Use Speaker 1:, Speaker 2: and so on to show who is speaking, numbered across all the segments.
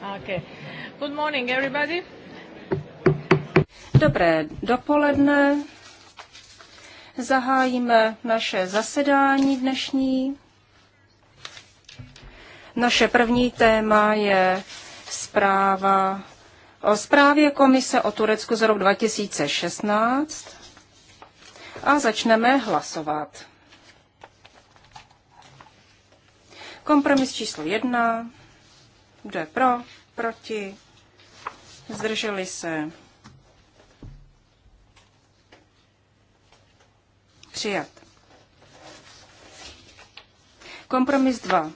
Speaker 1: Okay.
Speaker 2: Good morning, everybody.
Speaker 1: Dobré dopoledne. Zahájíme naše zasedání dnešní. Naše první téma je zpráva o zprávě Komise o Turecku z roku 2016 a začneme hlasovat. Kompromis číslo jedna. Kdo je pro? proti, zdrželi se. Přijat. Kompromis 2.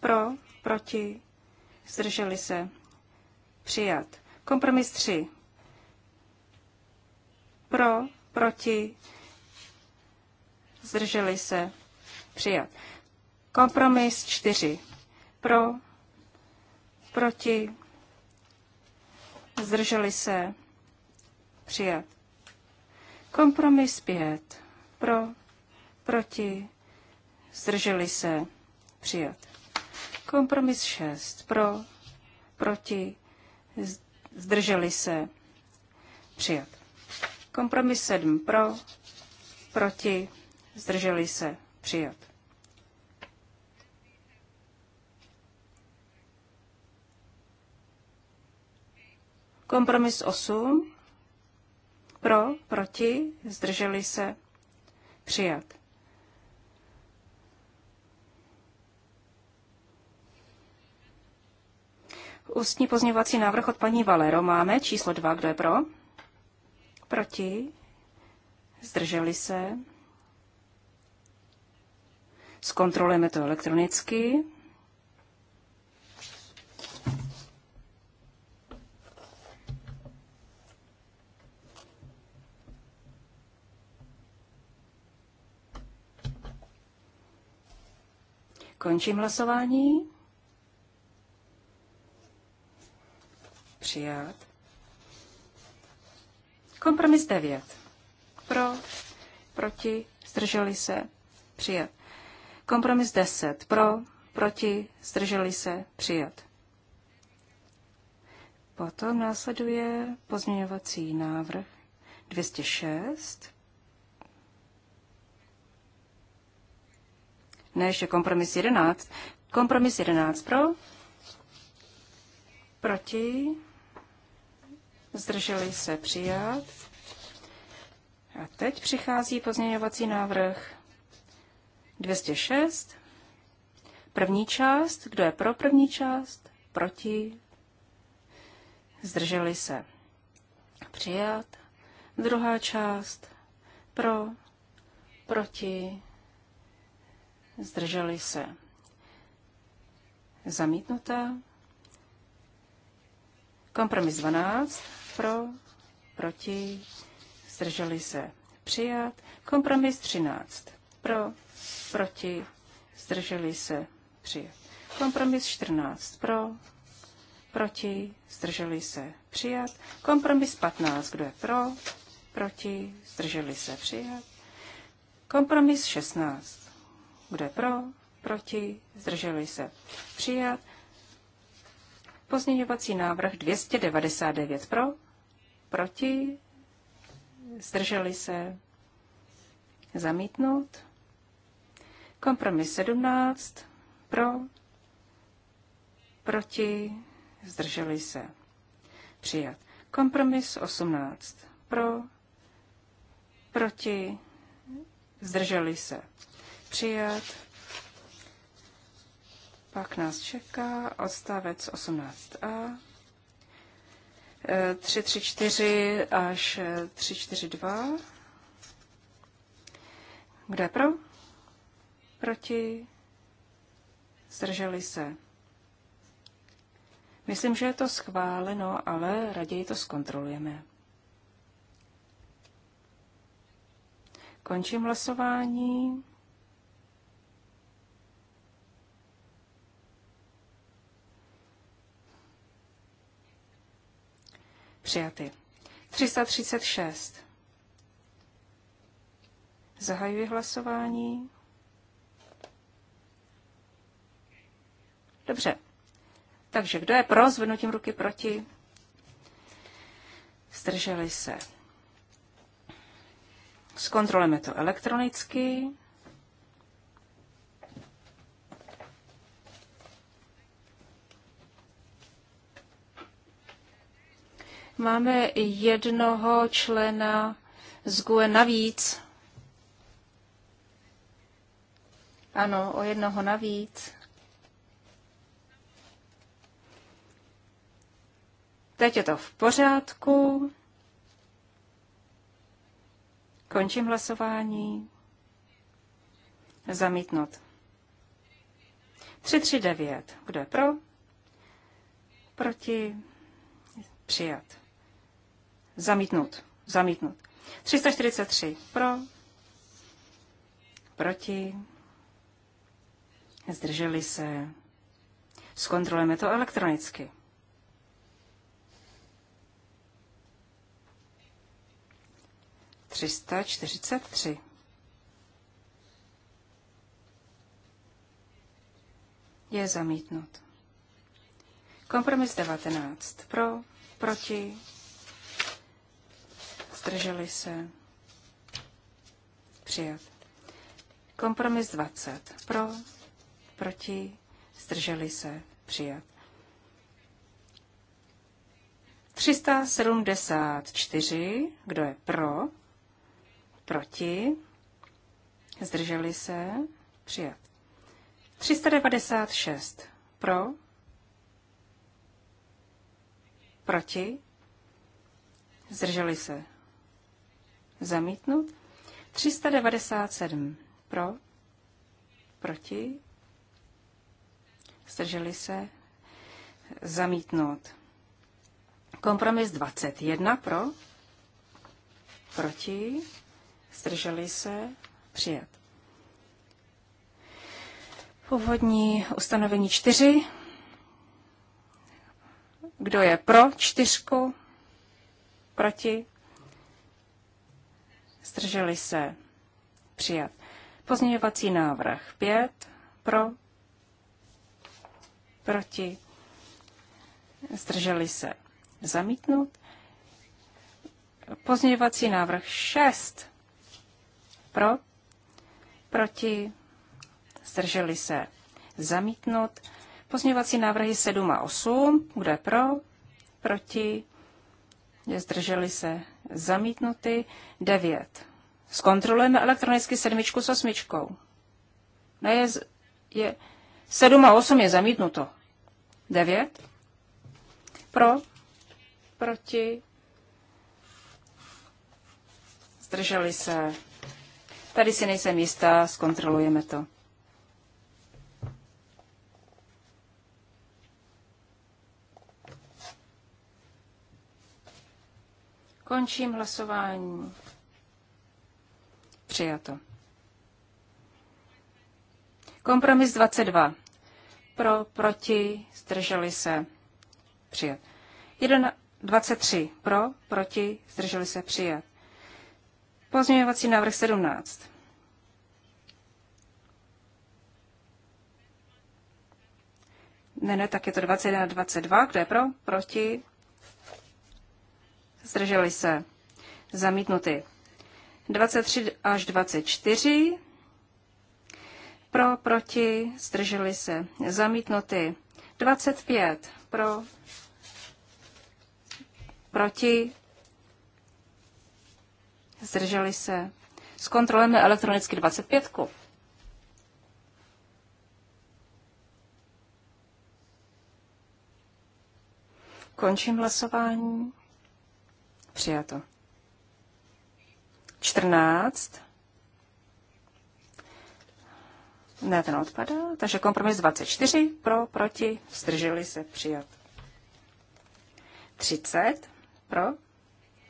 Speaker 1: Pro, proti, zdrželi se. Přijat. Kompromis 3. Pro, proti, zdrželi se. Přijat. Kompromis 4. Pro, Proti? Zdrželi se? Přijat. Kompromis pět. Pro? Proti? Zdrželi se? Přijat. Kompromis šest. Pro? Proti? Zdrželi se? Přijat. Kompromis sedm. Pro? Proti? Zdrželi se? Přijat. Kompromis 8. Pro, proti, zdrželi se, přijat. Ústní pozměňovací návrh od paní Valero máme, číslo 2, kdo je pro? Proti, zdrželi se, zkontrolujeme to elektronicky. Končím hlasování. Přijat. Kompromis 9. Pro, proti, zdrželi se, přijat. Kompromis 10. Pro, proti, zdrželi se, přijat. Potom následuje pozměňovací návrh 206 než kompromis 11. Kompromis 11 pro, proti, zdrželi se přijat. A teď přichází pozměňovací návrh 206. První část, kdo je pro první část, proti, zdrželi se přijat. Druhá část pro, proti, zdrželi se. Zamítnuta. Kompromis 12 pro, proti, zdrželi se. Přijat. Kompromis 13 pro, proti, zdrželi se. Přijat. Kompromis 14 pro, proti, zdrželi se. Přijat. Kompromis 15, kdo je pro, proti, zdrželi se. Přijat. Kompromis 16 kdo je pro? Proti? Zdrželi se? Přijat. Pozměňovací návrh 299 pro? Proti? Zdrželi se? Zamítnout. Kompromis 17 pro? Proti? Zdrželi se? Přijat. Kompromis 18 pro? Proti? Zdrželi se? přijat. Pak nás čeká odstavec 18a. 334 až 342. Kde pro? Proti? Zdrželi se. Myslím, že je to schváleno, ale raději to zkontrolujeme. Končím hlasování. Přijaty. 336. Zahajuji hlasování. Dobře. Takže kdo je pro, zvednutím ruky proti? Zdrželi se. Zkontrolujeme to elektronicky. Máme jednoho člena z GUE navíc. Ano, o jednoho navíc. Teď je to v pořádku. Končím hlasování. Zamítnout. 339. Kdo je pro? Proti? Přijat. Zamítnut. Zamítnut. 343 pro. Proti. Zdrželi se. Zkontrolujeme to elektronicky. Třista čtyřicet tři. Je zamítnut. Kompromis devatenáct Pro, proti, Zdrželi se? Přijat. Kompromis 20. Pro, proti, zdrželi se, přijat. 374, kdo je pro, proti, zdrželi se, přijat. 396, pro, proti, zdrželi se, zamítnut. 397 pro, proti, zdrželi se, zamítnout. Kompromis 21 pro, proti, zdrželi se, přijat. Původní ustanovení 4. Kdo je pro čtyřku? Proti? Zdrželi se. Přijat. Pozměňovací návrh 5. Pro. Proti. Zdrželi se. Zamítnut. Pozměňovací návrh 6. Pro. Proti. Zdrželi se. Zamítnut. Pozměňovací návrhy 7 a 8. Kdo je pro. Proti zdrželi se zamítnuty, 9. Zkontrolujeme elektronicky sedmičku s osmičkou. Ne, je, je 7 a 8 je zamítnuto. 9. Pro, proti, zdrželi se. Tady si nejsem jistá, zkontrolujeme to. Končím hlasování. Přijato. Kompromis 22. Pro, proti, zdrželi se. Přijat. 1, 23. Pro, proti, zdrželi se. Přijat. Pozměňovací návrh 17. Ne, ne, tak je to 21 a 22. Kdo je pro? Proti? zdrželi se, zamítnuty. 23 až 24, pro, proti, zdrželi se, zamítnuty. 25, pro, proti, zdrželi se. Zkontrolujeme elektronicky 25. -ku. Končím hlasování. Přijato. 14. Ne, ten odpadá. Takže kompromis 24. Pro, proti, zdrželi se, přijat. 30. Pro,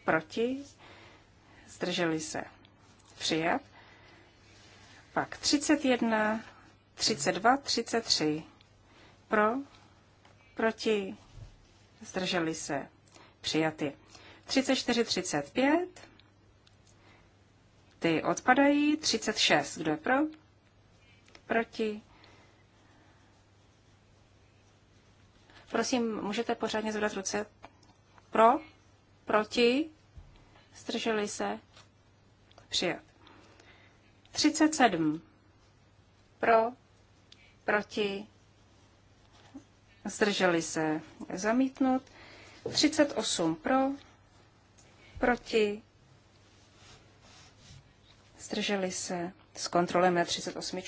Speaker 1: proti, zdrželi se, přijat. Pak 31, 32, 33. Pro, proti, zdrželi se, přijaty. 34-35. Ty odpadají. 36. Kdo je pro? Proti? Prosím, můžete pořádně zvedat ruce. Pro? Proti? Strželi se? Přijat. 37. Pro? Proti? Zdrželi se? Zamítnut. 38 pro, Proti? Zdrželi se. S kontrolem na 38.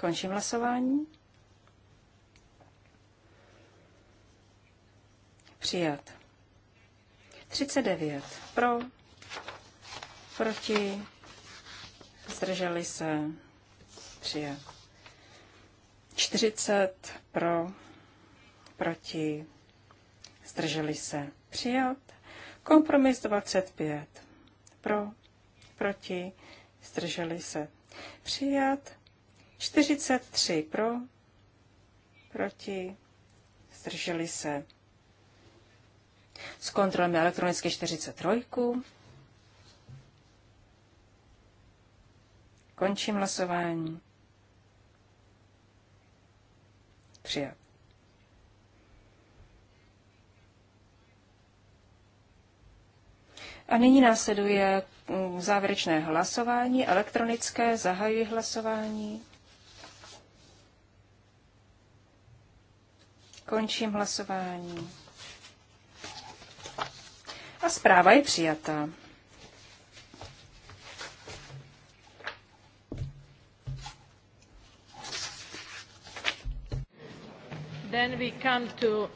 Speaker 1: Končím hlasování. Přijat. 39 pro, proti, zdrželi se, přijat. 40 pro, proti, zdrželi se, přijat. Kompromis 25, pro, proti, zdrželi se, přijat. 43 pro, proti, zdrželi se. S kontrolami elektronicky 43. Končím hlasování. Přijat. A nyní následuje mm, závěrečné hlasování, elektronické, zahajuji hlasování. Končím hlasování. A zpráva je přijatá.
Speaker 2: Then we come to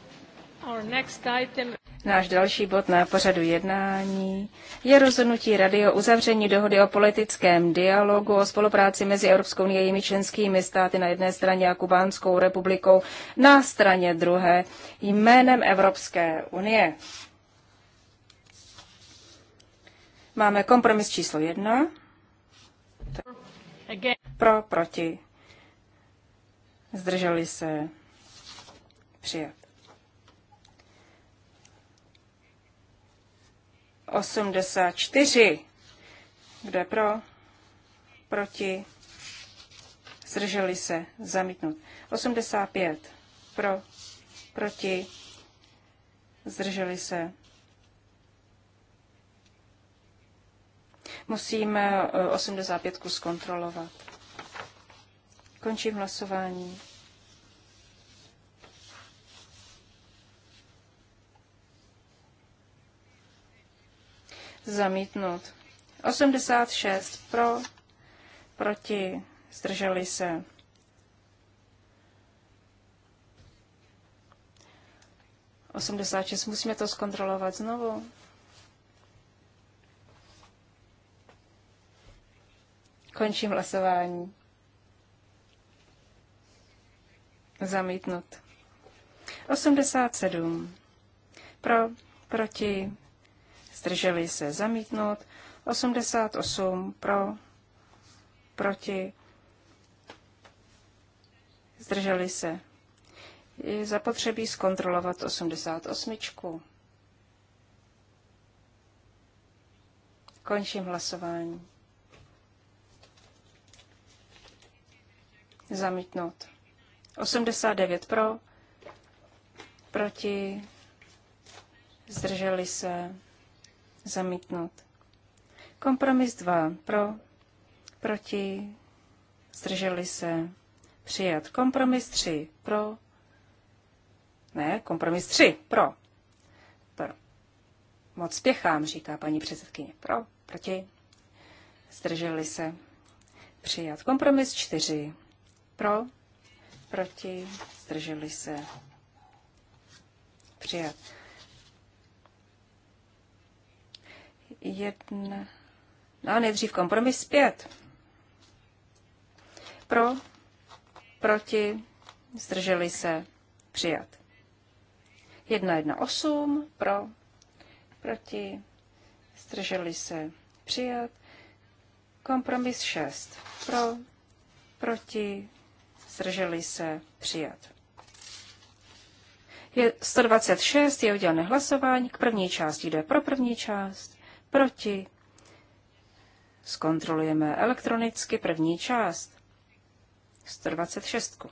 Speaker 2: our
Speaker 1: next item. Náš další bod na pořadu jednání je rozhodnutí Rady o uzavření dohody o politickém dialogu o spolupráci mezi Evropskou unii a jejími členskými státy na jedné straně a Kubánskou republikou na straně druhé jménem Evropské unie. Máme kompromis číslo jedna. Pro, proti. Zdrželi se. Přijat. 84. Kdo je pro? Proti? Zdrželi se? Zamítnut. 85. Pro? Proti? Zdrželi se? Musíme 85 eh, zkontrolovat. Končím hlasování. zamítnut. 86 pro, proti, zdrželi se. Osmdesát šest. Musíme to zkontrolovat znovu. Končím hlasování. Zamítnut. 87. Pro, proti, zdrželi se zamítnout, 88 pro, proti, zdrželi se. Je zapotřebí zkontrolovat 88. Končím hlasování. Zamítnout. 89 pro, proti, zdrželi se zamítnout. Kompromis 2 pro, proti, zdrželi se, přijat. Kompromis 3 pro, ne, kompromis 3 pro, pro. Moc spěchám, říká paní předsedkyně. Pro, proti, zdrželi se, přijat. Kompromis 4 pro, proti, zdrželi se, přijat. jedna. No a nejdřív kompromis pět. Pro, proti, zdrželi se, přijat. Jedna jedna osm pro, proti, zdrželi se, přijat. Kompromis šest, Pro, proti, zdrželi se, přijat. Je 126 je udělané hlasování. K první části jde pro první část. Proti. Zkontrolujeme elektronicky první část. 126.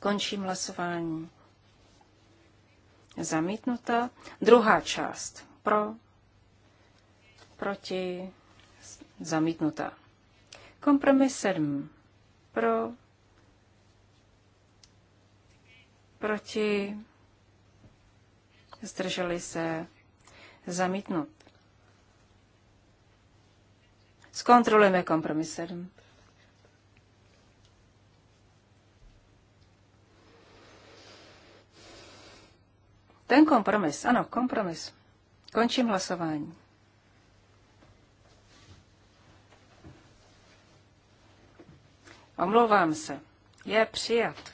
Speaker 1: Končím hlasování. Zamítnuta. Druhá část. Pro. Proti. Zamítnuta. Kompromis 7. Pro. Proti zdrželi se, zamítnout. Zkontrolujeme kompromis 7. Ten kompromis, ano, kompromis. Končím hlasování. Omlouvám se. Je přijat.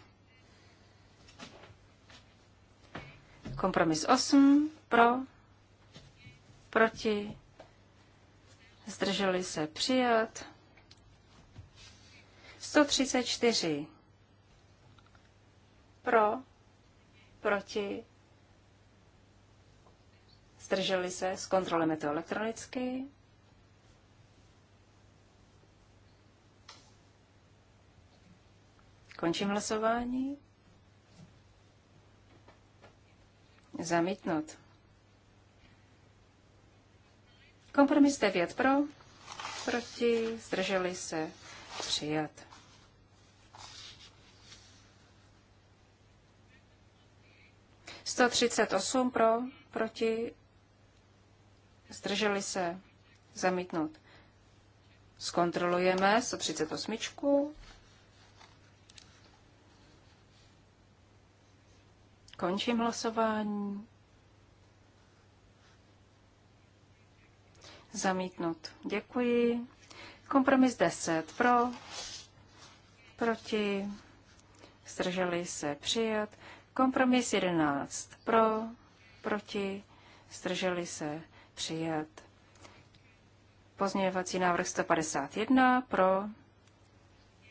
Speaker 1: Kompromis 8 pro, proti, zdrželi se přijat. 134 pro, proti, zdrželi se, zkontrolujeme to elektronicky. Končím hlasování. Zamítnut. Kompromis 9 pro, proti, zdrželi se, přijat. Sto třicet osm pro, proti, zdrželi se, zamítnout. Zkontrolujeme osmičku, Končím hlasování. Zamítnut. Děkuji. Kompromis 10 pro, proti, zdrželi se přijat. Kompromis 11 pro, proti, zdrželi se přijat. Pozměňovací návrh 151 pro,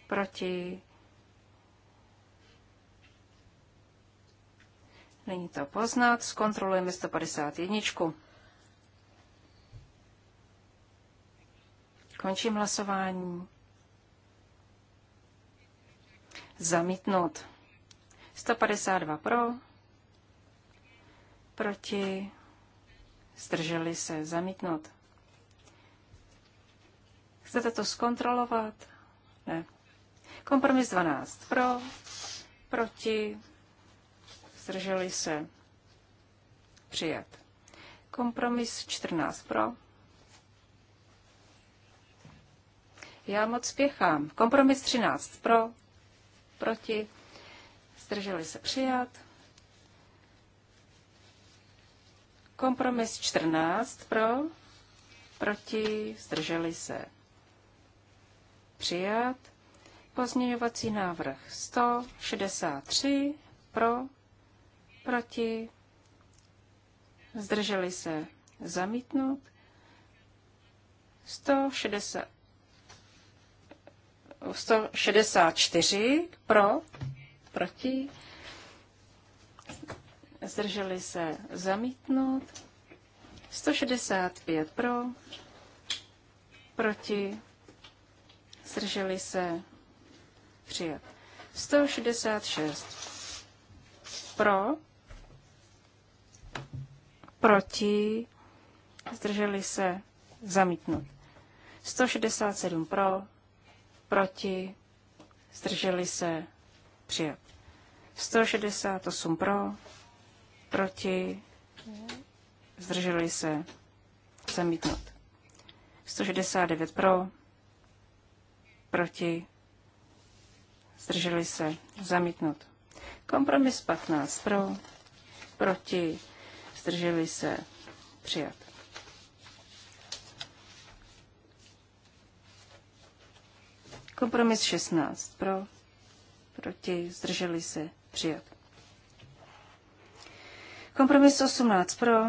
Speaker 1: proti, Není to poznat. Zkontrolujeme 151. Končím hlasování. Zamítnout. 152 pro, proti, zdrželi se, zamítnout. Chcete to zkontrolovat? Ne. Kompromis 12 pro, proti, zdrželi se, přijat. Kompromis 14 pro. Já moc spěchám. Kompromis 13 pro, proti, zdrželi se, přijat. Kompromis 14 pro, proti, zdrželi se, přijat. Pozměňovací návrh 163 pro, proti, zdrželi se zamítnout, 160, 164 pro, proti, zdrželi se zamítnout, 165 pro, proti, zdrželi se přijat. 166 pro, proti, zdrželi se, zamítnut. 167 pro, proti, zdrželi se, přijat. 168 pro, proti, zdrželi se, zamítnut. 169 pro, proti, zdrželi se, zamítnut. Kompromis 15 pro, proti, zdrželi se, přijat. Kompromis 16 pro, proti, zdrželi se, přijat. Kompromis 18 pro,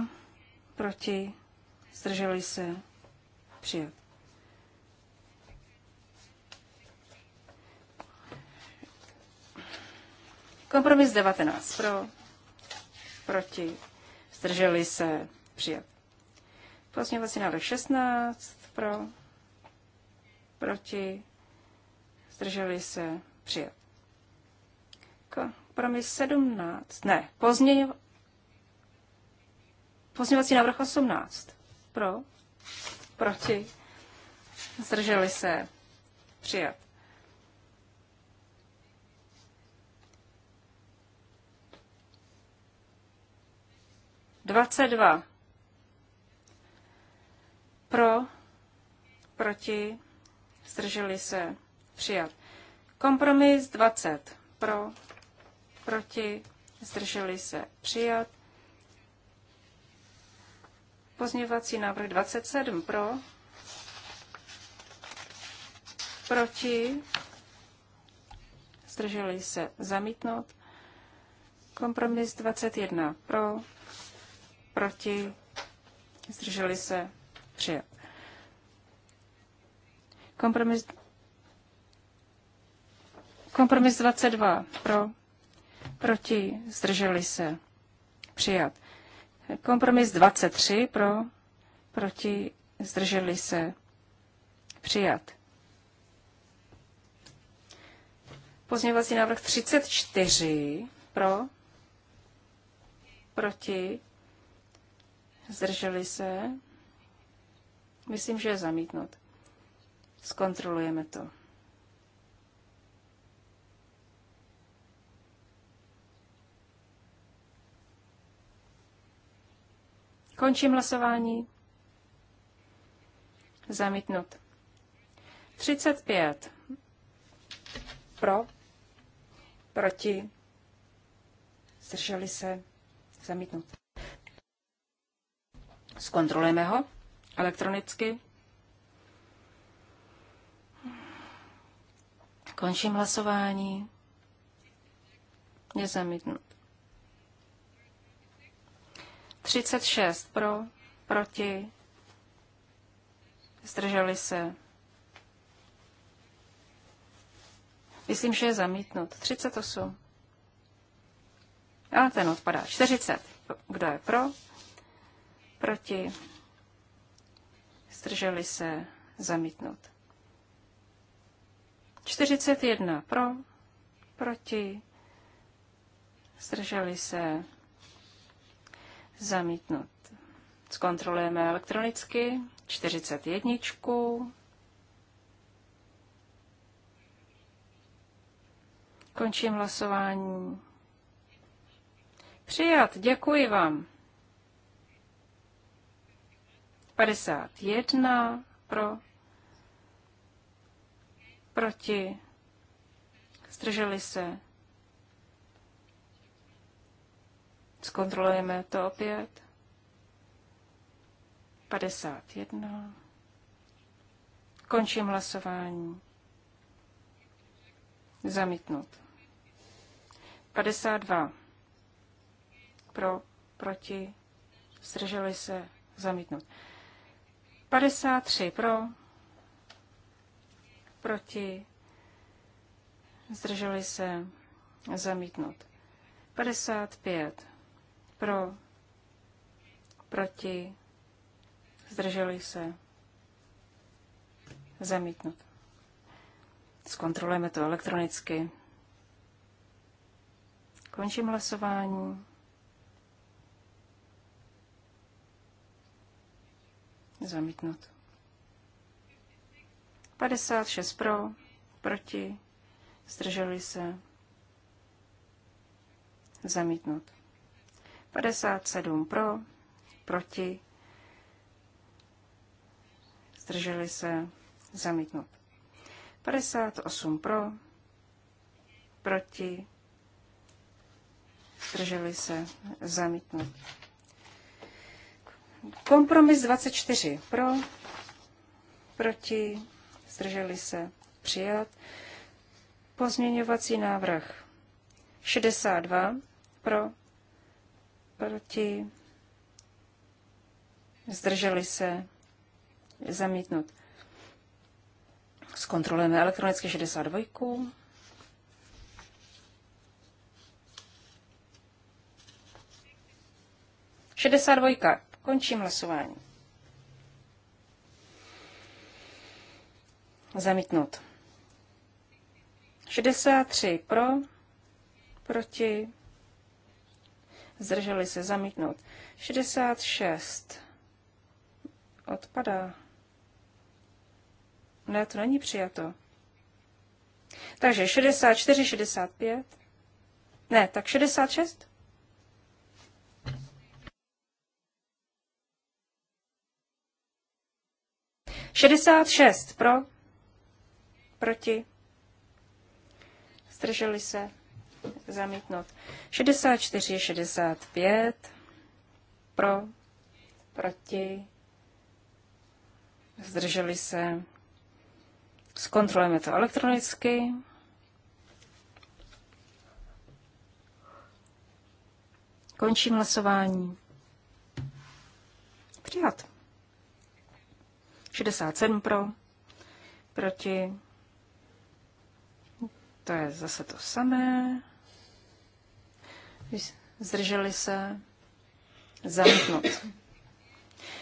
Speaker 1: proti, zdrželi se, přijat. Kompromis 19 pro, proti, zdrželi se, přijat. Pozměňovací návrh 16 pro, proti, zdrželi se, přijat. Kompromis 17, ne, pozměňovací Pozměňovací návrh 18. Pro? Proti? Zdrželi se? Přijat. 22. Pro, proti, zdrželi se, přijat. Kompromis 20. Pro, proti, zdrželi se, přijat. Pozměňovací návrh 27 pro, proti, zdrželi se, zamítnout. Kompromis 21 pro, proti, zdrželi se, přijel. Kompromis, kompromis 22 pro, proti, zdrželi se, přijat. Kompromis 23 pro, proti, zdrželi se, přijat. Pozměňovací návrh 34 pro, proti, Zdrželi se? Myslím, že je zamítnut. Zkontrolujeme to. Končím hlasování. Zamítnut. 35. Pro. Proti. Zdrželi se. Zamítnut. Zkontrolujeme ho elektronicky. Končím hlasování. Je zamítnut. 36 pro, proti, zdrželi se. Myslím, že je zamítnut. 38. A ten odpadá. 40. Kdo je pro? Proti? Zdrželi se zamítnout. 41 pro, proti, zdrželi se zamítnout. Zkontrolujeme elektronicky 41. Končím hlasování. Přijat, děkuji vám. 51 pro, proti, zdrželi se. Zkontrolujeme to opět. 51. Končím hlasování. Zamítnut. 52. Pro, proti, zdrželi se, zamítnut. 53 pro, proti, zdrželi se, zamítnout. 55 pro, proti, zdrželi se, zamítnout. Zkontrolujeme to elektronicky. Končím hlasování. Zamítnut. 56 pro, proti, zdrželi se. Zamítnut. 57 pro, proti, zdrželi se. Zamítnut. 58 pro, proti, zdrželi se. Zamítnut. Kompromis 24 pro, proti, zdrželi se, přijat. Pozměňovací návrh 62 pro, proti, zdrželi se, zamítnut. Zkontrolujeme elektronicky 62. Šedesát dvojka Končím hlasování. Zamítnout. 63 pro, proti, zdrželi se zamítnout. 66 odpadá. Ne, to není přijato. Takže 64, 65. Ne, tak 66? 66 pro, proti, zdrželi se, zamítnout. 64, 65 pro, proti, zdrželi se. Zkontrolujeme to elektronicky. Končím hlasování. Přijat. 67 pro, proti, to je zase to samé, zdrželi se, zamítnout.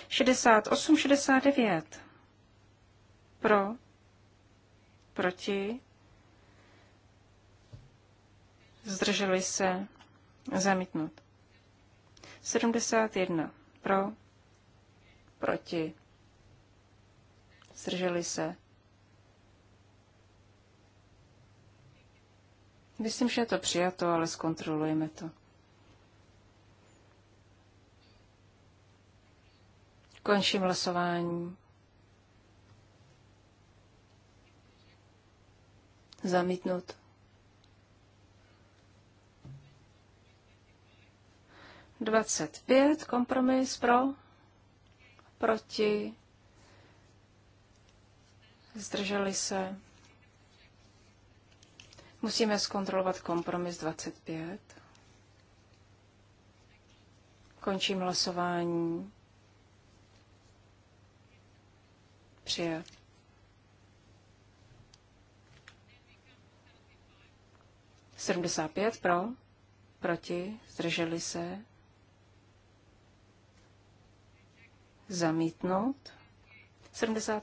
Speaker 1: 68, 69 pro, proti, zdrželi se, zamítnout. 71 pro, proti, zdrželi se. Myslím, že je to přijato, ale zkontrolujeme to. Končím hlasování. Zamítnut. Dvacet pět, kompromis pro, proti zdrželi se. Musíme zkontrolovat kompromis 25. Končím hlasování. Přijat. Sedmdesát pět pro, proti, zdrželi se, zamítnout.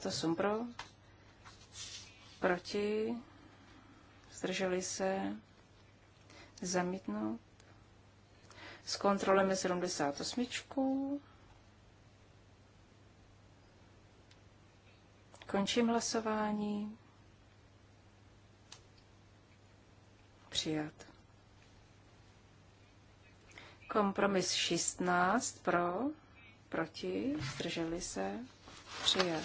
Speaker 1: osm pro, Proti? Zdrželi se? Zamítnout? Zkontrolujeme 78. Končím hlasování. Přijat. Kompromis 16 pro, proti, zdrželi se, přijat.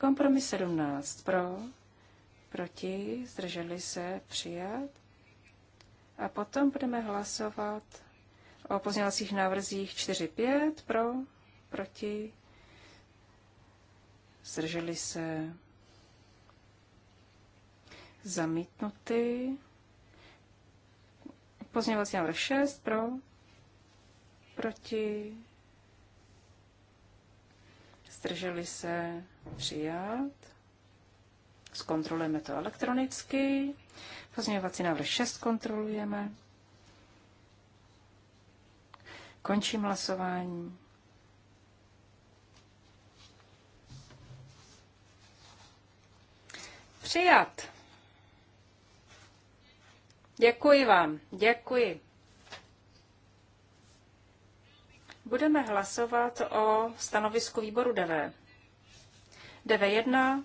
Speaker 1: Kompromis 17 pro, proti, zdrželi se, přijat. A potom budeme hlasovat o pozměňovacích návrzích 4-5 pro, proti, zdrželi se, zamítnuty. Pozměňovací návrh 6 pro, proti, zdrželi se, přijat zkontrolujeme to elektronicky. Pozměňovací návrh 6 kontrolujeme. Končím hlasování. Přijat. Děkuji vám. Děkuji. Budeme hlasovat o stanovisku výboru DV. DV1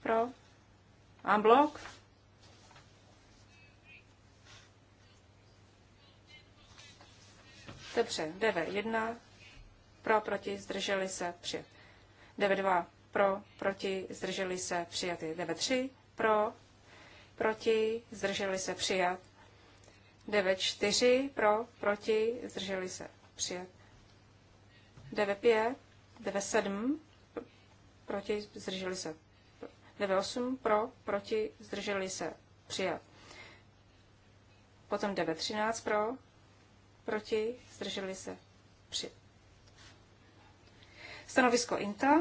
Speaker 1: pro Unblock? Dobře, 9, 1 pro, proti, zdrželi se, přijat. 9, 2 pro, proti, zdrželi se, přijat. 9, 3 pro, proti, zdrželi se, přijat. 9, 4 pro, proti, zdrželi se, přijat. 9, 5 9, 7 proti, zdrželi se, 9.8 pro, proti, zdrželi se, přijat. Potom 9.13 pro, proti, zdrželi se, přijat. Stanovisko INTA.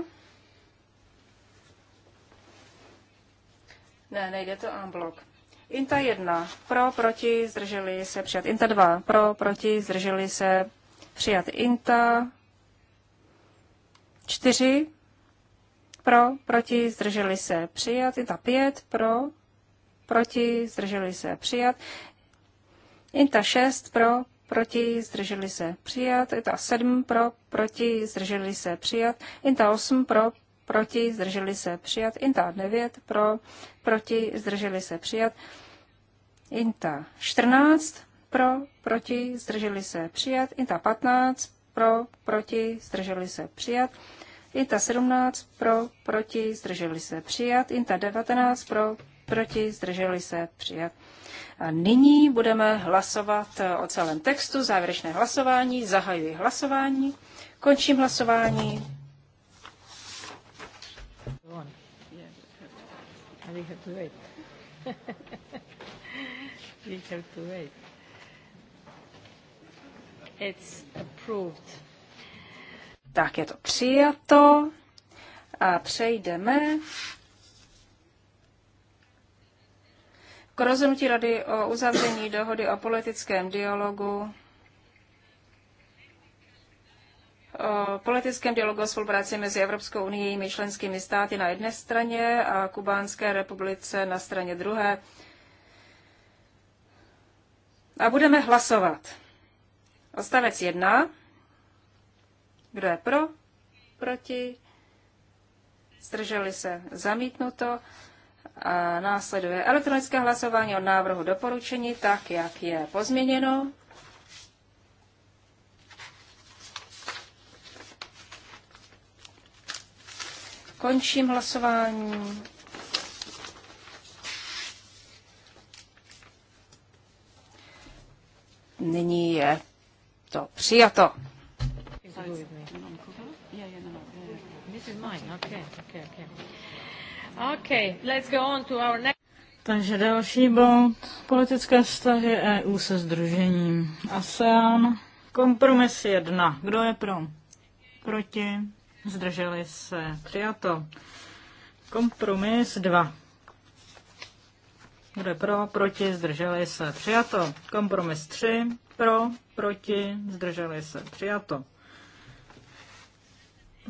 Speaker 1: Ne, nejde to en blok. INTA 1. Pro, proti, zdrželi se, přijat. INTA 2. Pro, proti, zdrželi se, přijat. INTA 4 pro, proti, zdrželi se přijat, INTA pět pro, proti, zdrželi se přijat, INTA šest pro, proti, zdrželi se přijat, INTA sedm pro, proti, zdrželi se přijat, INTA osm pro, proti, zdrželi se přijat, INTA devět pro, proti, zdrželi se přijat, INTA čtrnáct, pro, proti, zdrželi se přijat, INTA patnáct pro, proti, zdrželi se přijat, Inta 17 pro, proti, zdrželi se přijat. Inta 19 pro, proti, zdrželi se přijat. A nyní budeme hlasovat o celém textu, závěrečné hlasování, zahajuji hlasování, končím hlasování. It's approved. Tak je to přijato a přejdeme k rozhodnutí Rady o uzavření dohody o politickém dialogu o politickém dialogu o spolupráci mezi Evropskou unii a jejími členskými státy na jedné straně a Kubánské republice na straně druhé. A budeme hlasovat. Odstavec 1. Kdo je pro? Proti? Zdrželi se? Zamítnuto. A následuje elektronické hlasování o návrhu doporučení, tak jak je pozměněno. Končím hlasování. Nyní je to přijato with me. Yeah, yeah, no, no. yeah. This is mine. Okay, okay, okay. Okay, let's go on to our next.
Speaker 2: Takže další bod. Politické vztahy EU se združením ASEAN. Kompromis jedna. Kdo je pro? Proti? Zdrželi se. Přijato. Kompromis dva. Kdo je pro? Proti? Zdrželi se. Přijato. Kompromis tři. Pro? Proti? Zdrželi se. Přijato.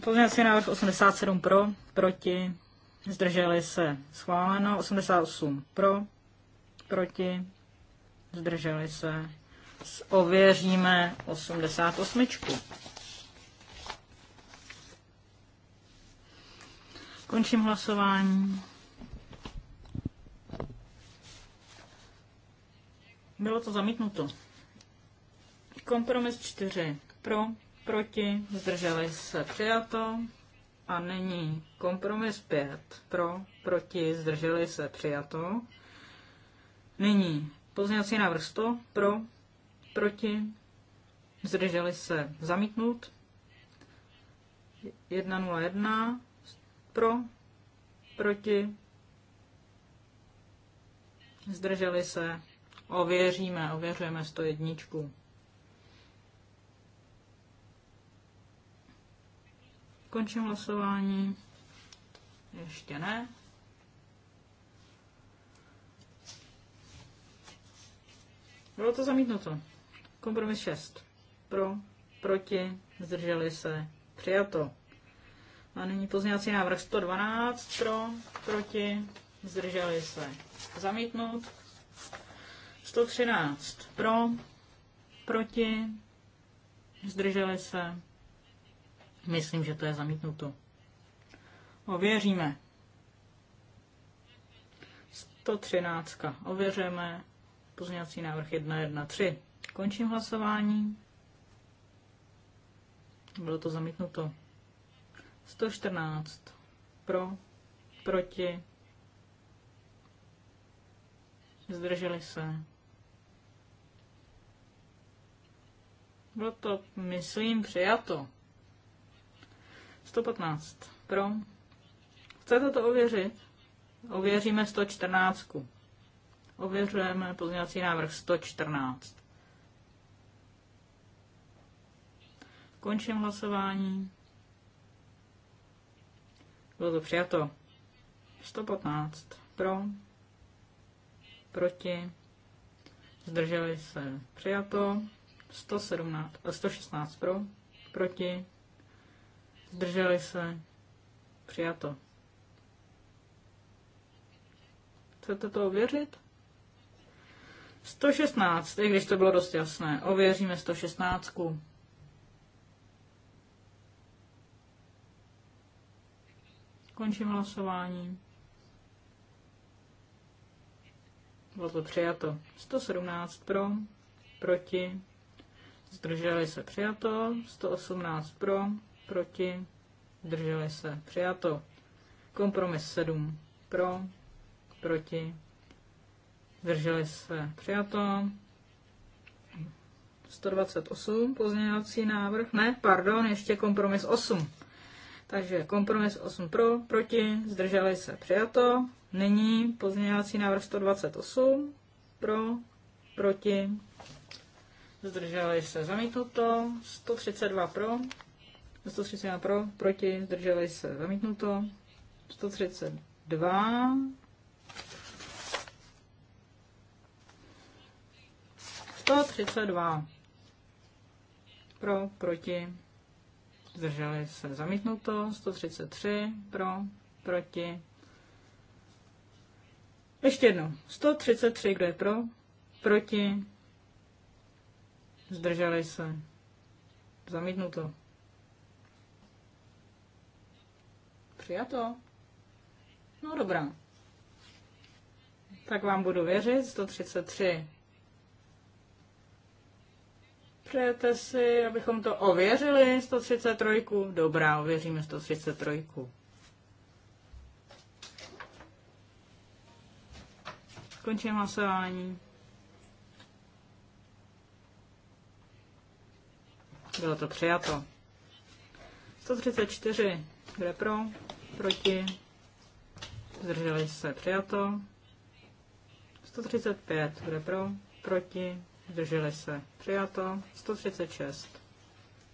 Speaker 2: Pozměňovací návrh 87 pro, proti, zdrželi se schváleno, 88 pro, proti, zdrželi se, ověříme 88. Končím hlasování. Bylo to zamítnuto. Kompromis 4 pro, proti, zdrželi se přijato. A nyní kompromis 5 pro, proti, zdrželi se přijato. Nyní pozměňovací návrh 100 pro, proti, zdrželi se zamítnout. 101 pro, proti, zdrželi se, ověříme, ověřujeme 101. Končím hlasování. Ještě ne. Bylo to zamítnuto. Kompromis 6. Pro, proti, zdrželi se, přijato. A nyní pozněvací návrh 112. Pro, proti, zdrželi se, zamítnut. 113. Pro, proti, zdrželi se, Myslím, že to je zamítnuto. Ověříme. 113. Ověřujeme. Pozměňovací návrh 113. Končím hlasování. Bylo to zamítnuto. 114. Pro. Proti. Zdrželi se. Bylo to, myslím, přijato. 115 pro. Chcete to ověřit? Ověříme 114. Ověřujeme pozměňovací návrh 114. Končím hlasování. Bylo to přijato. 115 pro, proti, zdrželi se přijato, 117, 116 pro, proti, Zdrželi se? Přijato. Chcete to ověřit? 116, i když to bylo dost jasné. Ověříme 116. Končím hlasování. Bylo to přijato. 117 pro, proti, zdrželi se přijato, 118 pro, proti, zdrželi se, přijato. Kompromis 7 pro, proti, zdrželi se, přijato. 128 pozměňovací návrh, ne, pardon, ještě kompromis 8. Takže kompromis 8 pro, proti, zdrželi se, přijato. Nyní pozměňovací návrh 128 pro, proti, zdrželi se, zamítnuto, 132 pro, 131 pro, proti, zdrželi se, zamítnuto. 132. 132. Pro, proti, zdrželi se, zamítnuto. 133 pro, proti. Ještě jednou. 133, kdo je pro, proti, zdrželi se, zamítnuto. Přijato? No dobrá. Tak vám budu věřit, 133. Přejete si, abychom to ověřili, 133? Dobrá, ověříme 133. Končím hlasování. Bylo to přijato. 134. Kdo je pro? Proti? Zdrželi se. Přijato. 135. Kdo je pro? Proti? Zdrželi se. Přijato. 136.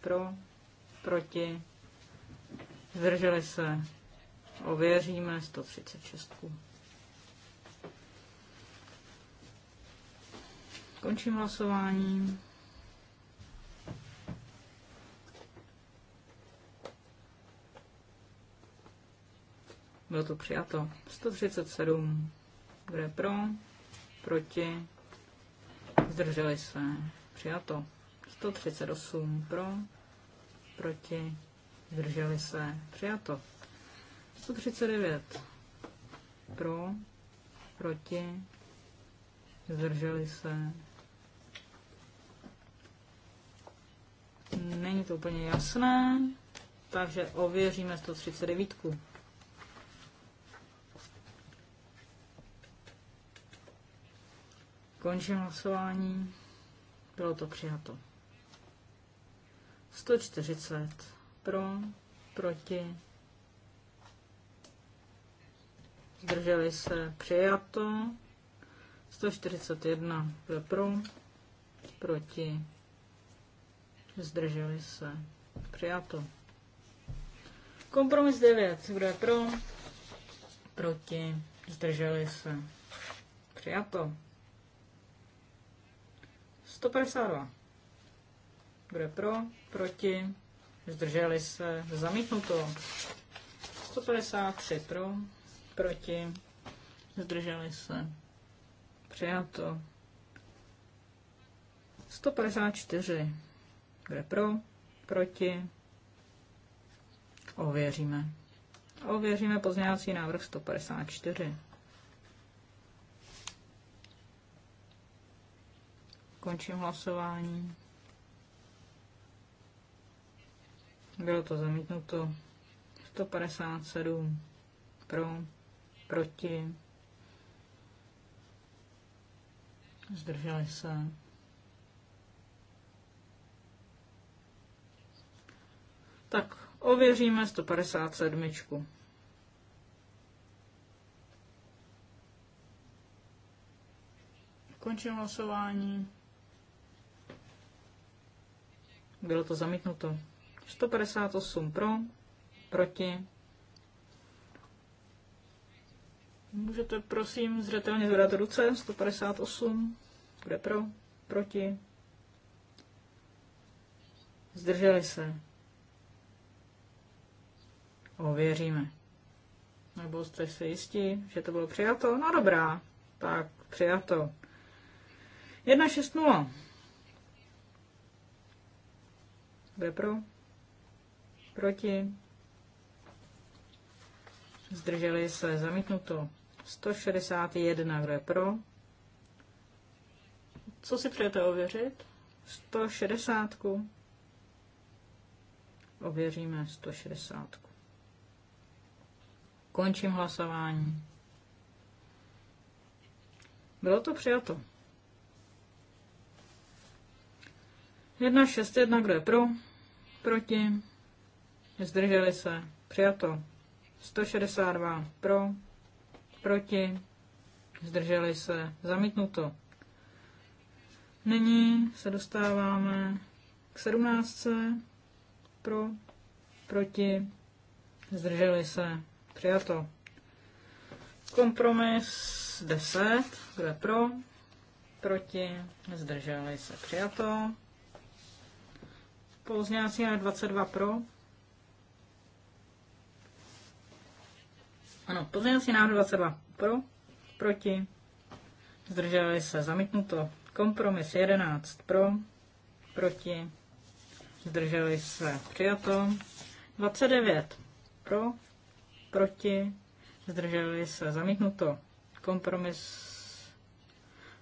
Speaker 2: Pro? Proti? Zdrželi se. Ověříme 136. Končím hlasování. Bylo to přijato. 137. Kdo je pro? Proti? Zdrželi se. Přijato. 138 pro, proti, zdrželi se, přijato. 139 pro, proti, zdrželi se. Není to úplně jasné, takže ověříme 139. Končím hlasování. Bylo to přijato. 140 pro, proti, zdrželi se, přijato. 141 byl pro, proti, zdrželi se, přijato. Kompromis 9, kdo je pro, proti, zdrželi se, přijato. 152. Kdo je pro? Proti? Zdrželi se? Zamítnuto. 153 pro? Proti? Zdrželi se? Přijato. 154. Kdo je pro? Proti? Ověříme. Ověříme pozměňovací návrh 154. Končím hlasování. Bylo to zamítnuto. 157 pro, proti. Zdrželi se. Tak ověříme 157. Končím hlasování. Bylo to zamítnuto. 158 pro, proti. Můžete prosím zřetelně zvedat ruce. 158, kde pro, proti. Zdrželi se. Ověříme. Nebo jste si jistí, že to bylo přijato? No dobrá, tak přijato. 1.6.0. Kdo je pro? Proti? Zdrželi se zamítnuto. 161, kdo je pro? Co si přejete ověřit? 160. Ověříme 160. Končím hlasování. Bylo to přijato. 1, 6, 1, kdo je pro? Proti. Zdrželi se. Přijato. 162 pro. Proti. Zdrželi se. Zamítnuto. Nyní se dostáváme k 17. Pro. Proti. Zdrželi se. Přijato. Kompromis 10. Kdo pro? Proti. Zdrželi se. Přijato. Pozměňovací na 22 pro. Ano, pozměňovací návrh 22 pro, proti, zdrželi se, zamítnuto. Kompromis 11 pro, proti, zdrželi se, přijato. 29 pro, proti, zdrželi se, zamítnuto. Kompromis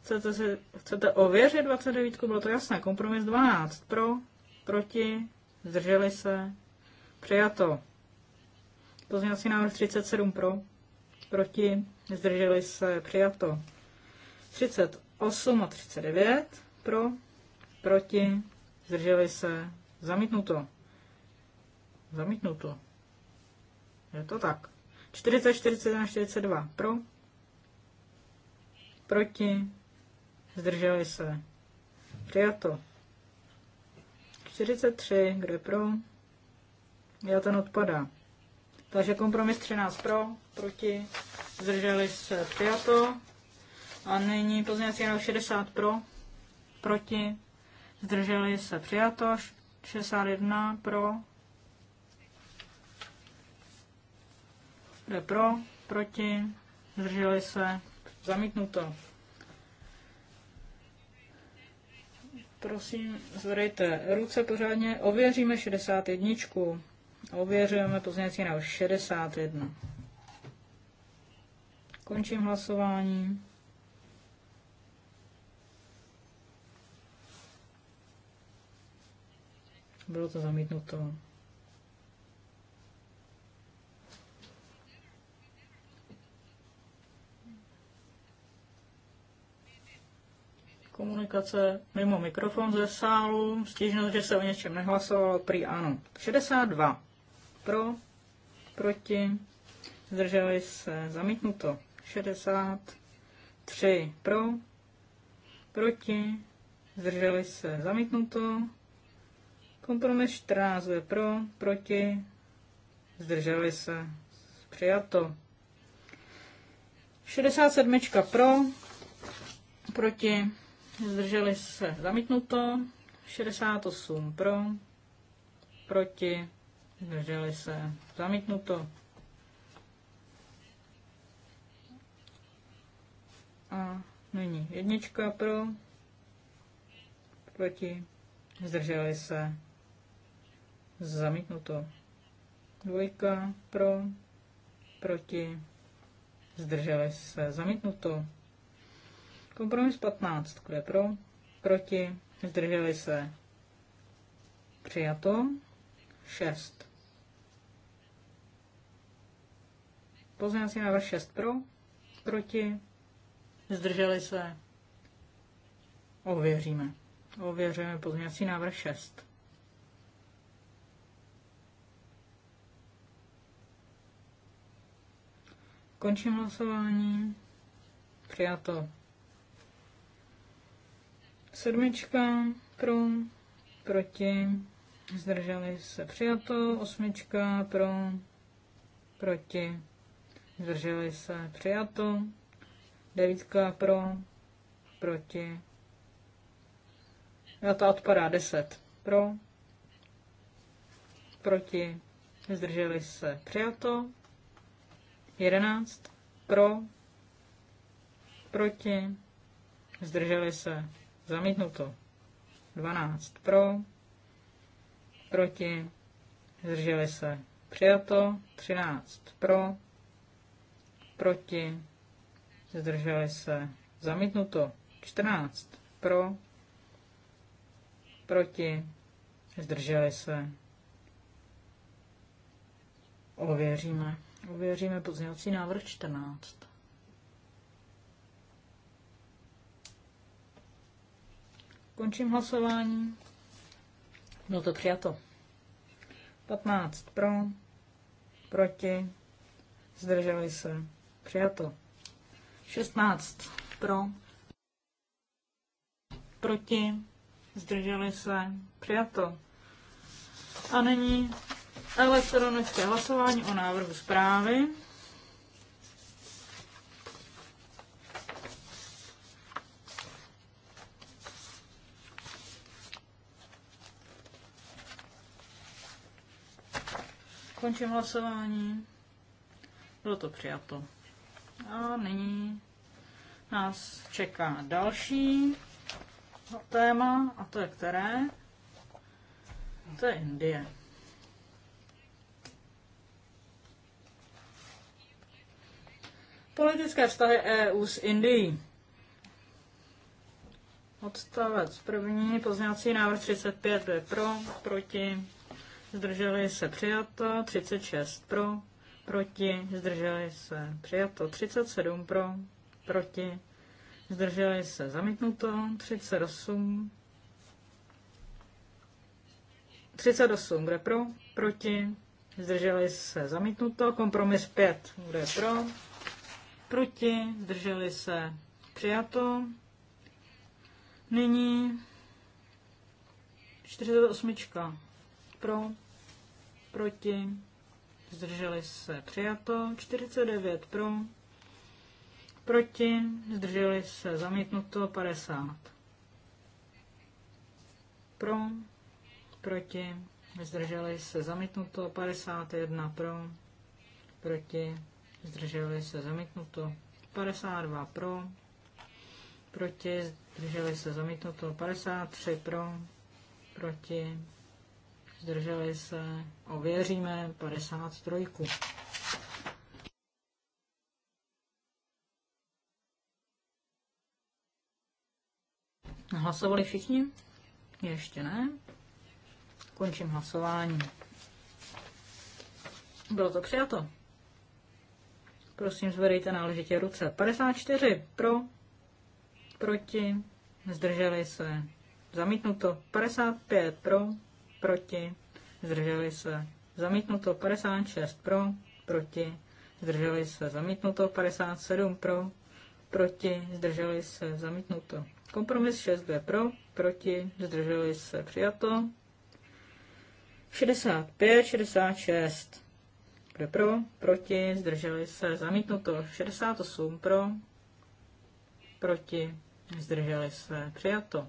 Speaker 2: Chcete, si, chcete ověřit 29, bylo to jasné. Kompromis 12 pro, proti, zdrželi se, přijato. Pozměňovací návrh 37 pro, proti, zdrželi se, přijato. 38 a 39 pro, proti, zdrželi se, zamítnuto. Zamítnuto. Je to tak. 40, 41, 42 pro, proti, zdrželi se, přijato. 43, kdo je pro? Já ten odpadá. Takže kompromis 13 pro, proti, zdrželi se přijato. A nyní pozměňovací návrh 60 pro, proti, zdrželi se přijato. 61 pro, kde pro, proti, zdrželi se, zamítnuto. Prosím, zvedejte ruce pořádně. Ověříme 61. Ověřujeme pozměňovací na 61. Končím hlasování. Bylo to zamítnuto. komunikace mimo mikrofon ze sálu, stížnost, že se o něčem nehlasovalo, prý ano. 62 pro, proti, zdrželi se, zamítnuto. 63 pro, proti, zdrželi se, zamítnuto. Kompromis 14 je pro, proti, zdrželi se, přijato. 67 pro, proti, zdrželi se zamítnuto, 68 pro, proti, zdrželi se zamítnuto. A nyní jednička pro, proti, zdrželi se zamítnuto. Dvojka pro, proti, zdrželi se zamítnuto. Kompromis 15. Kdo je pro? Proti? Zdrželi se? Přijato. 6. Pozměňovací návrh 6 pro, proti, zdrželi se, ověříme. Ověříme pozměňovací návrh 6. Končím hlasování. Přijato Sedmička pro, proti, zdrželi se přijato. Osmička pro, proti, zdrželi se přijato. Devítka pro, proti. A ta odpadá deset pro, proti, zdrželi se přijato. jedenáct pro, proti, zdrželi se Zamítnuto. 12 pro, proti, zdrželi se. Přijato. 13 pro, proti, zdrželi se. Zamítnuto. 14 pro, proti, zdrželi se. Ověříme. Ověříme pozměňovací návrh 14. Končím hlasování. Bylo to přijato. 15 pro, proti, zdrželi se. Přijato. 16 pro, proti, zdrželi se. Přijato. A nyní elektronické hlasování o návrhu zprávy. Končím hlasování. Bylo to přijato. A nyní nás čeká další téma, a to je které? To je Indie. Politické vztahy EU s Indií. Odstavec první, pozněvací návrh 35, kdo je pro, proti, zdrželi se přijato, 36 pro, proti, zdrželi se přijato, 37 pro, proti, zdrželi se zamítnuto, 38, 38 bude pro, proti, zdrželi se zamítnuto, kompromis 5 bude pro, proti, zdrželi se přijato. Nyní 48 pro, proti, zdrželi se přijato, 49 pro, proti, zdrželi se zamítnuto, 50 pro, proti, zdrželi se zamítnuto, 51 pro, proti, zdrželi se zamítnuto, 52 pro, proti, zdrželi se zamítnuto, 53 pro, proti, zdrželi se, ověříme 53. Hlasovali všichni? Ještě ne. Končím hlasování. Bylo to přijato. Prosím, zvedejte náležitě ruce. 54 pro, proti, zdrželi se, zamítnuto. 55 pro, proti, zdrželi se, zamítnuto 56 pro, proti, zdrželi se, zamítnuto 57 pro, proti, zdrželi se, zamítnuto. Kompromis 6B pro, proti, zdrželi se, přijato. 65, 66. kde pro, proti, zdrželi se, zamítnuto. 68 pro, proti, zdrželi se, přijato.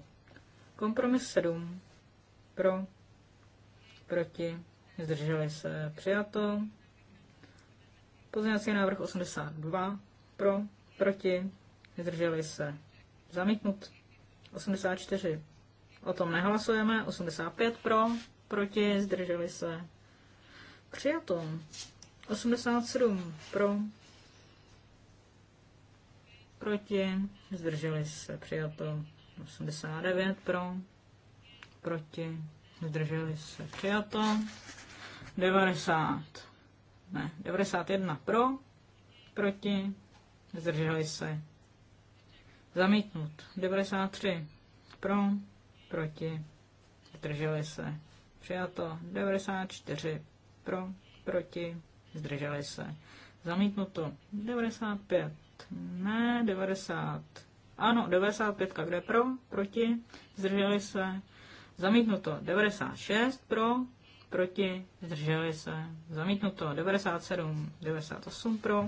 Speaker 2: Kompromis 7 pro, proti, zdrželi se, přijato. Pozměňovací návrh 82, pro, proti, zdrželi se, zamítnut. 84, o tom nehlasujeme, 85 pro, proti, zdrželi se, přijato. 87 pro, proti, zdrželi se, přijato. 89 pro, proti, zdrželi se přijato. 90, ne, 91 pro, proti, zdrželi se zamítnut. 93 pro, proti, zdrželi se přijato. 94 pro, proti, zdrželi se zamítnuto. 95 ne, 90 ano, 95 kde pro, proti, zdrželi se Zamítnuto 96 pro, proti, zdrželi se. Zamítnuto 97, 98 pro,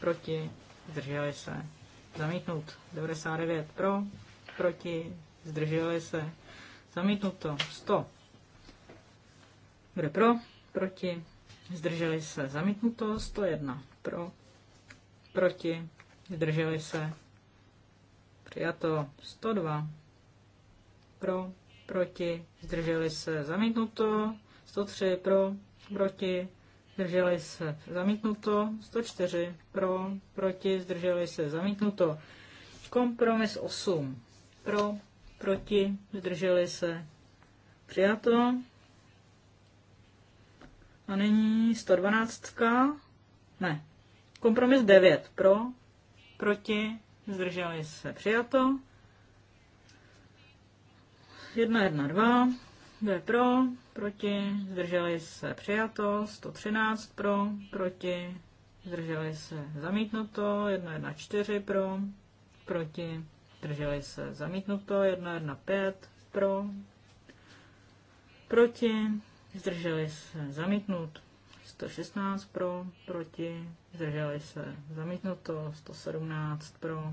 Speaker 2: proti, zdrželi se. Zamítnut 99 pro, proti, zdrželi se. Zamítnuto 100. Bude pro, proti, zdrželi se. Zamítnuto 101 pro, proti, zdrželi se. Přijato 102 pro, proti, zdrželi se, zamítnuto, 103 pro, proti, zdrželi se, zamítnuto, 104 pro, proti, zdrželi se, zamítnuto, kompromis 8 pro, proti, zdrželi se, přijato. A nyní 112, ne, kompromis 9 pro, proti, zdrželi se, přijato. 1, 112, kdo je pro, proti, zdrželi se přijato, 113 pro, proti, zdrželi se zamítnuto, 1, 1, 4 pro, proti, zdrželi se zamítnuto, 1, 1, 5 pro, proti, zdrželi se zamítnut, 116 pro, proti, zdrželi se zamítnuto, 117 pro,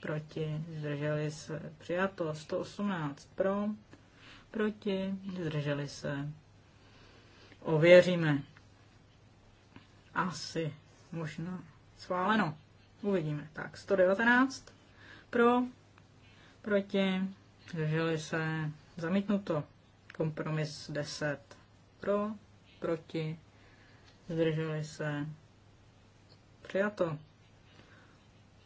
Speaker 2: proti, zdrželi se, přijato 118 pro, proti, zdrželi se. Ověříme. Asi, možná, schváleno. Uvidíme. Tak, 119 pro, proti, zdrželi se, zamítnuto. Kompromis 10 pro, proti, zdrželi se, přijato.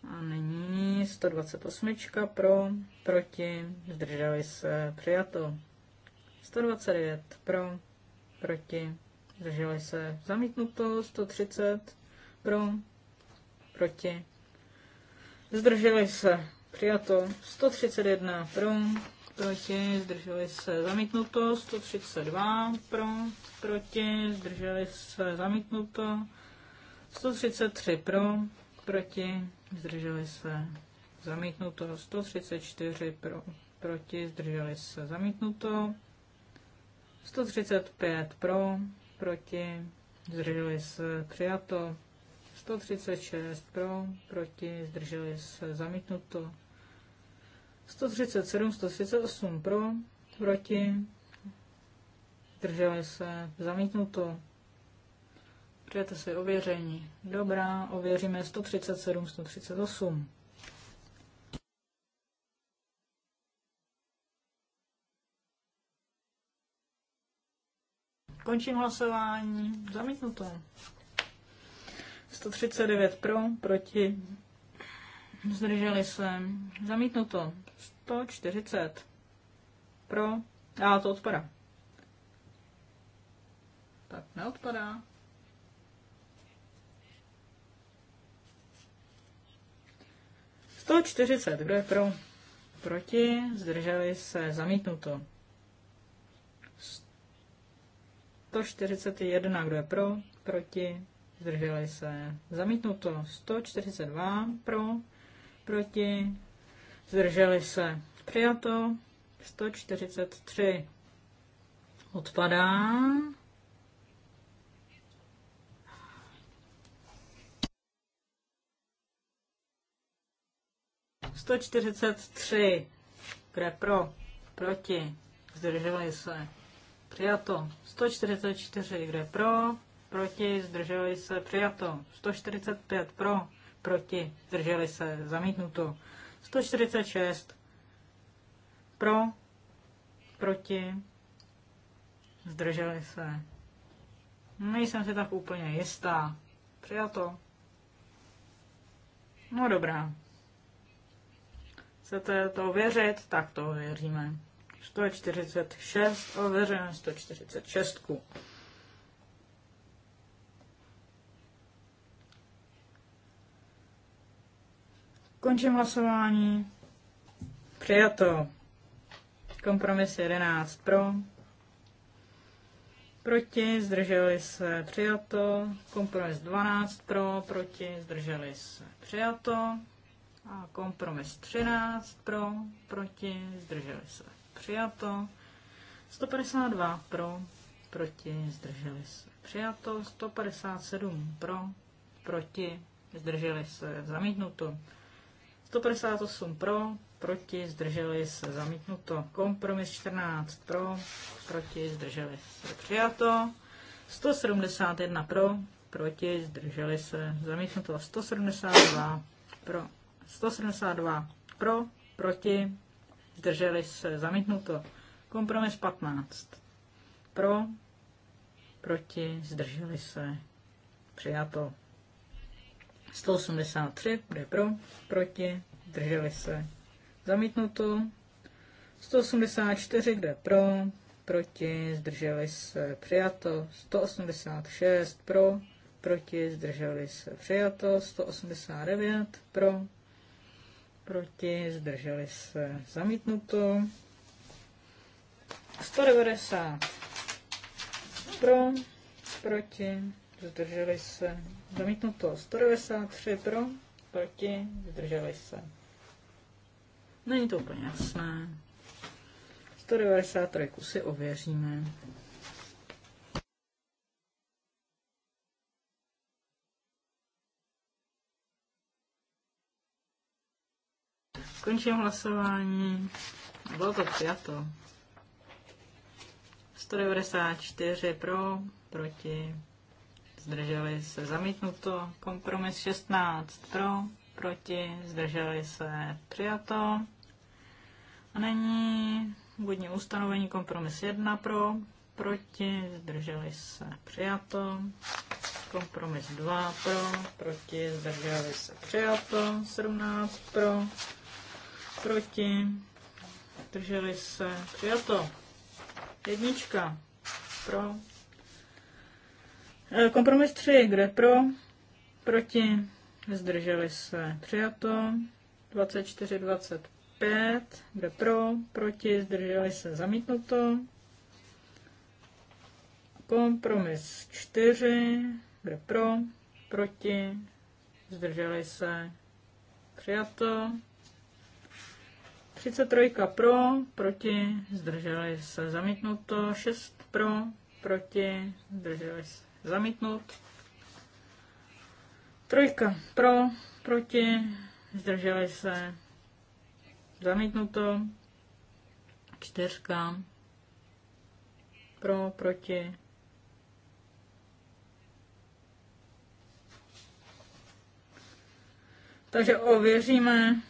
Speaker 2: A nyní 128 pro, proti, zdrželi se, přijato. 129 pro, proti, zdrželi se, zamítnuto. 130 pro, proti, zdrželi se, přijato. 131 pro, proti, zdrželi se, zamítnuto. 132 pro, proti, zdrželi se, zamítnuto. 133 pro, proti, zdrželi se zamítnuto, 134 pro, proti, zdrželi se zamítnuto, 135 pro, proti, zdrželi se přijato, 136 pro, proti, zdrželi se zamítnuto, 137, 138 pro, proti, zdrželi se zamítnuto, Přijete si ověření. Dobrá, ověříme 137, 138. Končím hlasování. Zamítnuto. 139 pro, proti. Zdrželi se. Zamítnuto. 140 pro. A to odpadá. Tak neodpadá. 140, kdo je pro? Proti, zdrželi se, zamítnuto. 141, kdo je pro? Proti, zdrželi se, zamítnuto. 142, pro, proti, zdrželi se, přijato. 143, odpadá. 143. Kde pro? Proti. Zdrželi se. Přijato. 144. Kde pro? Proti. Zdrželi se. Přijato. 145. Pro. Proti. Zdrželi se. Zamítnuto. 146. Pro. Proti. Zdrželi se. Nejsem si tak úplně jistá. Přijato. No dobrá. Chcete to ověřit? Tak to ověříme. 146, ověřujeme 146. Končím hlasování. Přijato. Kompromis 11 pro. Proti, zdrželi se, přijato. Kompromis 12 pro, proti, zdrželi se, přijato. A kompromis 13 pro, proti, zdrželi se. Přijato. 152 pro, proti, zdrželi se. Přijato. 157 pro, proti, zdrželi se. Zamítnuto. 158 pro, proti, zdrželi se. Zamítnuto. Kompromis 14 pro, proti, zdrželi se. Přijato. 171 pro, proti, zdrželi se. Zamítnuto. 172 pro, 172 pro, proti, zdrželi se, zamítnuto. Kompromis 15 pro, proti, zdrželi se, přijato. 183 bude pro, proti, zdrželi se, zamítnuto. 184 kde pro, proti, zdrželi se, přijato. 186 pro, proti, zdrželi se, přijato. 189 pro, proti, zdrželi se, zamítnuto. 190 pro, proti, zdrželi se, zamítnuto. 193 pro, proti, zdrželi se. Není to úplně jasné. 193 kusy ověříme. Končím hlasování. Bylo to přijato. 194 pro, proti, zdrželi se zamítnuto. Kompromis 16 pro, proti, zdrželi se přijato. A není vodní ustanovení kompromis 1 pro, proti, zdrželi se přijato. Kompromis 2 pro, proti, zdrželi se přijato. 17 pro, proti, drželi se, přijato. Jednička, pro. E, kompromis 3, kde pro, proti, zdrželi se, přijato. 24, 25, kde pro, proti, zdrželi se, zamítnuto. Kompromis 4, kde pro, proti, zdrželi se, přijato. 33 pro, proti, zdrželi se zamítnuto, 6 pro, proti, zdrželi se zamítnut. Trojka pro, proti, zdrželi se zamítnuto. Čtyřka pro, proti, Takže ověříme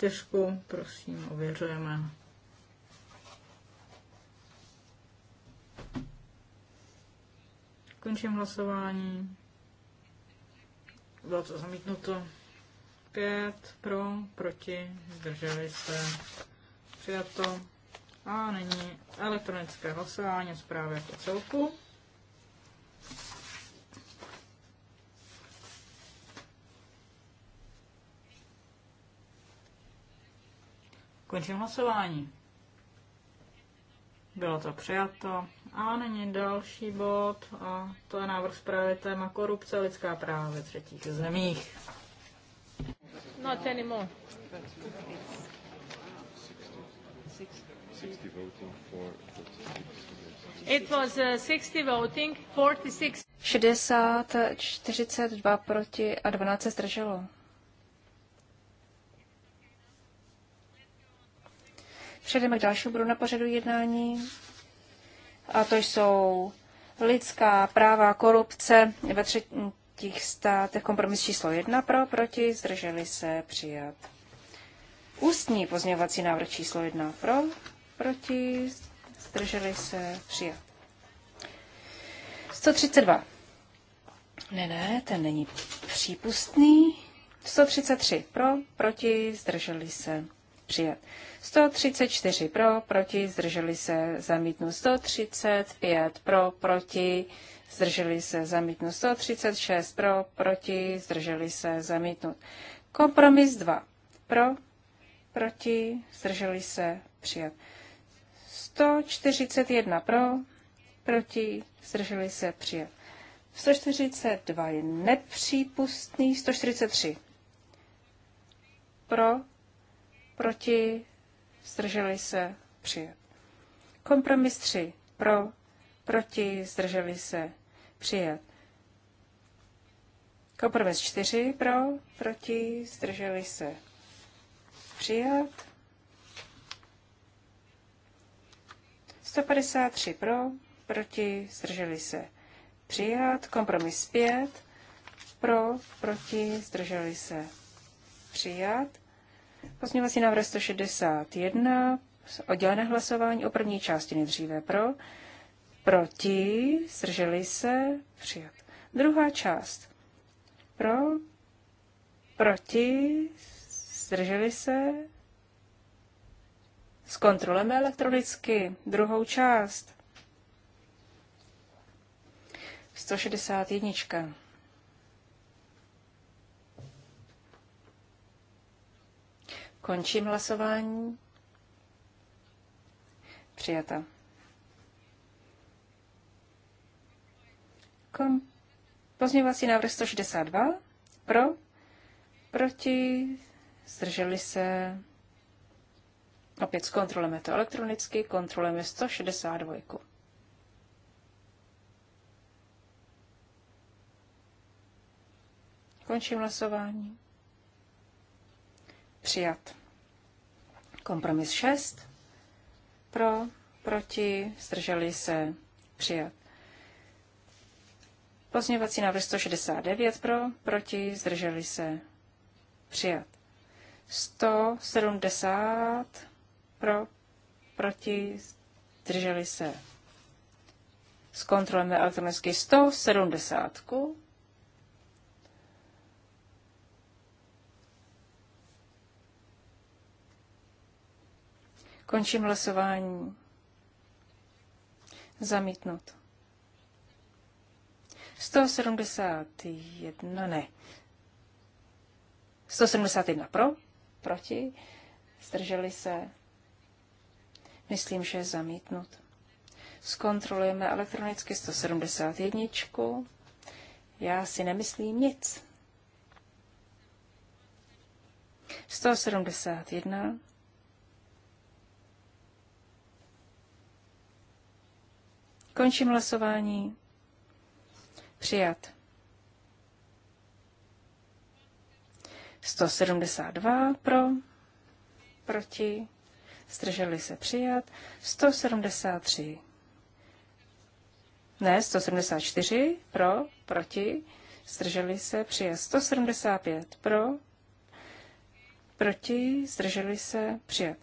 Speaker 2: čtyřku, prosím, ověřujeme. Končím hlasování. Bylo to zamítnuto. pět pro, proti, zdrželi se. Přijato. A nyní elektronické hlasování zprávy jako celku. Končím hlasování. Bylo to přijato. A není další bod, a to je návrh zprávy téma korupce lidská práva ve třetích zemích.
Speaker 1: Not anymore. je
Speaker 2: It was 60 uh, voting, 46.
Speaker 1: 60, 42 proti a 12 se zdrželo. Přejdeme k dalšímu bodu na pořadu jednání. A to jsou lidská práva, korupce ve třetích státech. Kompromis číslo jedna pro, proti, zdrželi se přijat. Ústní pozměňovací návrh číslo jedna pro, proti, zdrželi se přijat. 132. Ne, ne, ten není přípustný. 133 pro, proti, zdrželi se přijat. 134 pro, proti, zdrželi se, zamítnu 135 pro, proti, zdrželi se, zamítnu 136 pro, proti, zdrželi se, zamítnut. Kompromis 2 pro, proti, zdrželi se, přijat. 141 pro, proti, zdrželi se, přijat. 142 je nepřípustný, 143 pro, proti, zdrželi se, přijat. Kompromis 3, pro, proti, zdrželi se, přijat. Kompromis 4, pro, proti, zdrželi se, přijat. 153 pro, proti, zdrželi se, přijat. Kompromis 5, pro, proti, zdrželi se, přijat. Pozměňovací návrh 161, oddělené hlasování o první části nejdříve pro, proti, zdrželi se, přijat. Druhá část pro, proti, zdrželi se, zkontrolujeme elektronicky druhou část. 161. Končím hlasování. Přijata. Kom- pozměňovací návrh 162. Pro. Proti. Zdrželi se. Opět zkontrolujeme to elektronicky. Kontrolujeme 162. Končím hlasování. Přijat. Kompromis 6. Pro, proti, zdrželi se. Přijat. Pozměňovací návrh 169 pro, proti, zdrželi se. Přijat. 170 pro, proti, zdrželi se. Zkontrolujeme elektronicky 170. Končím hlasování. Zamítnut. 171, ne. 171 pro, proti, zdrželi se. Myslím, že je zamítnut. Zkontrolujeme elektronicky 171. Já si nemyslím nic. 171. Končím hlasování. Přijat. 172 pro, proti, zdrželi se přijat, 173. Ne, 174 pro, proti, zdrželi se přijat, 175 pro, proti, zdrželi se přijat.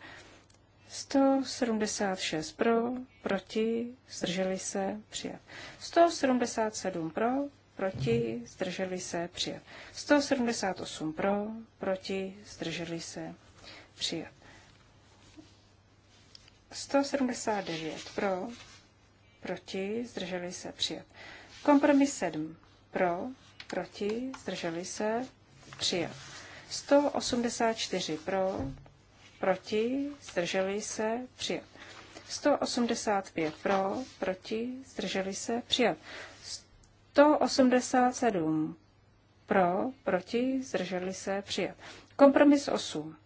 Speaker 1: 176 pro, proti, zdrželi se, přijat. 177 pro, proti, zdrželi se, přijat. 178 pro, proti, zdrželi se, přijat. 179 pro, proti, zdrželi se, přijat. Kompromis 7 pro, proti, zdrželi se, přijat. 184 pro, proti, zdrželi se, přijat. 185 pro, proti, zdrželi se, přijat. 187 pro, proti, zdrželi se, přijat. Kompromis 8.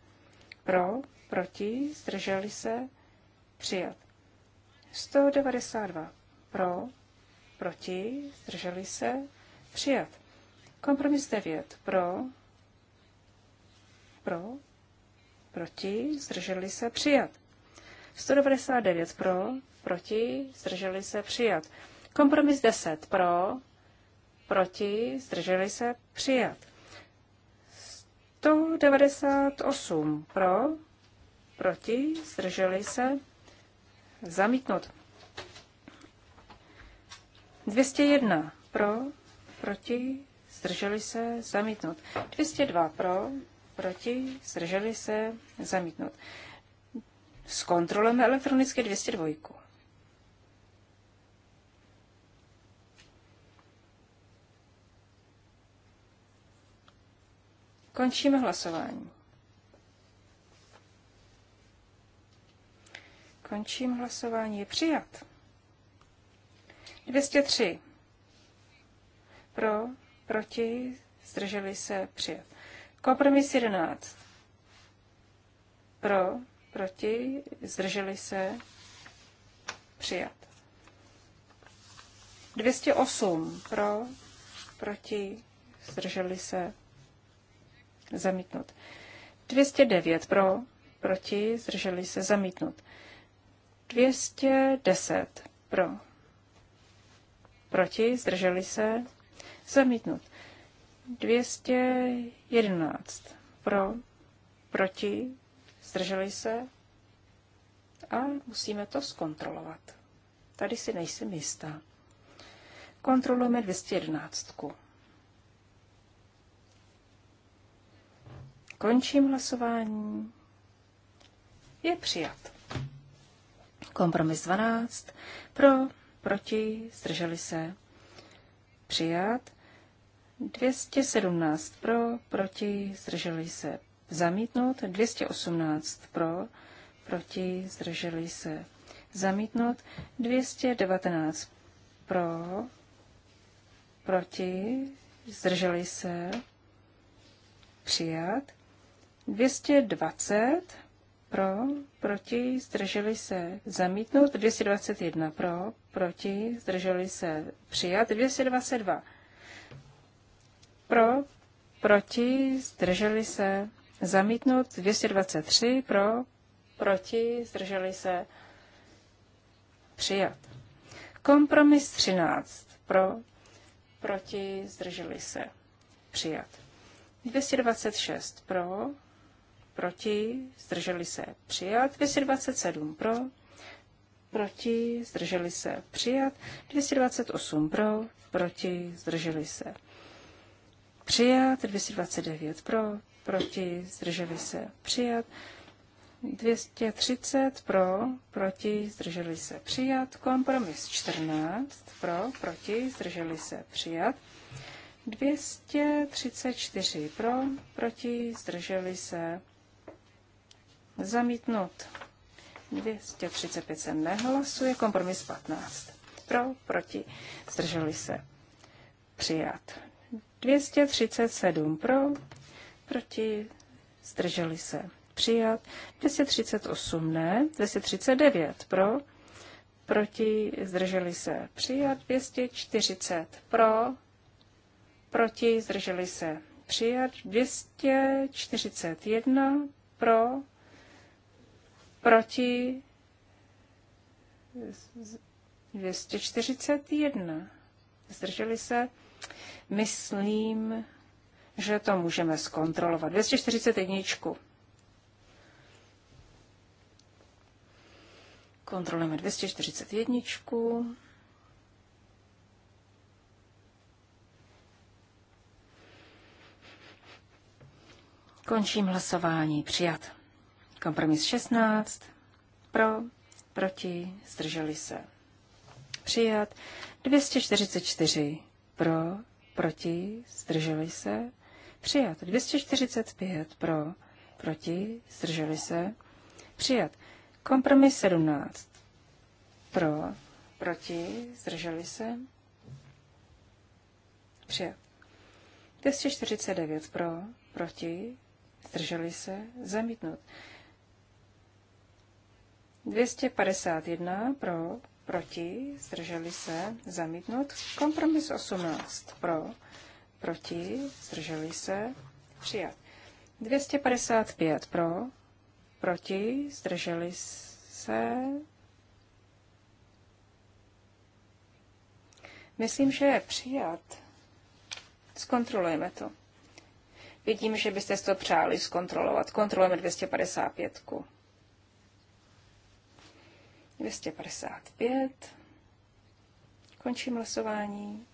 Speaker 1: Pro, proti, zdrželi se, přijat. 192 pro, proti, zdrželi se, přijat. Kompromis 9 pro, pro, proti, zdrželi se, přijat. 199 pro, proti, zdrželi se, přijat. Kompromis 10 pro, proti, zdrželi se, přijat. 198 pro, proti, zdrželi se, zamítnut. 201 pro, proti, zdrželi se, zamítnut. 202 pro, proti, zdrželi se, zamítnout. Zkontrolujeme elektronicky 202. Končíme hlasování. Končím hlasování. Je přijat. 203. Pro, proti, zdrželi se, přijat. Kompromis 11. Pro, proti, zdrželi se, přijat. 208 pro, proti, zdrželi se, zamítnut. 209 pro, proti, zdrželi se, zamítnut. 210 pro, proti, zdrželi se, zamítnut. 211 pro, proti, zdrželi se a musíme to zkontrolovat. Tady si nejsem jistá. Kontrolujeme 211. Končím hlasování. Je přijat. Kompromis 12. Pro, proti, zdrželi se. Přijat. 217 pro, proti, zdrželi se zamítnout. 218 pro, proti, zdrželi se zamítnout. 219 pro, proti, zdrželi se přijat. 220 pro, proti, zdrželi se zamítnout. 221 pro, proti, zdrželi se přijat. 222 pro, proti, zdrželi se, zamítnut 223, pro, proti, zdrželi se, přijat. Kompromis 13, pro, proti, zdrželi se, přijat. 226 pro, proti, zdrželi se, přijat. 227 pro, proti, zdrželi se, přijat. 228 pro, proti, zdrželi se, přijat, 229 pro, proti, zdrželi se přijat, 230 pro, proti, zdrželi se přijat, kompromis 14 pro, proti, zdrželi se přijat, 234 pro, proti, zdrželi se zamítnut. 235 se nehlasuje, kompromis 15 pro, proti, zdrželi se přijat. 237 pro, proti, zdrželi se. Přijat. 238 ne. 239 pro, proti, zdrželi se. Přijat. 240 pro, proti, zdrželi se. Přijat. 241 pro, proti, 241. Zdrželi se Myslím, že to můžeme zkontrolovat. 241. Kontrolujeme 241. Končím hlasování. Přijat. Kompromis 16. Pro, proti, zdrželi se. Přijat. 244 pro, proti, zdrželi se, přijat. 245 pro, proti, zdrželi se, přijat. Kompromis 17 pro, proti, zdrželi se, přijat. 249 pro, proti, zdrželi se, zamítnut. 251 pro, proti, zdrželi se, zamítnut. Kompromis 18 pro, proti, zdrželi se, přijat. 255 pro, proti, zdrželi se. Myslím, že je přijat. Zkontrolujeme to. Vidím, že byste si to přáli zkontrolovat. Kontrolujeme 255. 255. Končím hlasování.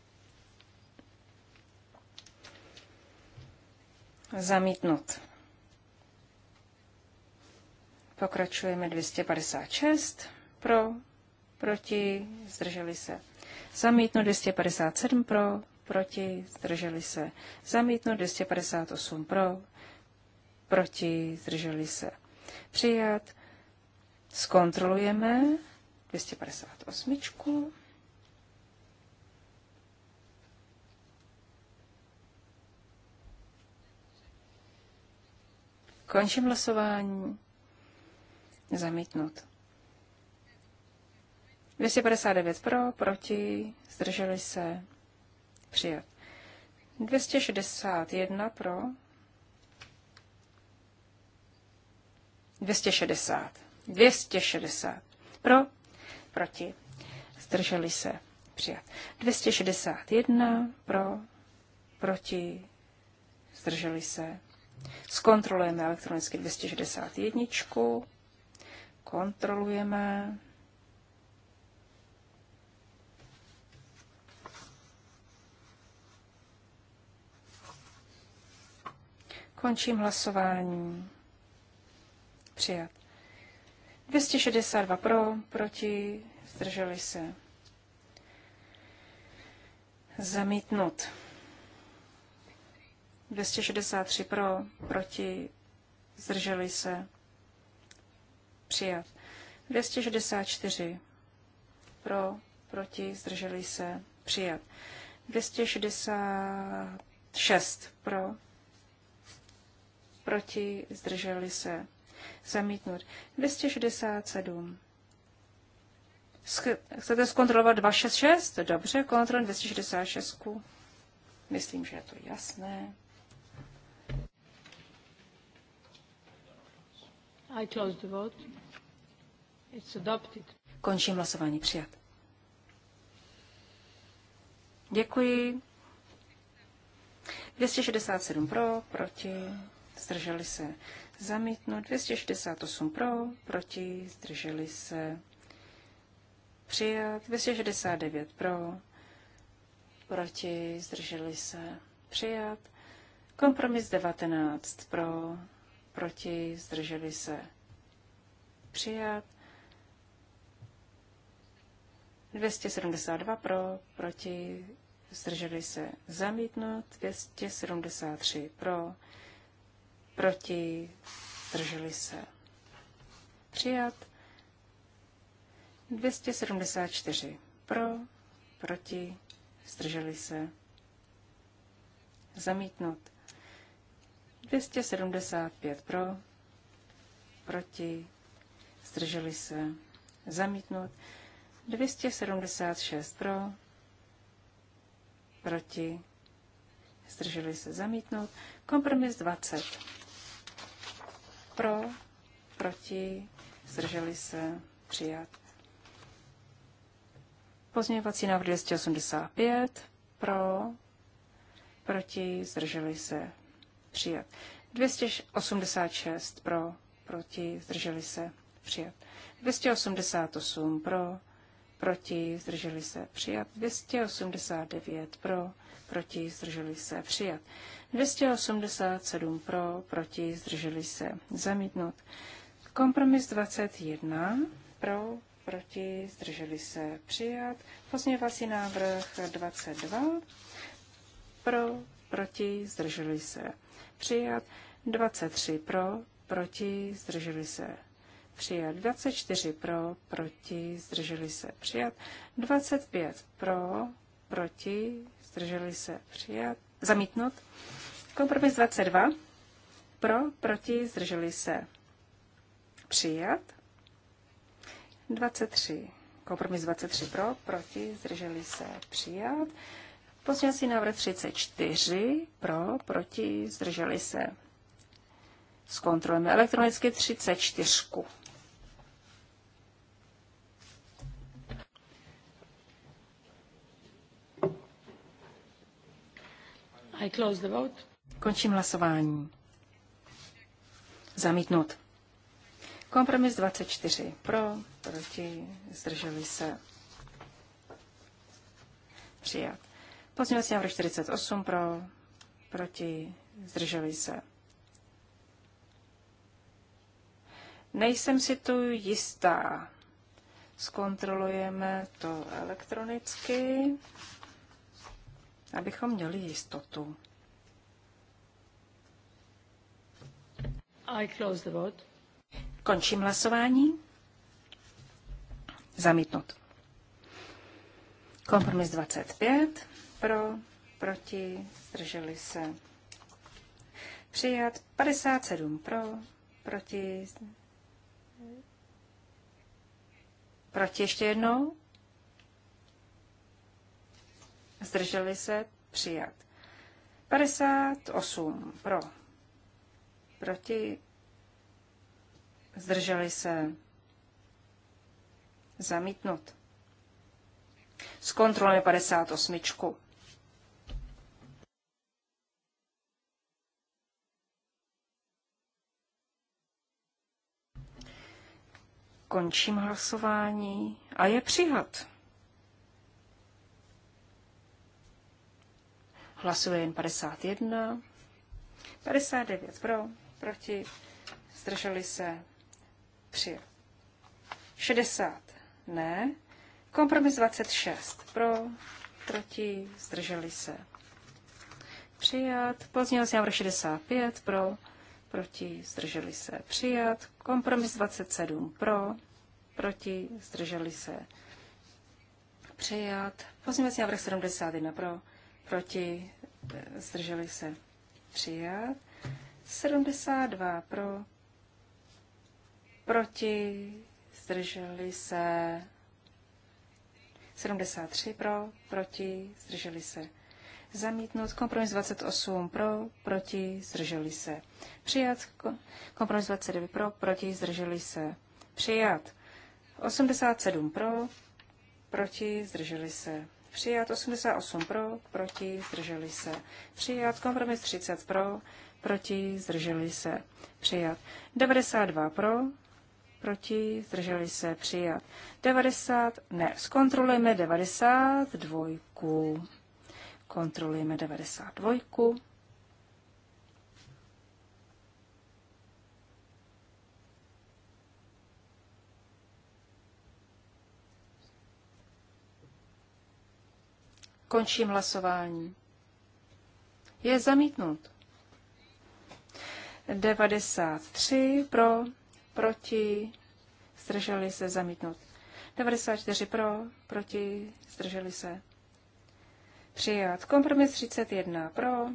Speaker 1: Zamítnut. Pokračujeme 256 pro, proti, zdrželi se. Zamítnu 257 pro, proti, zdrželi se. Zamítnu 258 pro, proti, zdrželi se. Přijat Zkontrolujeme 258. Končím hlasování. Zamítnut. 259 pro, proti, zdrželi se, přijat. 261 pro, 260. 260 pro, proti, zdrželi se, přijat. 261 pro, proti, zdrželi se. Zkontrolujeme elektronicky 261. Kontrolujeme. Končím hlasování. Přijat. 262 pro, proti, zdrželi se. Zamítnut. 263 pro, proti, zdrželi se. Přijat. 264 pro, proti, zdrželi se. Přijat. 266 pro, proti, zdrželi se Zamítnut. 267. Chcete zkontrolovat 266? Dobře, kontrol 266. Myslím, že je to jasné. I close the vote. It's adopted. Končím hlasování. Přijat. Děkuji. 267 pro, proti, zdrželi se. Zamítnout 268 pro, proti, zdrželi se. Přijat 269 pro, proti, zdrželi se. Přijat. Kompromis 19 pro, proti, zdrželi se. Přijat. 272 pro, proti, zdrželi se. Zamítnout 273 pro, proti, zdrželi se. Přijat. 274 pro, proti, zdrželi se. Zamítnut. 275 pro, proti, zdrželi se. Zamítnut. 276 pro, proti, zdrželi se. Zamítnut. Kompromis 20 pro, proti, zdrželi se, přijat. Pozměňovací návrh 285, pro, proti, zdrželi se, přijat. 286 pro, proti, zdrželi se, přijat. 288 pro, proti, zdrželi se přijat. 289 pro, proti, zdrželi se přijat. 287 pro, proti, zdrželi se zamítnout. Kompromis 21 pro, proti, zdrželi se přijat. Pozměňovací návrh 22 pro, proti, zdrželi se přijat. 23 pro, proti, zdrželi se přijat. 24 pro, proti, zdrželi se přijat. 25 pro, proti, zdrželi se přijat. Zamítnut. Kompromis 22 pro, proti, zdrželi se přijat. 23. Kompromis 23 pro, proti, zdrželi se přijat. Pozměňovací návrh 34 pro, proti, zdrželi se. Zkontrolujeme elektronicky 34. I close the vote. Končím hlasování. Zamítnut. Kompromis 24. Pro, proti, zdrželi se. Přijat. Pozměňovací návrh 48. Pro, proti, zdrželi se. Nejsem si tu jistá. Zkontrolujeme to elektronicky abychom měli jistotu. I close the vote. Končím hlasování. Zamítnut. Kompromis 25. Pro, proti, zdrželi se. Přijat 57 pro, proti, proti ještě jednou zdrželi se, přijat. 58 pro, proti, zdrželi se, zamítnut. Zkontrolujeme 58. Končím hlasování a je přijat. Hlasuje jen 51. 59 pro, proti, zdrželi se 3. 60 ne. Kompromis 26 pro, proti, zdrželi se. Přijat. Pozdělací návrh 65 pro, proti, zdrželi se. Přijat. Kompromis 27 pro, proti, zdrželi se. Přijat. Pozdělací návrh 71 pro, proti, zdrželi se přijat. 72 pro, proti, zdrželi se 73 pro, proti, zdrželi se zamítnut. Kompromis 28 pro, proti, zdrželi se přijat. Kompromis 29 pro, proti, zdrželi se přijat. 87 pro, proti, zdrželi se Přijat 88 pro, proti, zdrželi se. Přijat kompromis 30 pro, proti, zdrželi se. Přijat 92 pro, proti, zdrželi se. Přijat 90, ne, zkontrolujeme 92. Kontrolujeme 92. Končím hlasování. Je zamítnut. 93 pro, proti, zdrželi se zamítnut. 94 pro, proti, zdrželi se. Přijat. Kompromis 31 pro,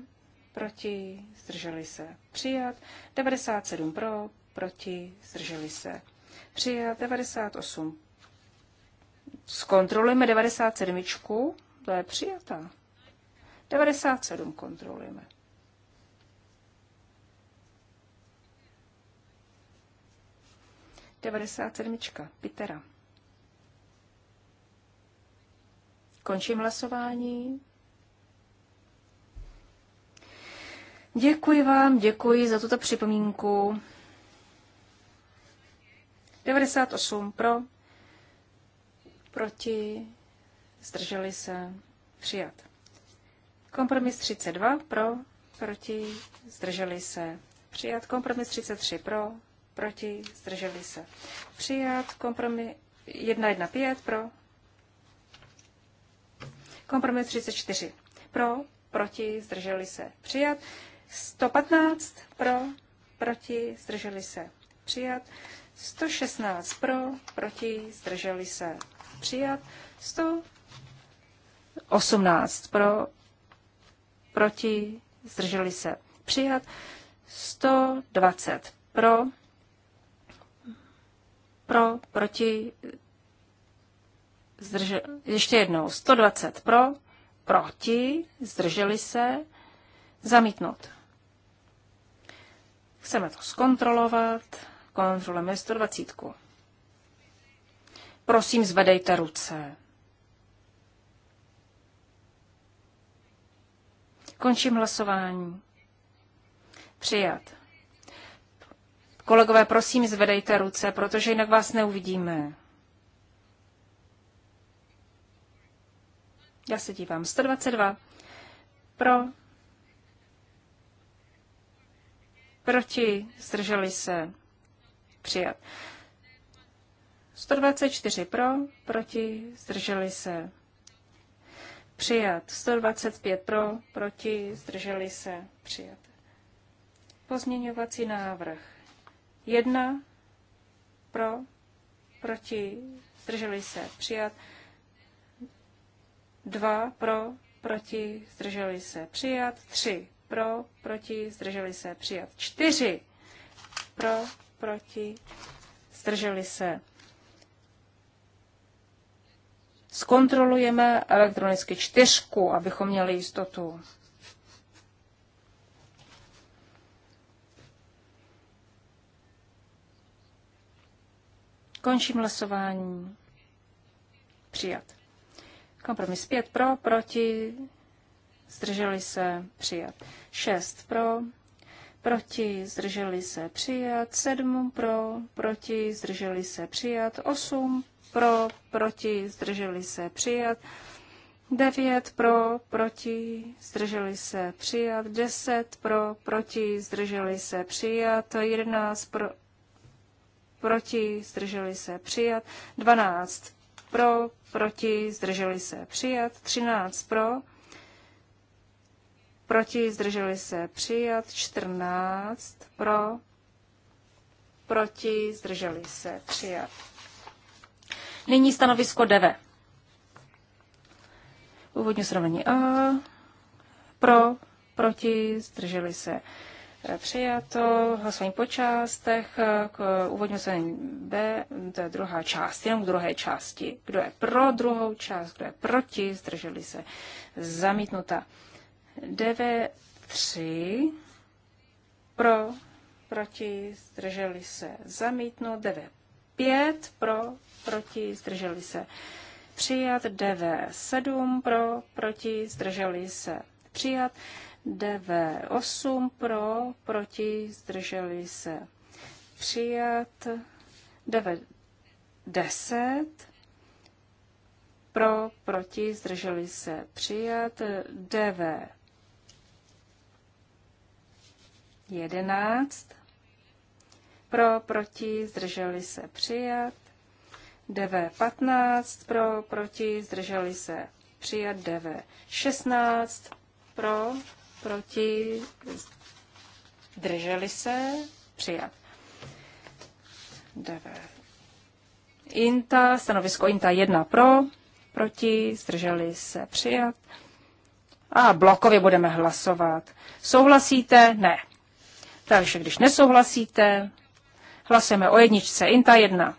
Speaker 1: proti, zdrželi se. Přijat. 97 pro, proti, zdrželi se. Přijat. 98. Zkontrolujeme 97. To je přijatá. 97 kontrolujeme. Devadesát sedmička, Pitera. Končím hlasování. Děkuji vám, děkuji za tuto připomínku. 98 pro, proti zdrželi se, přijat. Kompromis 32 pro, proti, zdrželi se, přijat. Kompromis 33 pro, proti, zdrželi se, přijat. Kompromis 115 pro, kompromis 34 pro, proti, zdrželi se, přijat. 115 pro, proti, zdrželi se, přijat. 116 pro, proti, zdrželi se, přijat. 100 18 pro, proti, zdrželi se přijat, 120 pro, pro, proti, zdrželi, ještě jednou, 120 pro, proti, zdrželi se, zamítnout. Chceme to zkontrolovat, kontrolujeme 120. Prosím, zvedejte ruce. Končím hlasování. Přijat. Kolegové, prosím, zvedejte ruce, protože jinak vás neuvidíme. Já se dívám. 122. Pro. Proti. Zdrželi se. Přijat. 124 pro, proti, zdrželi se. Přijat. 125 pro, proti, zdrželi se. Přijat. Pozměňovací návrh. 1 pro, proti, zdrželi se. Přijat. 2 pro, proti, zdrželi se. Přijat. 3 pro, proti, zdrželi se. Přijat. 4 pro, proti, zdrželi se. Zkontrolujeme elektronicky čtyřku, abychom měli jistotu. Končím hlasování. Přijat. Kompromis 5 pro, proti, zdrželi se, přijat. 6 pro, proti, zdrželi se, přijat. 7 pro, proti, zdrželi se, přijat. 8 pro, proti, zdrželi se přijat. 9 pro, proti, zdrželi se přijat. 10 pro, proti, zdrželi se přijat. 11 pro, proti, zdrželi se přijat. 12 pro, proti, zdrželi se přijat. 13 pro, proti, zdrželi se přijat. 14 pro, proti, zdrželi se přijat. Nyní stanovisko DEVE. Úvodní srovnání A. Pro, proti, zdrželi se eh, přijato, hlasování po částech, eh, k úvodnímu srovnání B, to je druhá část, jenom k druhé části. Kdo je pro druhou část, kdo je proti, zdrželi se zamítnuta. DV3 pro, proti, zdrželi se dv 9 5 pro, proti, zdrželi se přijat, DV 7 pro, proti, zdrželi se přijat, DV 8 pro, proti, zdrželi se přijat, DV 10 pro, proti, zdrželi se přijat, DV 11 pro, proti, zdrželi se přijat. DV15 pro, proti, zdrželi se přijat. DV16 pro, proti, zdrželi se přijat. DV. INTA, stanovisko INTA 1 pro, proti, zdrželi se přijat. A blokově budeme hlasovat. Souhlasíte? Ne. Takže když nesouhlasíte, Hlasujeme o jedničce. Inta jedna.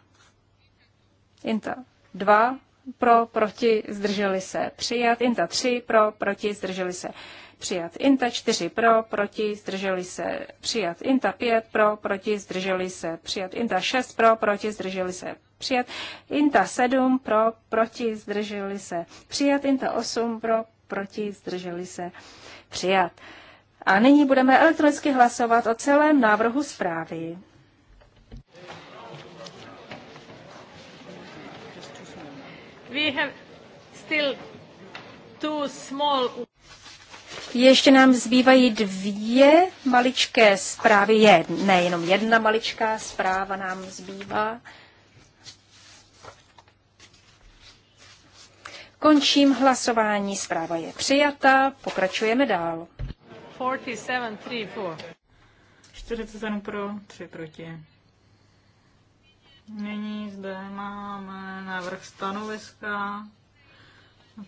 Speaker 1: Inta dva Pro, proti, zdrželi se. Přijat. Inta tři Pro, proti, zdrželi se. Přijat. Inta čtyři Pro, proti, zdrželi se. Přijat. Inta pět Pro, proti, zdrželi se. Přijat. Inta šest Pro, proti, zdrželi se. Přijat. Inta sedm Pro, proti, zdrželi se. Přijat. Inta osm Pro, proti, zdrželi se. Přijat. A nyní budeme elektronicky hlasovat o celém návrhu zprávy. We have still two small... Ještě nám zbývají dvě maličké zprávy. Je, ne, jenom jedna maličká zpráva nám zbývá. Končím hlasování. Zpráva je přijata. Pokračujeme dál.
Speaker 2: 47, 3, 4. 47 pro, 3 proti. Nyní zde máme návrh stanoviska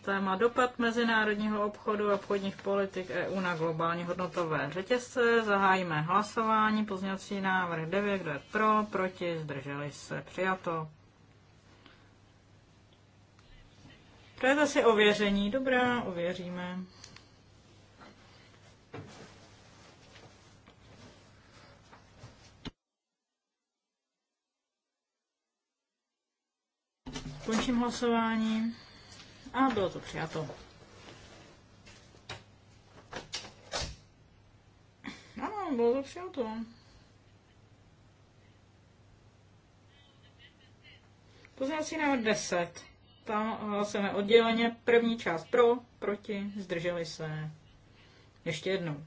Speaker 2: téma dopad mezinárodního obchodu a obchodních politik EU na globální hodnotové řetězce. Zahájíme hlasování. Pozněcí návrh 9, kdo je pro, proti, zdrželi se, přijato. Přejete si ověření? Dobrá, ověříme. Končím hlasování. A bylo to přijato. Ano, bylo to přijato. Pozměňovací návrh 10. Tam hlasujeme odděleně. První část pro, proti, zdrželi se. Ještě jednou.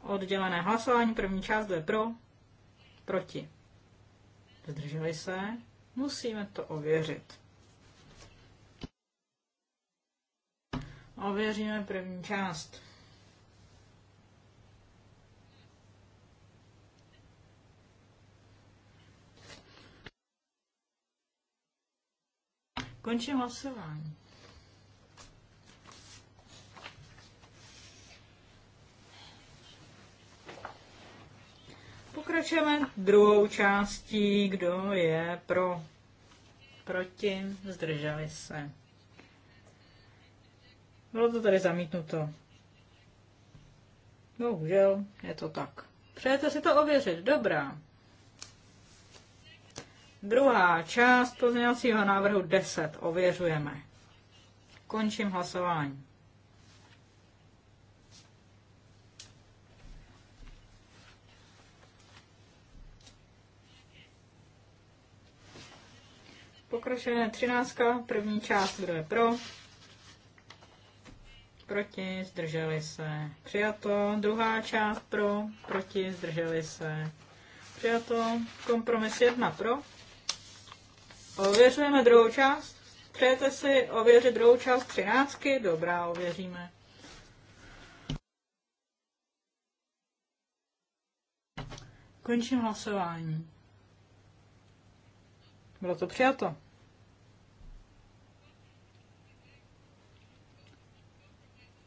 Speaker 2: Oddělené hlasování, první část je pro, proti. Zdrželi se. Musíme to ověřit. Ověříme první část. Končím hlasování. Pokračujeme druhou částí, kdo je pro, proti, zdrželi se. Bylo to tady zamítnuto. Bohužel, je to tak. Přejete si to ověřit, dobrá. Druhá část pozměňovacího návrhu 10 ověřujeme. Končím hlasování. Pokrašené 13. První část, kdo je pro? Proti, zdrželi se. Přijato. Druhá část pro, proti, zdrželi se. Přijato. Kompromis 1 pro. Ověřujeme druhou část. Přejete si ověřit druhou část 13? Dobrá, ověříme. Končím hlasování. Bylo to přijato.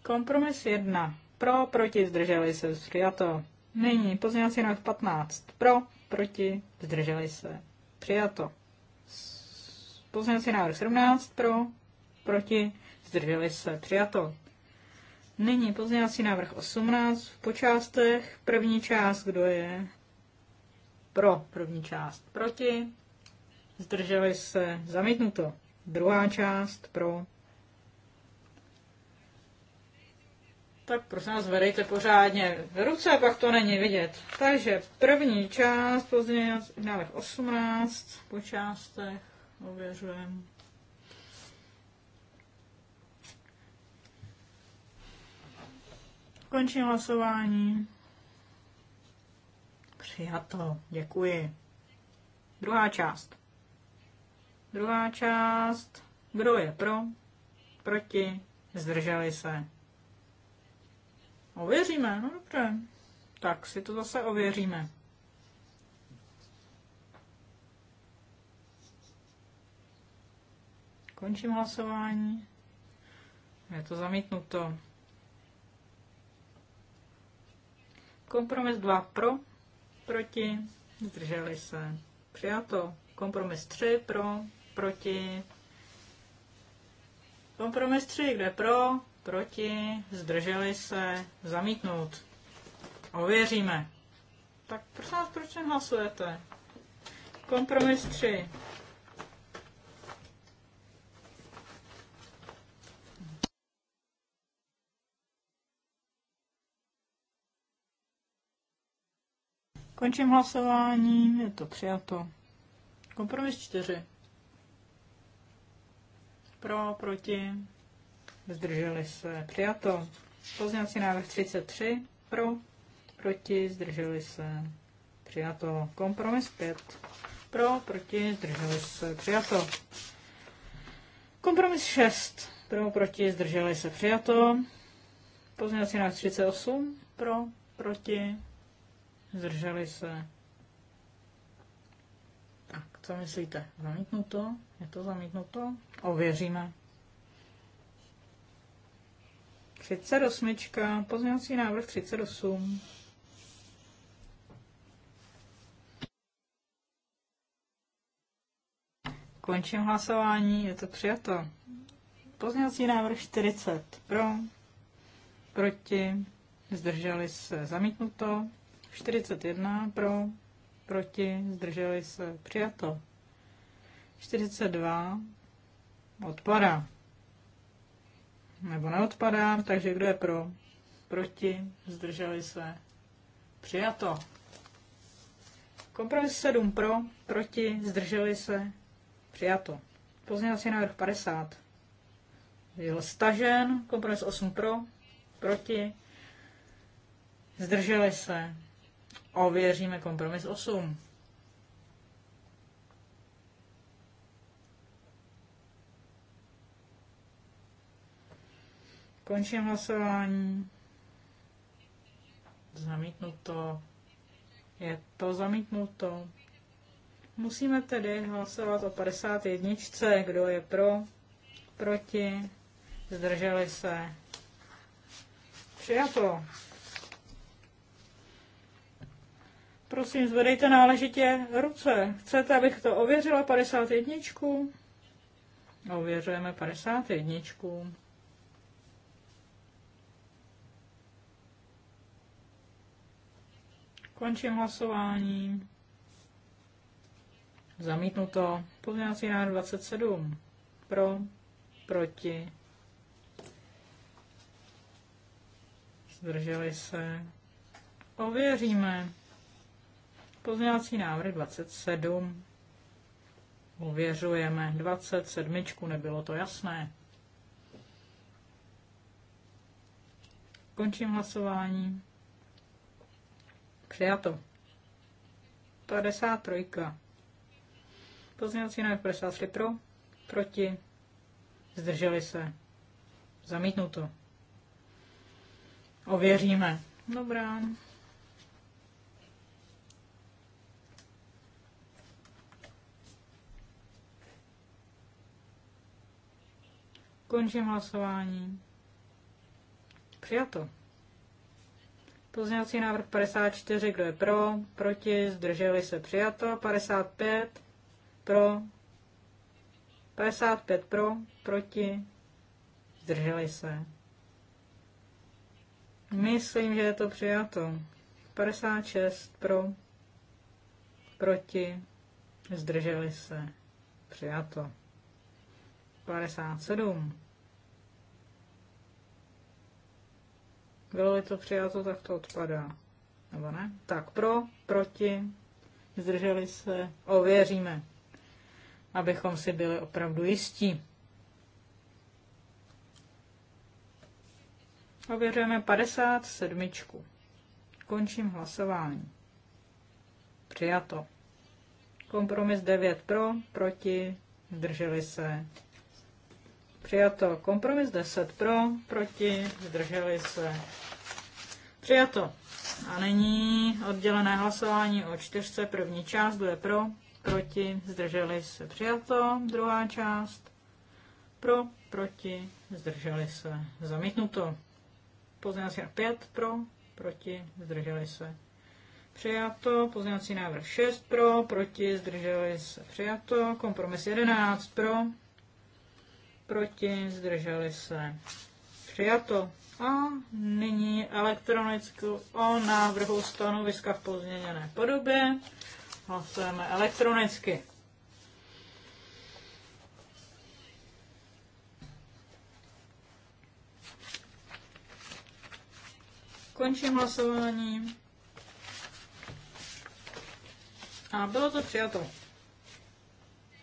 Speaker 2: Kompromis 1. Pro, proti, zdrželi se, přijato. Nyní pozměňovací návrh 15. Pro, proti, zdrželi se, přijato. Pozměňovací návrh 17. Pro, proti, zdrželi se, přijato. Nyní pozměňovací návrh 18 v počástech. První část, kdo je pro první část, proti, zdrželi se, zamítnuto. Druhá část pro. Tak prosím vás, vedejte pořádně ruce, pak to není vidět. Takže první část, později dále 18 po částech, ověřujeme. Končím hlasování. Přijato, děkuji. Druhá část. Druhá část. Kdo je pro? Proti? Zdrželi se? Ověříme, no dobře. Tak si to zase ověříme. Končím hlasování. Je to zamítnuto. Kompromis 2 pro, proti, zdrželi se. Přijato. Kompromis 3 pro, proti. Kompromis 3, kde pro, proti, zdrželi se, zamítnout. Ověříme. Tak prosím vás, proč hlasujete? Kompromis 3. Končím hlasování, je to přijato. Kompromis 4. Pro, proti, zdrželi se. Přijato. Pozněvací návrh 33. Pro, proti, zdrželi se. Přijato. Kompromis 5. Pro, proti, zdrželi se. Přijato. Kompromis 6. Pro, proti, zdrželi se. Přijato. Pozněvací návrh 38. Pro, proti, zdrželi se. Tak, co myslíte? Zamítnuto? to? Je to zamítnuto? Ověříme. 38. Pozměňovací návrh 38. Končím hlasování, je to přijato. Pozměňovací návrh 40 pro, proti, zdrželi se zamítnuto, 41 pro, proti, zdrželi se přijato. 42 odpadá. Nebo neodpadá, takže kdo je pro? Proti? Zdrželi se? Přijato. Kompromis 7 pro, proti, zdrželi se, přijato. Pozměňovací návrh 50. Byl stažen, kompromis 8 pro, proti, zdrželi se. Ověříme kompromis 8. Končím hlasování. Zamítnuto. Je to zamítnuto. Musíme tedy hlasovat o 51. Kdo je pro? Proti? Zdrželi se? Přijato. Prosím, zvedejte náležitě ruce. Chcete, abych to ověřila 51? Ověřujeme 51. Končím hlasování. Zamítnuto. Pozměňovací návrh 27. Pro, proti. Zdrželi se. Ověříme. Pozměňovací návrh 27. Ověřujeme. 27. Nebylo to jasné. Končím hlasování. Přijato. 53. Pozměňovací návrh 53 pro, proti, zdrželi se. Zamítnuto. Ověříme. Dobrá. Končím hlasování. Přijato. Pozměňovací návrh 54, kdo je pro, proti, zdrželi se přijato. 55 pro, 55 pro, proti, zdrželi se. Myslím, že je to přijato. 56 pro, proti, zdrželi se. Přijato. 57 Bylo-li to přijato, tak to odpadá. Nebo ne? Tak pro, proti, zdrželi se, ověříme, abychom si byli opravdu jistí. Ověřujeme 57. Končím hlasování. Přijato. Kompromis 9 pro, proti, zdrželi se, Přijato. Kompromis 10 pro, proti, zdrželi se. Přijato. A nyní oddělené hlasování o čtyřce. První část, kdo je pro, proti, zdrželi se. Přijato. Druhá část, pro, proti, zdrželi se. Zamítnuto. Pozměňovací návrh 5 pro, proti, zdrželi se. Přijato. Pozměňovací návrh 6 pro, proti, zdrželi se. Přijato. Kompromis 11 pro, proti, zdrželi se. Přijato. A nyní elektronicky o návrhu stanoviska v pozměněné podobě. Hlasujeme elektronicky. Končím hlasování. A bylo to přijato.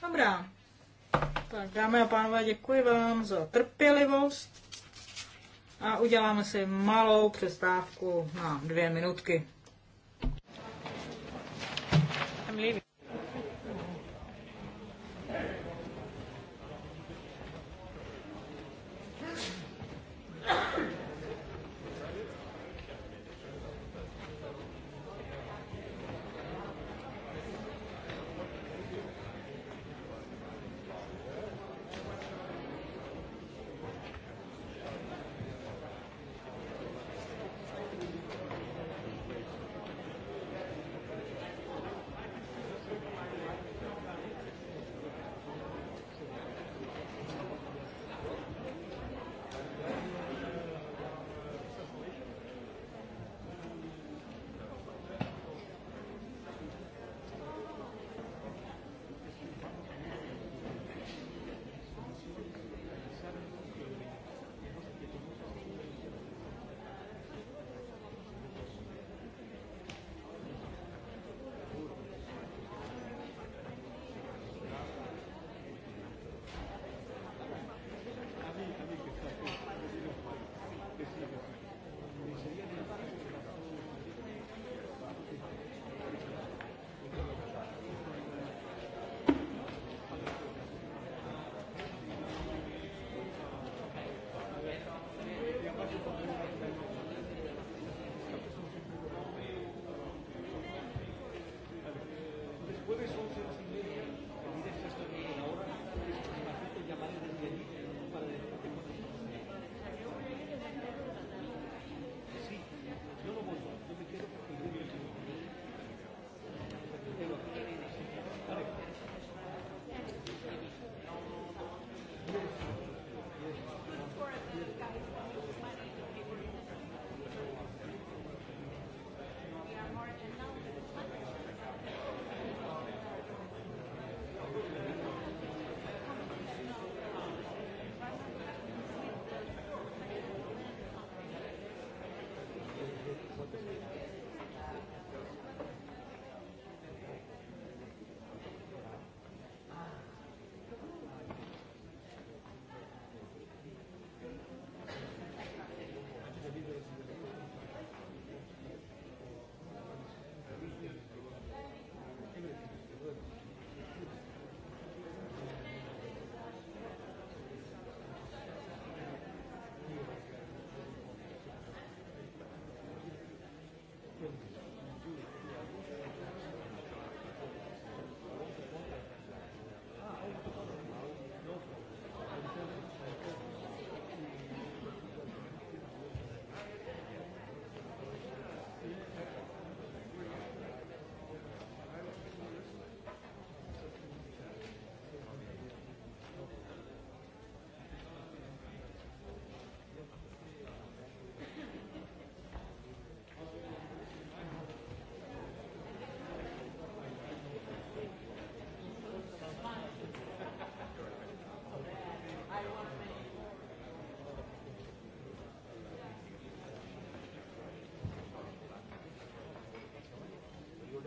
Speaker 2: Dobrá. Tak dámy a pánové, děkuji vám za trpělivost a uděláme si malou přestávku na dvě minutky.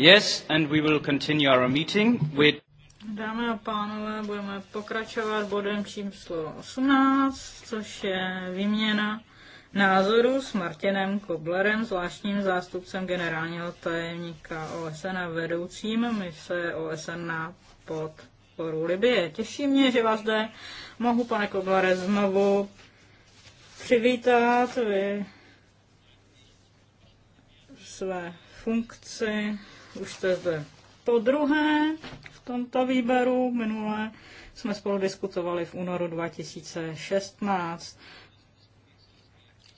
Speaker 2: Yes, and we will continue our meeting with... Dámy a pánové, budeme pokračovat bodem číslo 18, což je výměna názoru s Martinem Koblerem, zvláštním zástupcem generálního tajemníka OSN a vedoucím mise OSN na podporu Libie. Těší mě, že vás zde mohu, pane Koblere, znovu přivítat. Vy své funkci už je zde po druhé v tomto výběru. Minule jsme spolu diskutovali v únoru 2016.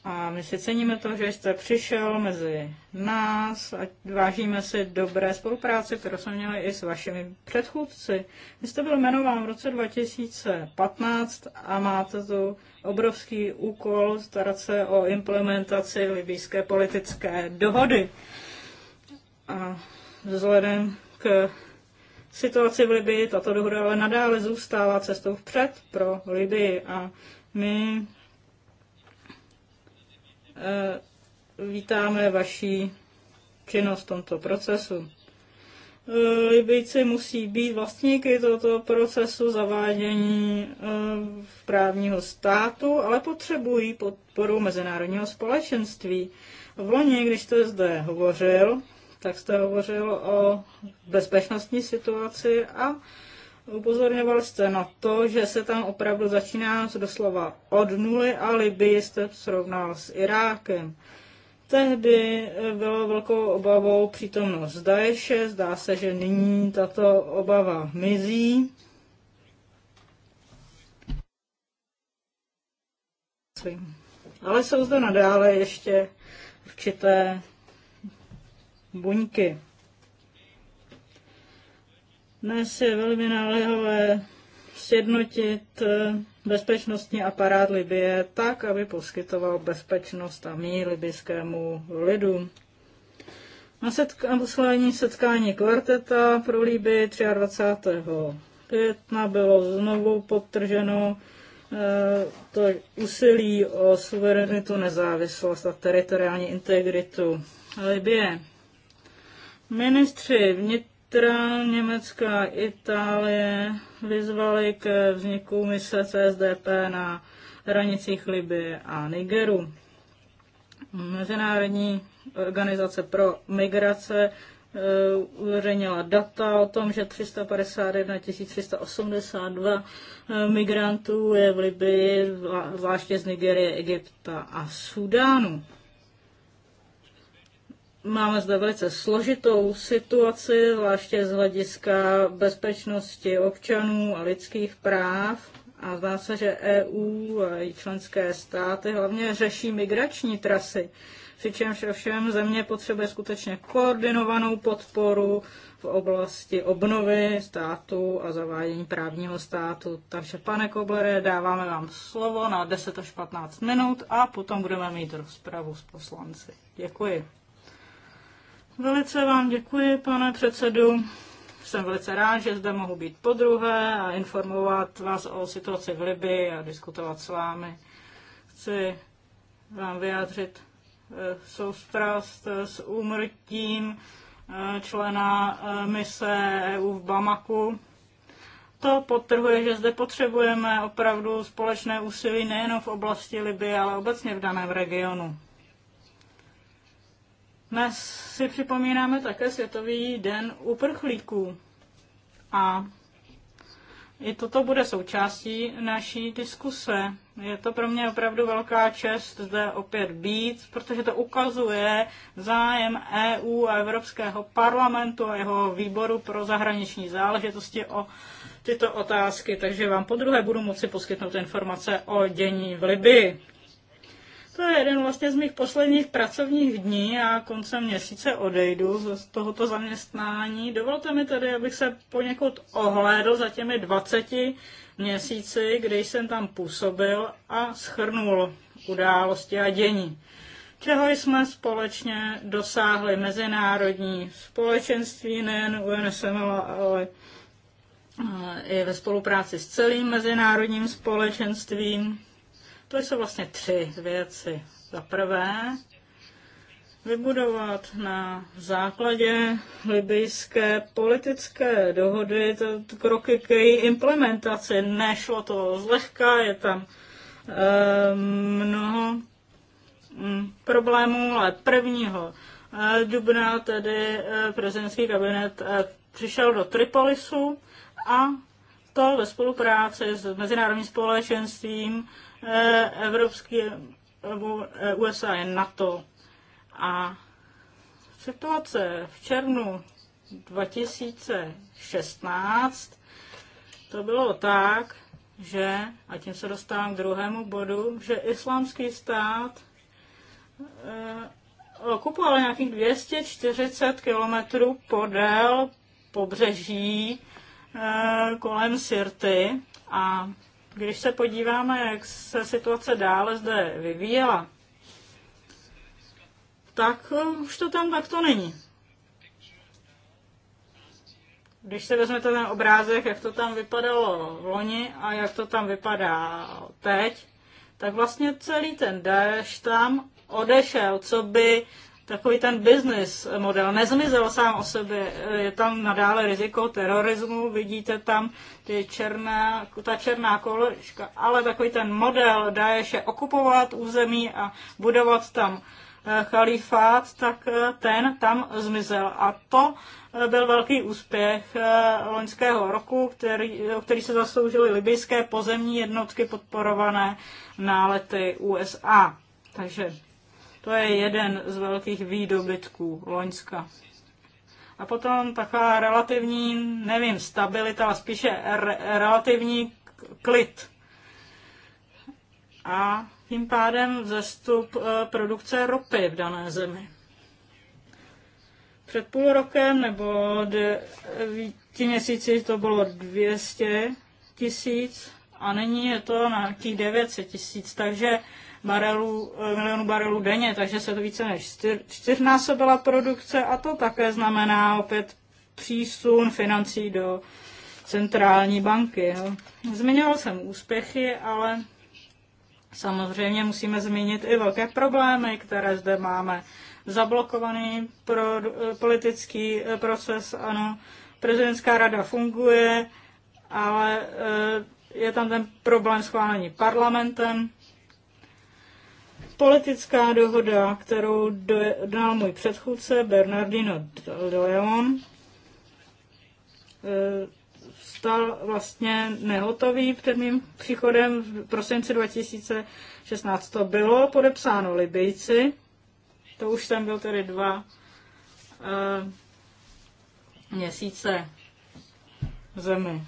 Speaker 2: A my si ceníme to, že jste přišel mezi nás a vážíme si dobré spolupráce, kterou jsme měli i s vašimi předchůdci. Vy jste byl jmenován v roce 2015 a máte tu obrovský úkol starat se o implementaci libijské politické dohody. A Vzhledem k situaci v Libii tato dohoda ale nadále zůstává cestou vpřed pro Libii a my eh, vítáme vaši činnost v tomto procesu. Eh, Libijci musí být vlastníky tohoto procesu zavádění v eh, právního státu, ale potřebují podporu mezinárodního společenství. V loni, když jste zde hovořil, tak jste hovořil o bezpečnostní situaci a upozorňoval jste na to, že se tam opravdu začíná doslova od nuly a Libii jste srovnal s Irákem. Tehdy bylo velkou obavou přítomnost Daeše, zdá se, že nyní tato obava mizí. Ale jsou zde nadále ještě určité buňky. Dnes je velmi náležové sjednotit eh, bezpečnostní aparát Libie tak, aby poskytoval bezpečnost a mír libyskému lidu. Na setkání setkání kvarteta pro Libii 23. května bylo znovu podtrženo eh, to úsilí o suverenitu, nezávislost a teritoriální integritu Libie. Ministři vnitra Německa a Itálie vyzvali k vzniku mise CSDP na hranicích Liby a Nigeru. Mezinárodní organizace pro migrace eh, uveřejnila data o tom, že 351 382 eh, migrantů je v Libii, zvláště z Nigerie, Egypta a Sudánu. Máme zde velice složitou situaci, zvláště z hlediska bezpečnosti občanů a lidských práv. A zdá se, že EU a i členské státy hlavně řeší migrační trasy, přičemž ovšem země potřebuje skutečně koordinovanou podporu v oblasti obnovy státu a zavádění právního státu. Takže, pane Koblere, dáváme vám slovo na 10 až 15 minut a potom budeme mít rozpravu s poslanci. Děkuji. Velice vám děkuji, pane předsedu. Jsem velice rád, že zde mohu být podruhé a informovat vás o situaci v Libii a diskutovat s vámi. Chci vám vyjádřit eh, soustrast eh, s úmrtím eh, člena mise EU v Bamaku. To potrhuje, že zde potřebujeme opravdu společné úsilí nejen v oblasti Libie, ale obecně v daném regionu. Dnes si připomínáme také Světový den uprchlíků. A i toto bude součástí naší diskuse. Je to pro mě opravdu velká čest zde opět být, protože to ukazuje zájem EU a Evropského parlamentu a jeho výboru pro zahraniční záležitosti o tyto otázky, takže vám po druhé budu moci poskytnout informace o dění v Libii. To je jeden vlastně z mých posledních pracovních dní a koncem měsíce odejdu z tohoto zaměstnání. Dovolte mi tedy, abych se poněkud ohlédl za těmi 20 měsíci, kde jsem tam působil a schrnul události a dění. Čeho jsme společně dosáhli mezinárodní společenství, nejen UNSML, ale eh, i ve spolupráci s celým mezinárodním společenstvím, to jsou vlastně tři věci. Za prvé, vybudovat na základě libijské politické dohody to, to kroky k její implementaci. Nešlo to zlehka, je tam e, mnoho m, hm, problémů, ale prvního eh, dubna tedy eh, prezidentský kabinet přišel do Tripolisu a to ve spolupráci s mezinárodním společenstvím Eh, Evropské eh, USA je NATO. A situace v červnu 2016 to bylo tak, že, a tím se dostávám k druhému bodu, že islámský stát eh, okupoval nějakých 240 kilometrů podél pobřeží kolem Sirty a když se podíváme, jak se situace dále zde vyvíjela, tak eh, už to tam takto není. Když se vezmete ten obrázek, jak to tam vypadalo v loni a jak to tam vypadá teď, tak vlastně celý ten déšť tam odešel, co by takový ten business model nezmizel sám o sobě. Je tam nadále riziko terorismu, vidíte tam ty černá, ta černá koložka, ale takový ten model Daesh je okupovat území a budovat tam eh, chalifát, tak eh, ten tam zmizel. A to eh, byl velký úspěch loňského roku, který, o který se zasloužily libyjské pozemní jednotky podporované nálety USA. Takže to je jeden z velkých výdobytků Loňska. A potom taková relativní, nevím, stabilita, ale spíše re- relativní klid. A tím pádem vzestup e, produkce ropy v dané zemi. Před půl rokem nebo devíti měsíci to bylo 200 tisíc a nyní je to na nějakých 900 tisíc, takže barelů, eh, milionů barelů denně, takže se to více než čtyř, čtyřnásobila produkce a to také znamená opět přísun financí do centrální banky. Jo. Zmiňoval jsem úspěchy, ale samozřejmě musíme zmínit i velké problémy, které zde máme. Zablokovaný pro, politický eh, proces, ano, prezidentská rada funguje, ale eh, je tam ten problém schválení parlamentem politická dohoda, kterou dal můj předchůdce Bernardino de Leon, eh, stal vlastně nehotový před mým příchodem v prosinci 2016. To bylo podepsáno Libijci, to už jsem byl tedy dva eh, měsíce v zemi.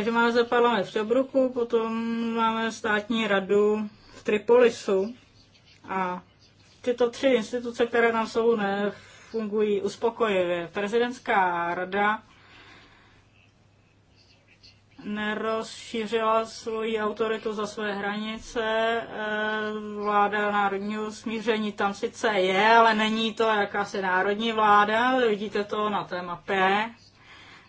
Speaker 2: že máme zde parlament v Tobruku, potom máme státní radu v Tripolisu a tyto tři instituce, které tam jsou, nefungují uspokojivě. Prezidentská rada nerozšířila svoji autoritu za své hranice. Eh, vláda národního smíření tam sice je, ale není to jakási národní vláda. Vidíte to na té mapě.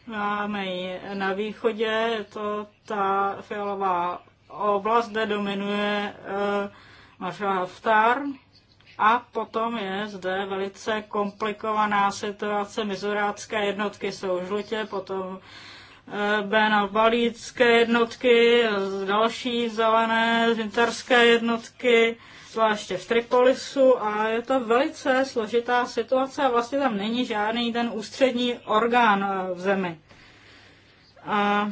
Speaker 2: Máme ji na východě, je to ta fialová oblast, kde dominuje uh, Marshall Haftar. A potom je zde velice komplikovaná situace. Mizurácké jednotky jsou žlutě, potom Eh, Bena balícké jednotky, další zelené zinterské jednotky, zvláště v Tripolisu a je to velice složitá situace a vlastně tam není žádný ten ústřední orgán eh, v zemi. A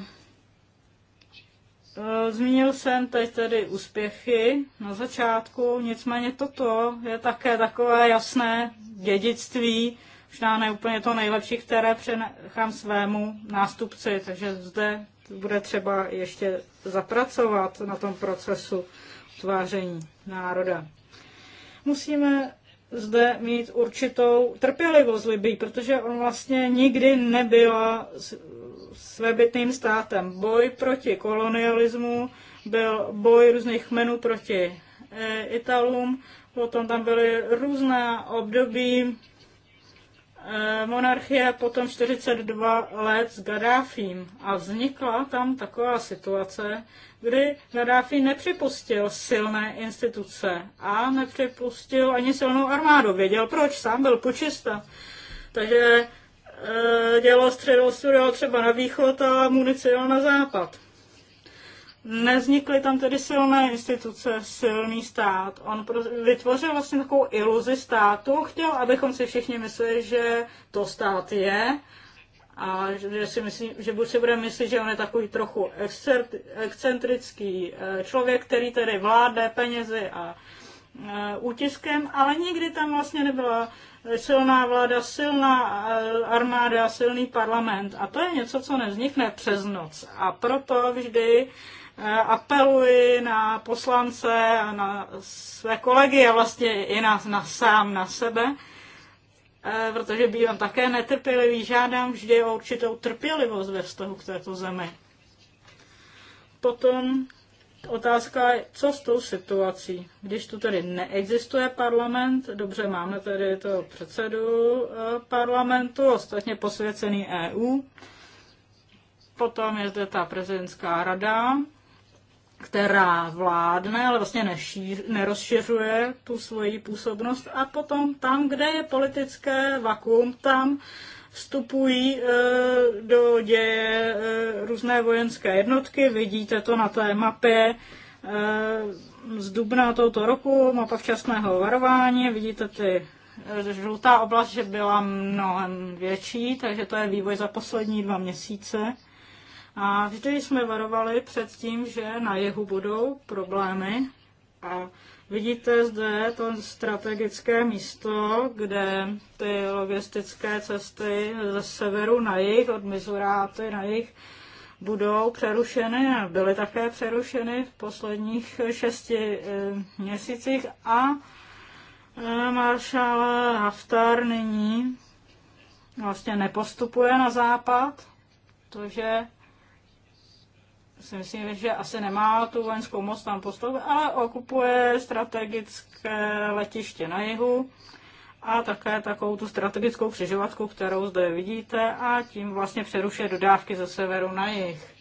Speaker 2: eh, Zmínil jsem teď tedy úspěchy na začátku, nicméně toto je také takové jasné dědictví možná ne úplně to nejlepší, které přenechám svému nástupci, takže zde bude třeba ještě zapracovat na tom procesu tváření národa. Musíme zde mít určitou trpělivost Libii, protože on vlastně nikdy nebyla svébytným státem. Boj proti kolonialismu byl boj různých kmenů proti eh, Italům, potom tam byly různá období Eh, monarchie potom 42 let s Gaddafím a vznikla tam taková situace, kdy Gaddafi nepřipustil silné instituce a nepřipustil ani silnou armádu. Věděl proč, sám byl počista. Takže e, dělal středostudio třeba na východ a municiál na západ. Nevznikly tam tedy silné instituce, silný stát. On vytvořil vlastně takovou iluzi státu, chtěl, abychom si všichni mysleli, že to stát je a že si myslí, že buď si bude myslet, že on je takový trochu excentrický eh, člověk, který tedy vládne penězi a eh, útiskem, ale nikdy tam vlastně nebyla silná vláda, silná eh, armáda, silný parlament. A to je něco, co nevznikne přes noc. A proto vždy Eh, apeluji na poslance a na své kolegy a vlastně i na, na sám na sebe, eh, protože bývám také netrpělivý, žádám vždy o určitou trpělivost ve vztahu k této zemi. Potom otázka je, co s tou situací. Když tu tedy neexistuje parlament, dobře, máme tedy toho předsedu eh, parlamentu, ostatně posvěcený EU, potom je zde ta prezidentská rada, která vládne, ale vlastně nešíř, nerozšiřuje tu svoji působnost. A potom tam, kde je politické vakuum, tam vstupují e, do děje e, různé vojenské jednotky. Vidíte to na té mapě e, z dubna tohoto roku, mapa včasného varování. Vidíte ty e, žlutá oblast, že byla mnohem větší, takže to je vývoj za poslední dva měsíce. A vždy jsme varovali před tím, že na jihu budou problémy a Vidíte zde to strategické místo, kde ty logistické cesty ze severu na jih, od Mizuráty na jih, budou přerušeny a byly také přerušeny v posledních šesti eh, měsících a eh, maršál Haftar nyní vlastně nepostupuje na západ, protože si myslím, že asi nemá tu vojenskou moc tam postavit, ale okupuje strategické letiště na jihu a také takovou tu strategickou křižovatku, kterou zde vidíte, a tím vlastně přerušuje dodávky ze severu na jih.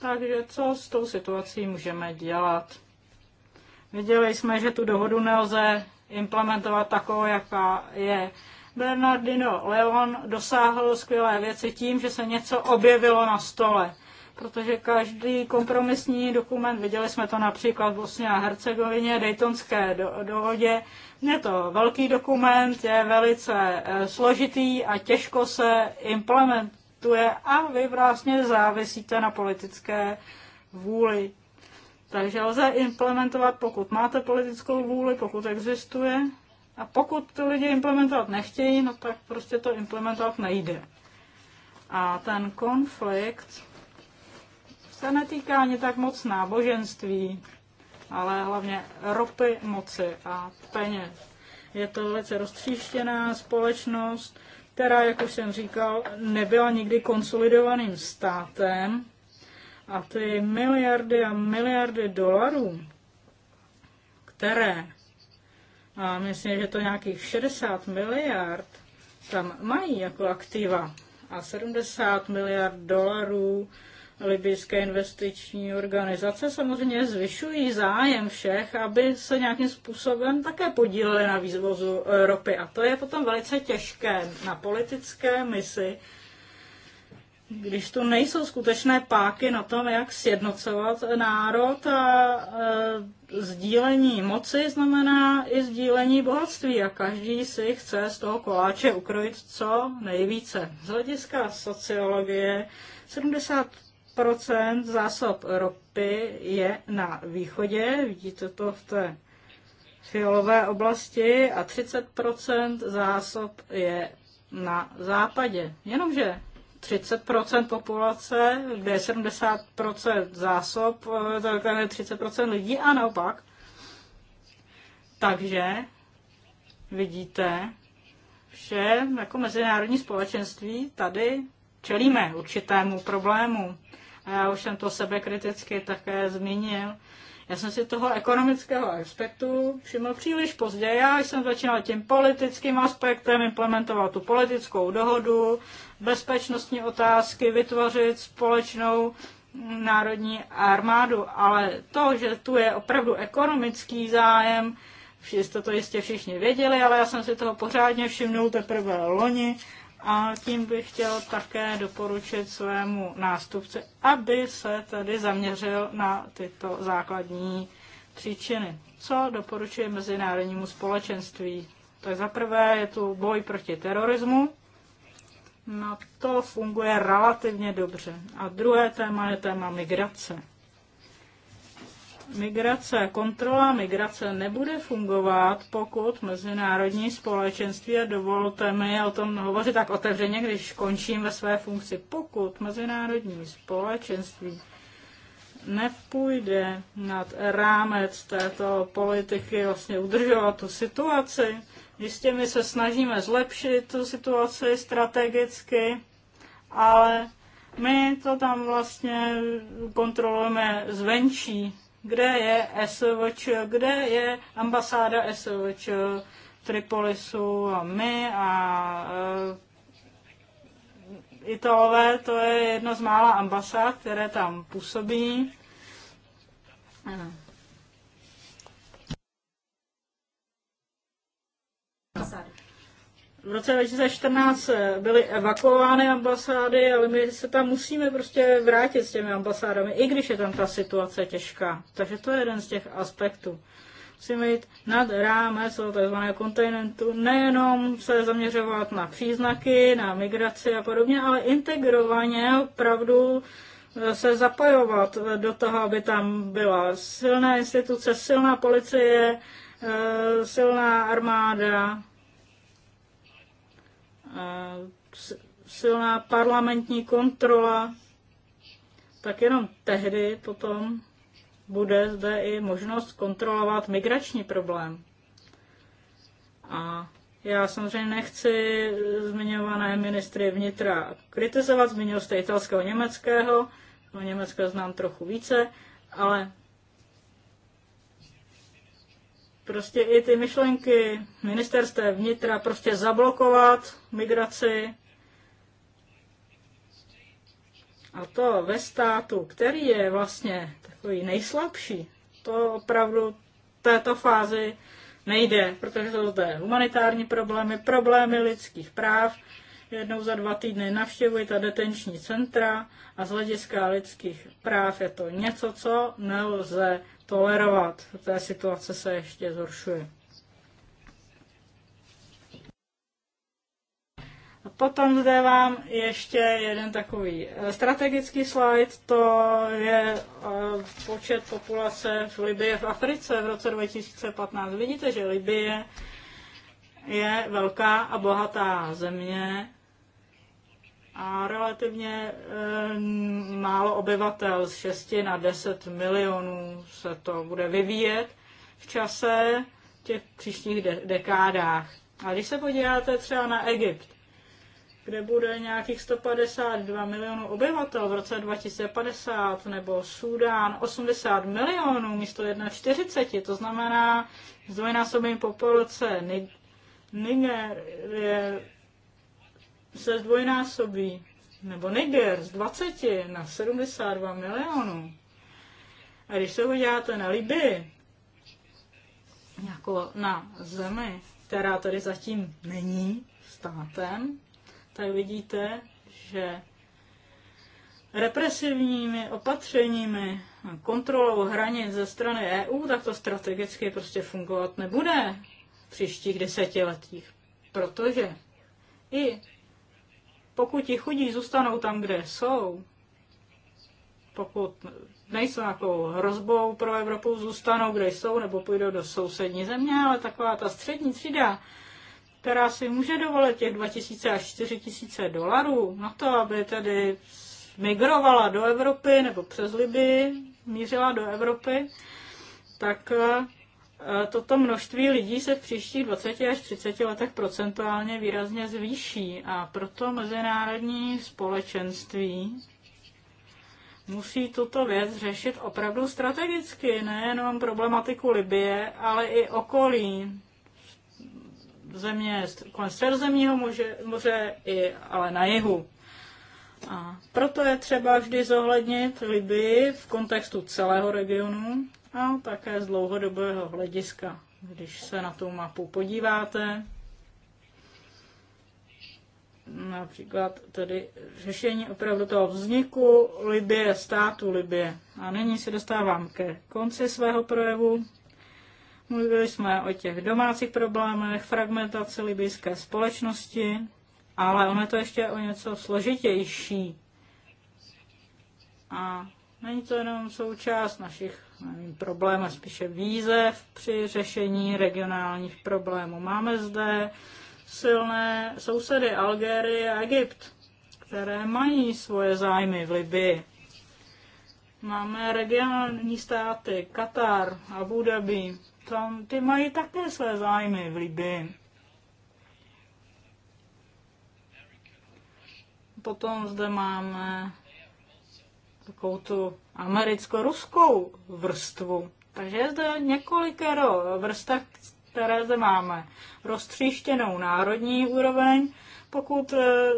Speaker 2: Takže co s tou situací můžeme dělat? Viděli jsme, že tu dohodu nelze implementovat takovou, jaká je. Bernardino Leon dosáhl skvělé věci tím, že se něco objevilo na stole protože každý kompromisní dokument, viděli jsme to například v Bosně a Hercegovině, Daytonské dohodě, je to velký dokument, je velice eh, složitý a těžko se implementuje a vy vlastně závisíte na politické vůli. Takže lze implementovat, pokud máte politickou vůli, pokud existuje. A pokud to lidi implementovat nechtějí, no tak prostě to implementovat nejde. A ten konflikt se netýká ani tak moc náboženství, ale hlavně ropy, moci a peněz. Je to velice roztříštěná společnost, která, jak už jsem říkal, nebyla nikdy konsolidovaným státem a ty miliardy a miliardy dolarů, které, a myslím, že to nějakých 60 miliard, tam mají jako aktiva a 70 miliard dolarů libijské investiční organizace samozřejmě zvyšují zájem všech, aby se nějakým způsobem také podíleli na vývozu ropy. A to je potom velice těžké na politické misi, když tu nejsou skutečné páky na tom, jak sjednocovat národ a e, sdílení moci znamená i sdílení bohatství a každý si chce z toho koláče ukrojit co nejvíce. Z hlediska sociologie 70 zásob ropy je na východě, vidíte to v té fialové oblasti, a 30 zásob je na západě. Jenomže 30 populace, kde je 70 zásob, eh, tam je 30 lidí a naopak. Takže vidíte, že jako mezinárodní společenství tady čelíme určitému problému já už jsem to sebe kriticky také zmínil, já jsem si toho ekonomického aspektu všiml příliš pozdě. Já jsem začínal tím politickým aspektem, implementoval tu politickou dohodu, bezpečnostní otázky, vytvořit společnou národní armádu, ale to, že tu je opravdu ekonomický zájem, jste to jistě všichni věděli, ale já jsem si toho pořádně všimnul teprve loni a tím bych chtěl také doporučit svému nástupci, aby se tedy zaměřil na tyto základní příčiny. Co doporučuje mezinárodnímu společenství? Tak za prvé je tu boj proti terorismu. No to funguje relativně dobře. A druhé téma je téma migrace migrace, kontrola migrace nebude fungovat, pokud mezinárodní společenství, a dovolte mi o tom hovořit tak otevřeně, když končím ve své funkci, pokud mezinárodní společenství nepůjde nad rámec této politiky vlastně udržovat tu situaci, jistě my se snažíme zlepšit tu situaci strategicky, ale my to tam vlastně kontrolujeme zvenčí kde je SVČ, kde je ambasáda SVČ Tripolisu a my a uh, Italové, to je jedno z mála ambasád, které tam působí. Ano. v roce 2014 eh, byly evakuovány ambasády, ale my se tam musíme prostě vrátit s těmi ambasádami, i když je tam ta situace těžká. Takže to je jeden z těch aspektů. Musíme jít nad rámec toho tzv. kontinentu, nejenom se zaměřovat na příznaky, na migraci a podobně, ale integrovaně opravdu eh, se zapojovat eh, do toho, aby tam byla silná instituce, silná policie, silná armáda, silná parlamentní kontrola, tak jenom tehdy potom bude zde i možnost kontrolovat migrační problém. A já samozřejmě nechci zmiňované ministry vnitra kritizovat, zmínil jste italského, německého, no německého znám trochu více, ale prostě i ty myšlenky ministerstva vnitra prostě zablokovat migraci. A to ve státu, který je vlastně takový nejslabší, to opravdu této fázi nejde, protože jsou zde humanitární problémy, problémy lidských práv. Jednou za dva týdny navštěvují ta detenční centra a z hlediska lidských práv je to něco, co nelze tolerovat. Té situace se ještě zhoršuje. A potom zde vám ještě jeden takový eh, strategický slide, to je eh, počet populace v Libii v Africe v roce 2015. Vidíte, že Libie je velká a bohatá země, a relativně eh, málo obyvatel, z 6 na 10 milionů se to bude vyvíjet v čase v těch příštích de- dekádách. A když se podíváte třeba na Egypt, kde bude nějakých 152 milionů obyvatel v roce 2050, nebo Súdán 80 milionů místo 1,40, to znamená zdvojnásobení populace je se zdvojnásobí, nebo Niger z 20 na 72 milionů. A když se uděláte na Libii, jako na zemi, která tady zatím není státem, tak vidíte, že represivními opatřeními, kontrolou hranic ze strany EU, tak to strategicky prostě fungovat nebude v příštích desetiletích. Protože i pokud ti chudí zůstanou tam, kde jsou, pokud nejsou nějakou hrozbou pro Evropu, zůstanou, kde jsou, nebo půjdou do sousední země, ale taková ta střední třída, která si může dovolit těch 2000 až 4000 dolarů na to, aby tedy migrovala do Evropy nebo přes Liby mířila do Evropy, tak eh, E, toto množství lidí se v příštích 20 až 30 letech procentuálně výrazně zvýší a proto mezinárodní společenství musí tuto věc řešit opravdu strategicky, nejenom problematiku Libie, ale i okolí země kolem středozemního moře, moře i ale na jihu. A proto je třeba vždy zohlednit Libii v kontextu celého regionu a také z dlouhodobého hlediska. Když se na tu mapu podíváte, například tedy řešení opravdu toho vzniku Libie, státu Libie. A nyní se dostávám ke konci svého projevu. Mluvili jsme o těch domácích problémech, fragmentaci libijské společnosti, ale ono je to ještě o něco složitější. A není to jenom součást našich problém a spíše výzev při řešení regionálních problémů. Máme zde silné sousedy Algérie a Egypt, které mají svoje zájmy v Libii. Máme regionální státy, Katar, Abu Dhabi, tam ty mají také své zájmy v Libii. Potom zde máme takovou tu americko-ruskou vrstvu. Takže je zde několikero vrstev, které zde máme. Roztříštěnou národní úroveň, pokud eh,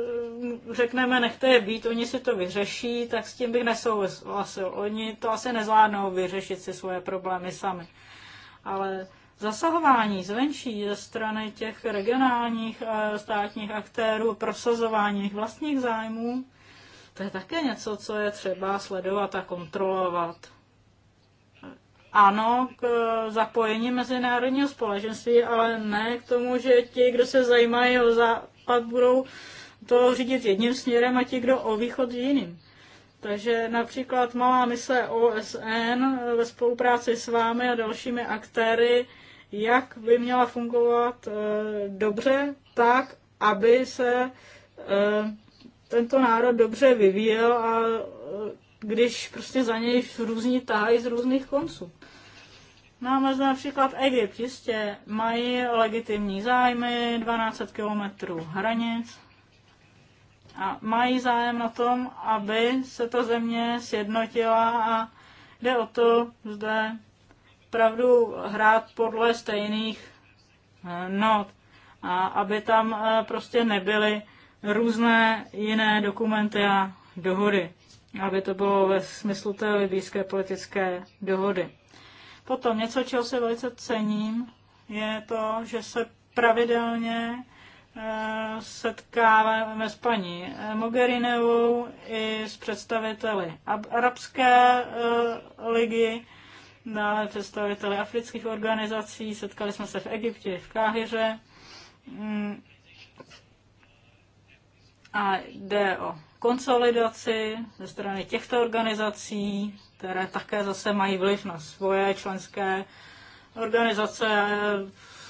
Speaker 2: řekneme, nechte je být, oni si to vyřeší, tak s tím bych nesouhlasil. Oni to asi nezvládnou vyřešit si svoje problémy sami. Ale zasahování zvenčí ze strany těch regionálních eh, státních aktérů, prosazování vlastních zájmů, to je také něco, co je třeba sledovat a kontrolovat. Ano, k e, zapojení mezinárodního společenství, ale ne k tomu, že ti, kdo se zajímají o západ, budou to řídit jedním směrem a ti, kdo o východ jiným. Takže například malá mise OSN e, ve spolupráci s vámi a dalšími aktéry, jak by měla fungovat e, dobře, tak, aby se tento národ dobře vyvíjel a e, když prostě za něj různí tahají z různých konců. No Máme zde například Egypt, jistě mají legitimní zájmy, 12 km hranic a mají zájem na tom, aby se ta země sjednotila a jde o to zde pravdu hrát podle stejných e, not a aby tam e, prostě nebyly různé jiné dokumenty a dohody, aby to bylo ve smyslu té libijské politické dohody. Potom něco, čeho se velice cením, je to, že se pravidelně eh, setkáváme s paní eh, Mogherinovou i s představiteli Arabské eh, ligy, dále představiteli afrických organizací, setkali jsme se v Egyptě, v Káhyře, mm, a jde o konsolidaci ze strany těchto organizací, které také zase mají vliv na svoje členské organizace.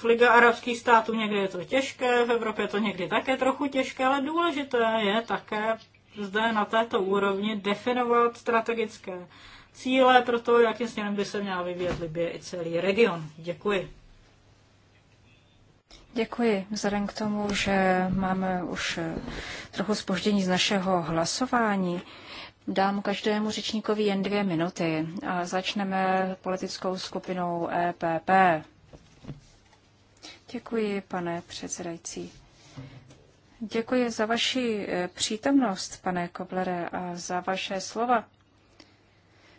Speaker 2: Liga arabských států někdy je to těžké, v Evropě je to někdy také trochu těžké, ale důležité je také zde na této úrovni definovat strategické cíle pro to, jakým směrem by se měla vyvíjet Libie i celý region. Děkuji.
Speaker 1: Děkuji. Vzhledem k tomu, že máme už eh, trochu spoždění z našeho hlasování, dám každému řečníkovi jen dvě minuty a začneme politickou skupinou EPP. Děkuji, pane předsedající. Děkuji za vaši eh, přítomnost, pane Koblere, a za vaše slova.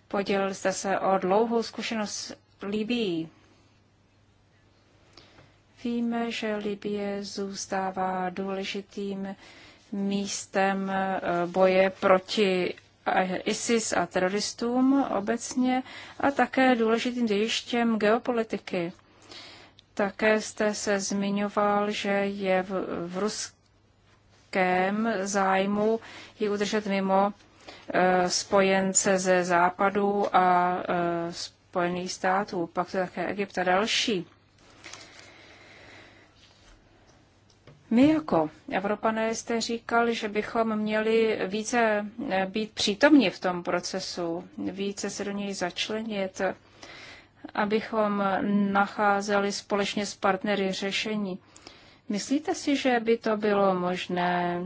Speaker 1: Podělil jste se o dlouhou zkušenost Libii Víme, že Libie zůstává důležitým místem eh, boje proti ISIS a teroristům obecně a také důležitým dějištěm geopolitiky. Také jste se zmiňoval, že je v, v ruském zájmu ji udržet mimo e, spojence ze západu a e, Spojených států, pak to také Egypt a další. My jako Evropané jste říkal, že bychom měli více eh, být přítomní v tom procesu, více se do něj začlenit, abychom nacházeli společně s partnery řešení. Myslíte si, že by to bylo možné?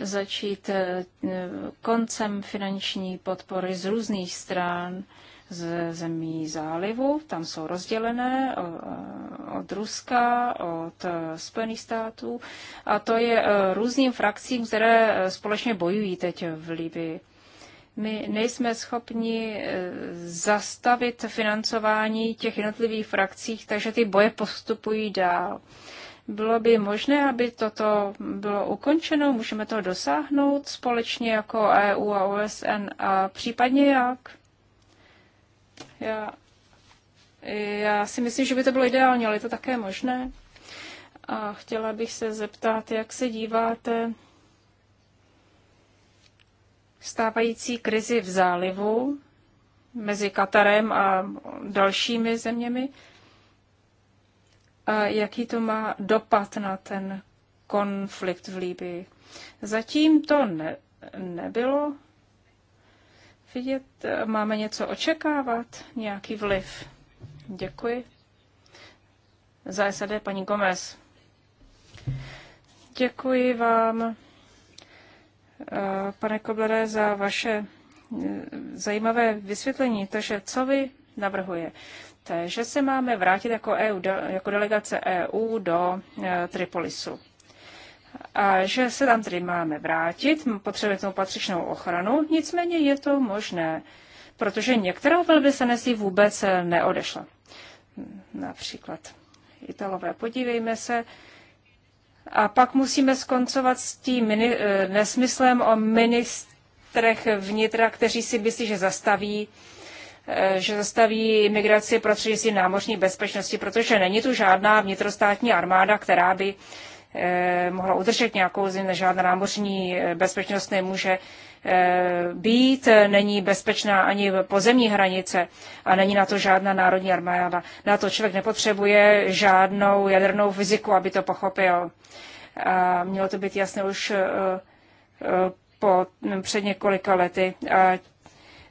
Speaker 1: začít eh, koncem finanční podpory z různých stran? ze zemí zálivu. Tam jsou rozdělené od Ruska, od e, Spojených států. A to je e, různým frakcím, které e, společně bojují teď v Libii. My nejsme schopni zastavit financování těch jednotlivých frakcích, takže ty boje postupují dál. Bylo by možné, aby toto bylo ukončeno? Můžeme to dosáhnout společně jako EU a OSN a případně jak? Já, já si myslím, že by to bylo ideální, ale je to také možné. A chtěla bych se zeptat, jak se díváte stávající krizi v zálivu mezi Katarem a dalšími zeměmi. A jaký to má dopad na ten konflikt v Líbii? Zatím to ne, nebylo vidět, máme něco očekávat, nějaký vliv. Děkuji. Za SAD paní Gomez. Děkuji vám, eh, pane Koblere, za vaše eh, zajímavé vysvětlení. Takže co vy navrhuje? že se máme vrátit jako, EU, jako delegace EU do eh, Tripolisu a že se tam tedy máme vrátit, potřebujeme tomu patřičnou ochranu, nicméně je to možné, protože některá velvyslanectví vůbec eh, neodešla. Například Italové, podívejme se, a pak musíme skoncovat s tím eh, nesmyslem o ministrech vnitra, kteří si myslí, že zastaví eh, že zastaví imigraci prostřednictvím námořní bezpečnosti, protože není tu žádná vnitrostátní armáda, která by Eh, mohla udržet nějakou zemi, žádná námořní eh, bezpečnost nemůže eh, být, není bezpečná ani pozemní hranice a není na to žádná národní armáda. Na to člověk nepotřebuje žádnou jadernou fyziku, aby to pochopil. A mělo to být jasné už po, před několika lety. A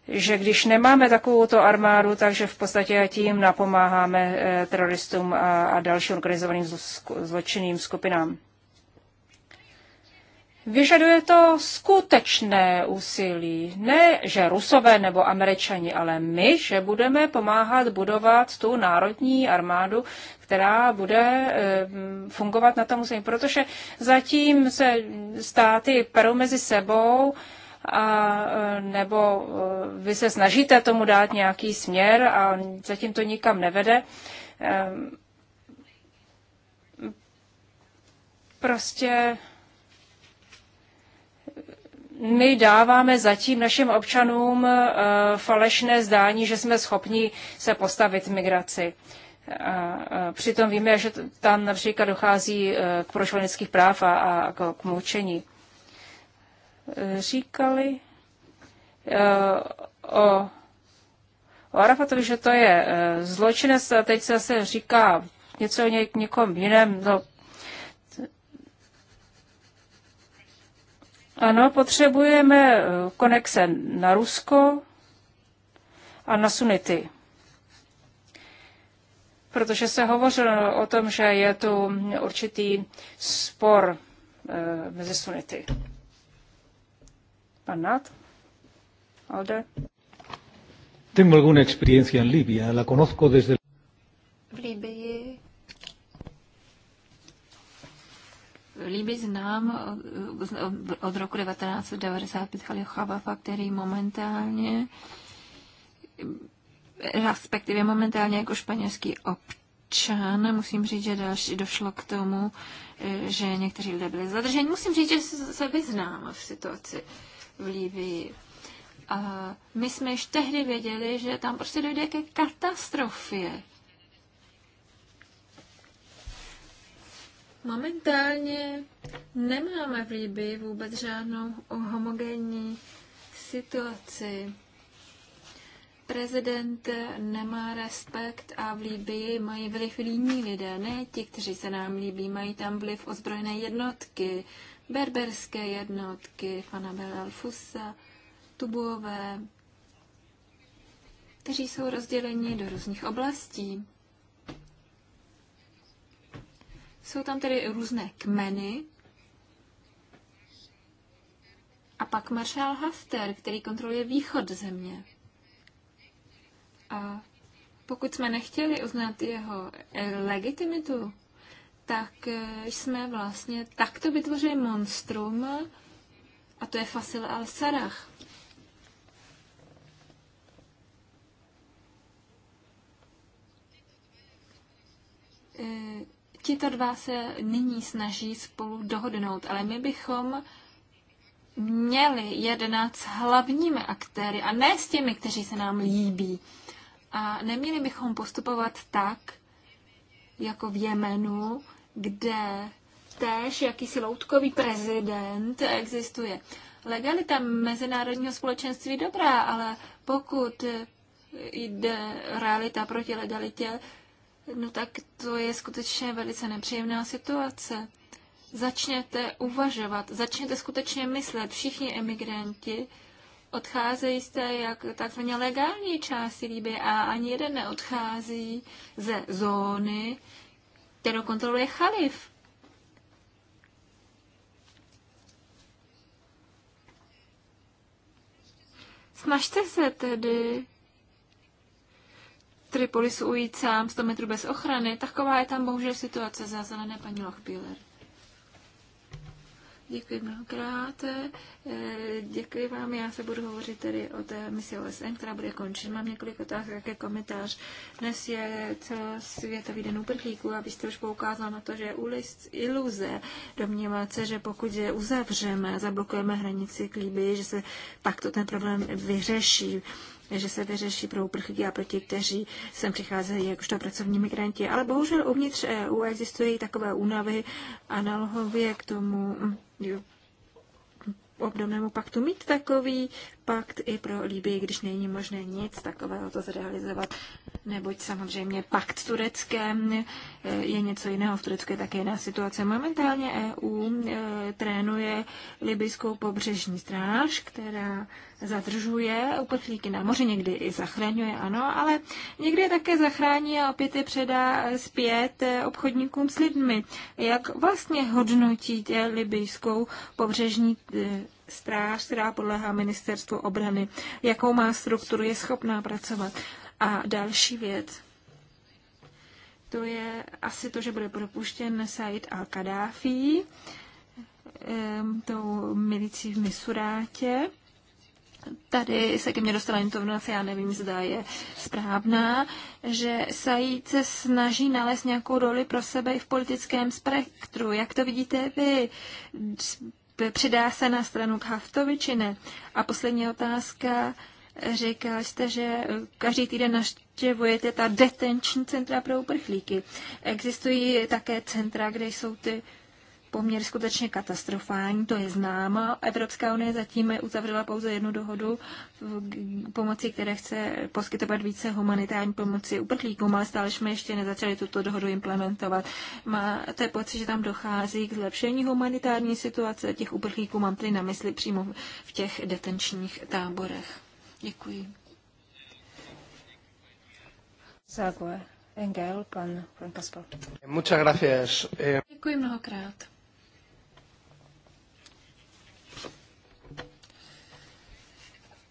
Speaker 1: že když nemáme takovouto armádu, takže v podstatě tím napomáháme eh, teroristům a, a dalším organizovaným zločinným skupinám. Vyžaduje to skutečné úsilí. Ne, že rusové nebo američani, ale my, že budeme pomáhat budovat tu národní armádu, která bude eh, fungovat na tom území. Protože zatím se státy perou mezi sebou, a e, nebo e, vy se snažíte tomu dát nějaký směr a zatím to nikam nevede. Ehm, prostě my dáváme zatím našim občanům e, falešné zdání, že jsme schopni se postavit migraci. A přitom víme, že tam například dochází k porušování práv a, a k mučení říkali eh, o, o Arafatovi, že to je eh, zločinec a teď se zase říká něco o něk, někom jiném. No. Ano, potřebujeme eh, konexe na Rusko a na Sunity protože se hovořilo o tom, že je tu určitý spor mezi sunity. Panat. Nat? Alde?
Speaker 3: Tengo alguna experiencia en Libia, la conozco desde...
Speaker 1: V Libii
Speaker 3: Líby znám eh, od roku 1995 Khalil Bafa, který momentálně, respektive momentálně jako španělský občan, musím říct, že další došlo k tomu, eh, že někteří lidé byli zadrženi. Musím říct, že se vyznám v situaci. Uh, v Líbii. A my jsme již tehdy věděli, že tam prostě dojde ke katastrofě. Momentálně nemáme v Líbii vůbec žádnou homogenní situaci. Prezident nemá respekt a v Líbii mají vliv líní lidé, ne ti, kteří se nám líbí, mají tam vliv ozbrojené jednotky, berberské jednotky, Fanabel Alfusa, Tubuové, kteří jsou rozděleni do různých oblastí. Jsou tam tedy různé kmeny, a pak maršál Hafter, který kontroluje východ země. A pokud jsme nechtěli uznat jeho legitimitu, tak eh, jsme vlastně takto vytvořili monstrum, a to je Fasil al-Sarah. Eh, tito dva se nyní snaží spolu dohodnout, ale my bychom měli jednat s hlavními aktéry a ne s těmi, kteří se nám líbí. A neměli bychom postupovat tak, jako v Jemenu, kde též jakýsi loutkový prezident existuje. Legalita mezinárodního společenství dobrá, ale pokud jde realita proti legalitě, no tak to je skutečně velice nepříjemná situace. Začněte uvažovat, začněte skutečně myslet. Všichni emigranti odcházejí z té jak takzvaně legální části Líby a ani jeden neodchází ze zóny, kterou kontroluje chalif. Snažte se tedy Tripolisu ujít sám 100 metrů bez ochrany. Taková je tam bohužel situace za zelené paní Lochbíler. Děkuji mnohokrát. Eh, děkuji vám. Já se budu hovořit tedy o té misi OSN, která bude končit. Mám několik otázek, jaké komentář. Dnes je celosvětový den uprchlíků abyste už poukázal na to, že je iluze domnívat se, že pokud je uzavřeme, zablokujeme hranici k Líbii, že se takto ten problém vyřeší že se vyřeší pro uprchlíky a pro ti, kteří sem přicházejí jakožto pracovní migranti. Ale bohužel uvnitř EU existují takové únavy analogově k tomu obdobnému paktu mít takový pakt i pro Libii, když není možné nic takového to zrealizovat, neboť samozřejmě pakt Tureckém eh, je něco jiného, v Turecku je také jiná situace. Momentálně EU eh, trénuje libijskou pobřežní stráž, která zadržuje uprchlíky na moři, někdy i zachraňuje, ano, ale někdy je také zachrání a opět je předá zpět eh, obchodníkům s lidmi. Jak vlastně hodnotíte libijskou pobřežní stráž, která podléhá ministerstvu obrany, jakou má strukturu, je schopná pracovat. A další věc, to je asi to, že bude propuštěn Said al-Kadáfi ehm, tou milicí v Misurátě. Tady se ke mně dostala informace, já nevím, zda je správná, že Said se snaží nalézt nějakou roli pro sebe i v politickém spektru. Jak to vidíte vy? přidá se na stranu k Haftovi či ne? A poslední otázka. Říkal jste, že každý týden naštěvujete ta detenční centra pro uprchlíky. Existují také centra, kde jsou ty poměr skutečně katastrofální, to je známo. Evropská unie zatím uzavřela pouze jednu dohodu pomocí, které chce poskytovat více humanitární pomoci uprchlíkům, ale stále jsme ještě nezačali tuto dohodu implementovat. Máte pocit, že tam dochází k zlepšení humanitární situace těch uprchlíků, mám tedy na mysli přímo v těch detenčních táborech. Děkuji.
Speaker 1: Zague. Engel, pan, pan Kaspar. Eh, Děkuji mnohokrát.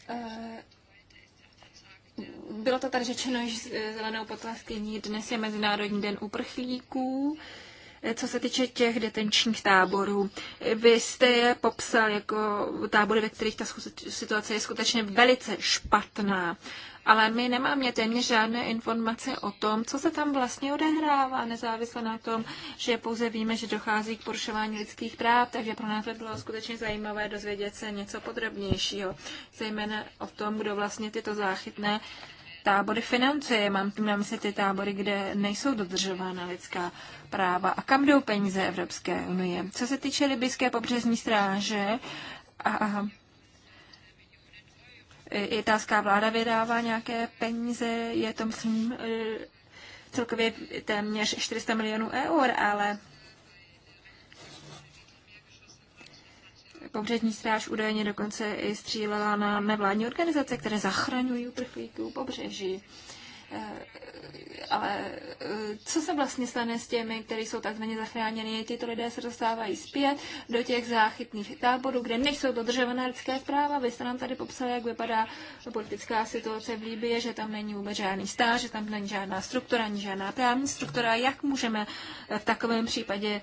Speaker 3: Eh, bylo to tady řečeno, že eh, zelenou potlaskyní dnes je Mezinárodní den uprchlíků. Eh, co se týče těch detenčních táborů, vy jste je popsal jako tábory, ve kterých ta situace je skutečně velice špatná ale my nemáme téměř žádné informace o tom, co se tam vlastně odehrává, nezávisle na tom, že pouze víme, že dochází k porušování lidských práv, takže pro nás by bylo skutečně zajímavé dozvědět se něco podrobnějšího, zejména o tom, kdo vlastně tyto záchytné tábory financuje. Mám tím na mysli ty tábory, kde nejsou dodržována lidská práva. A kam jdou peníze Evropské unie? Co se týče libyské pobřežní stráže, a, a italská vláda vydává nějaké peníze, je to, myslím, e, celkově téměř 400 milionů eur, ale pobřežní stráž údajně dokonce i střílela na nevládní organizace, které zachraňují uprchlíky u pobřeží. Eh, ale eh, co se vlastně stane s těmi, kteří jsou takzvaně zachráněni? tyto lidé se dostávají zpět do těch záchytných táborů, kde nejsou dodržované lidské práva. Vy jste nám tady popsali, jak vypadá politická situace v Líbě, že tam není vůbec žádný stáž, že tam není žádná struktura, ani žádná právní struktura. Jak můžeme eh, v takovém případě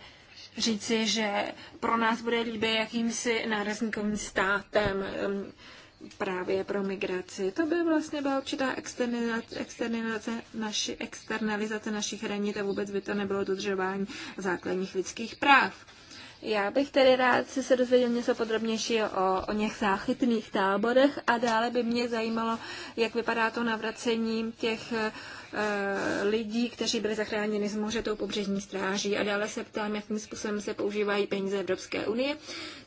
Speaker 3: říci, že pro nás bude Líbě jakýmsi nárazníkovým státem? právě pro migraci. To by vlastně byla určitá externalizace, naši, externalizace našich hranic a vůbec by to nebylo dodržování základních lidských práv. Já bych tedy rád si se dozvěděl něco podrobnějšího o, o něch záchytných táborech a dále by mě zajímalo, jak vypadá to navracení těch e, lidí, kteří byli zachráněni z moře tou pobřežní stráží. A dále se ptám, jakým způsobem se používají peníze Evropské unie.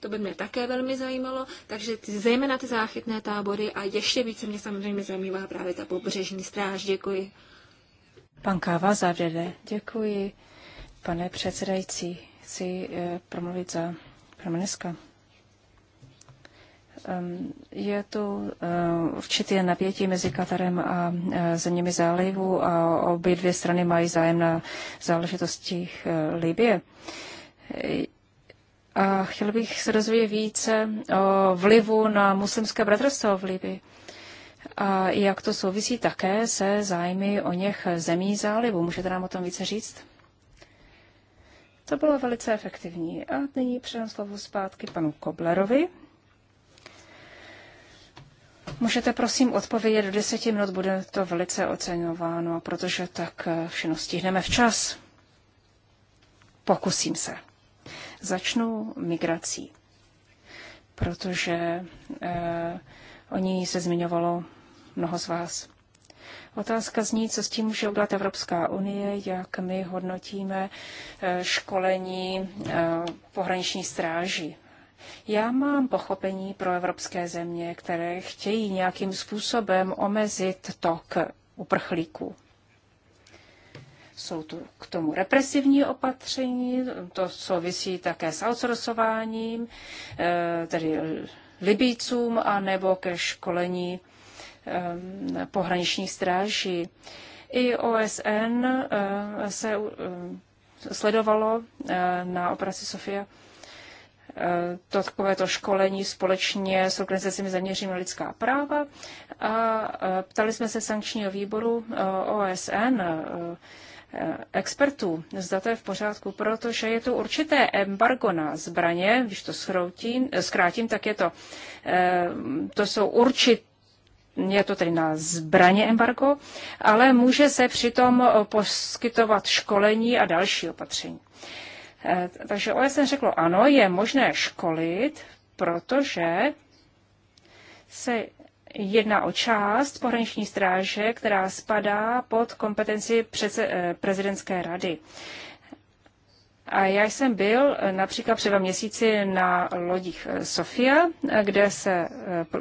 Speaker 3: To by mě také velmi zajímalo. Takže ty, zejména ty záchytné tábory a ještě více mě samozřejmě zajímá právě ta pobřežní stráž. Děkuji.
Speaker 1: Pan Káva zavřede. Děkuji, pane předsedající chci eh, promluvit za Prameneska. Je tu eh, určitě napětí mezi Katarem a eh, zeměmi zálivu a obě dvě strany mají zájem na záležitostích Libie. A chtěl bych se dozvědět více o vlivu na muslimské bratrstvo v Libii. A jak to souvisí také se zájmy o něch zemí zálivu. Můžete nám o tom více říct? To bylo velice efektivní. A nyní předám slovo zpátky panu Koblerovi. Můžete prosím odpovědět do deseti minut, bude to velice oceňováno, protože tak eh, všechno stihneme včas. Pokusím se. Začnu migrací, protože eh, o ní se zmiňovalo mnoho z vás. Otázka zní, co s tím může udělat Evropská unie, jak my hodnotíme eh, školení eh, pohraniční stráží. Já mám pochopení pro evropské země, které chtějí nějakým způsobem omezit tok uprchlíků. Jsou tu k tomu represivní opatření, to souvisí také s outsourcováním, eh, tedy Libícům, anebo ke školení pohraniční stráži. I OSN se sledovalo na operaci Sofia to takovéto školení společně s organizacemi zaměřím na lidská práva. A ptali jsme se sankčního výboru OSN expertů, zda to je v pořádku, protože je to určité embargo na zbraně, když to zkrátím, tak je to, to jsou určité je to tedy na zbraně embargo, ale může se přitom eh, poskytovat školení a další opatření. Eh, takže OSN řeklo, ano, je možné školit, protože se jedná o část pohraniční stráže, která spadá pod kompetenci eh, prezidentské rady. A já jsem byl eh, například před dva měsíci na lodích eh, Sofia, eh, kde se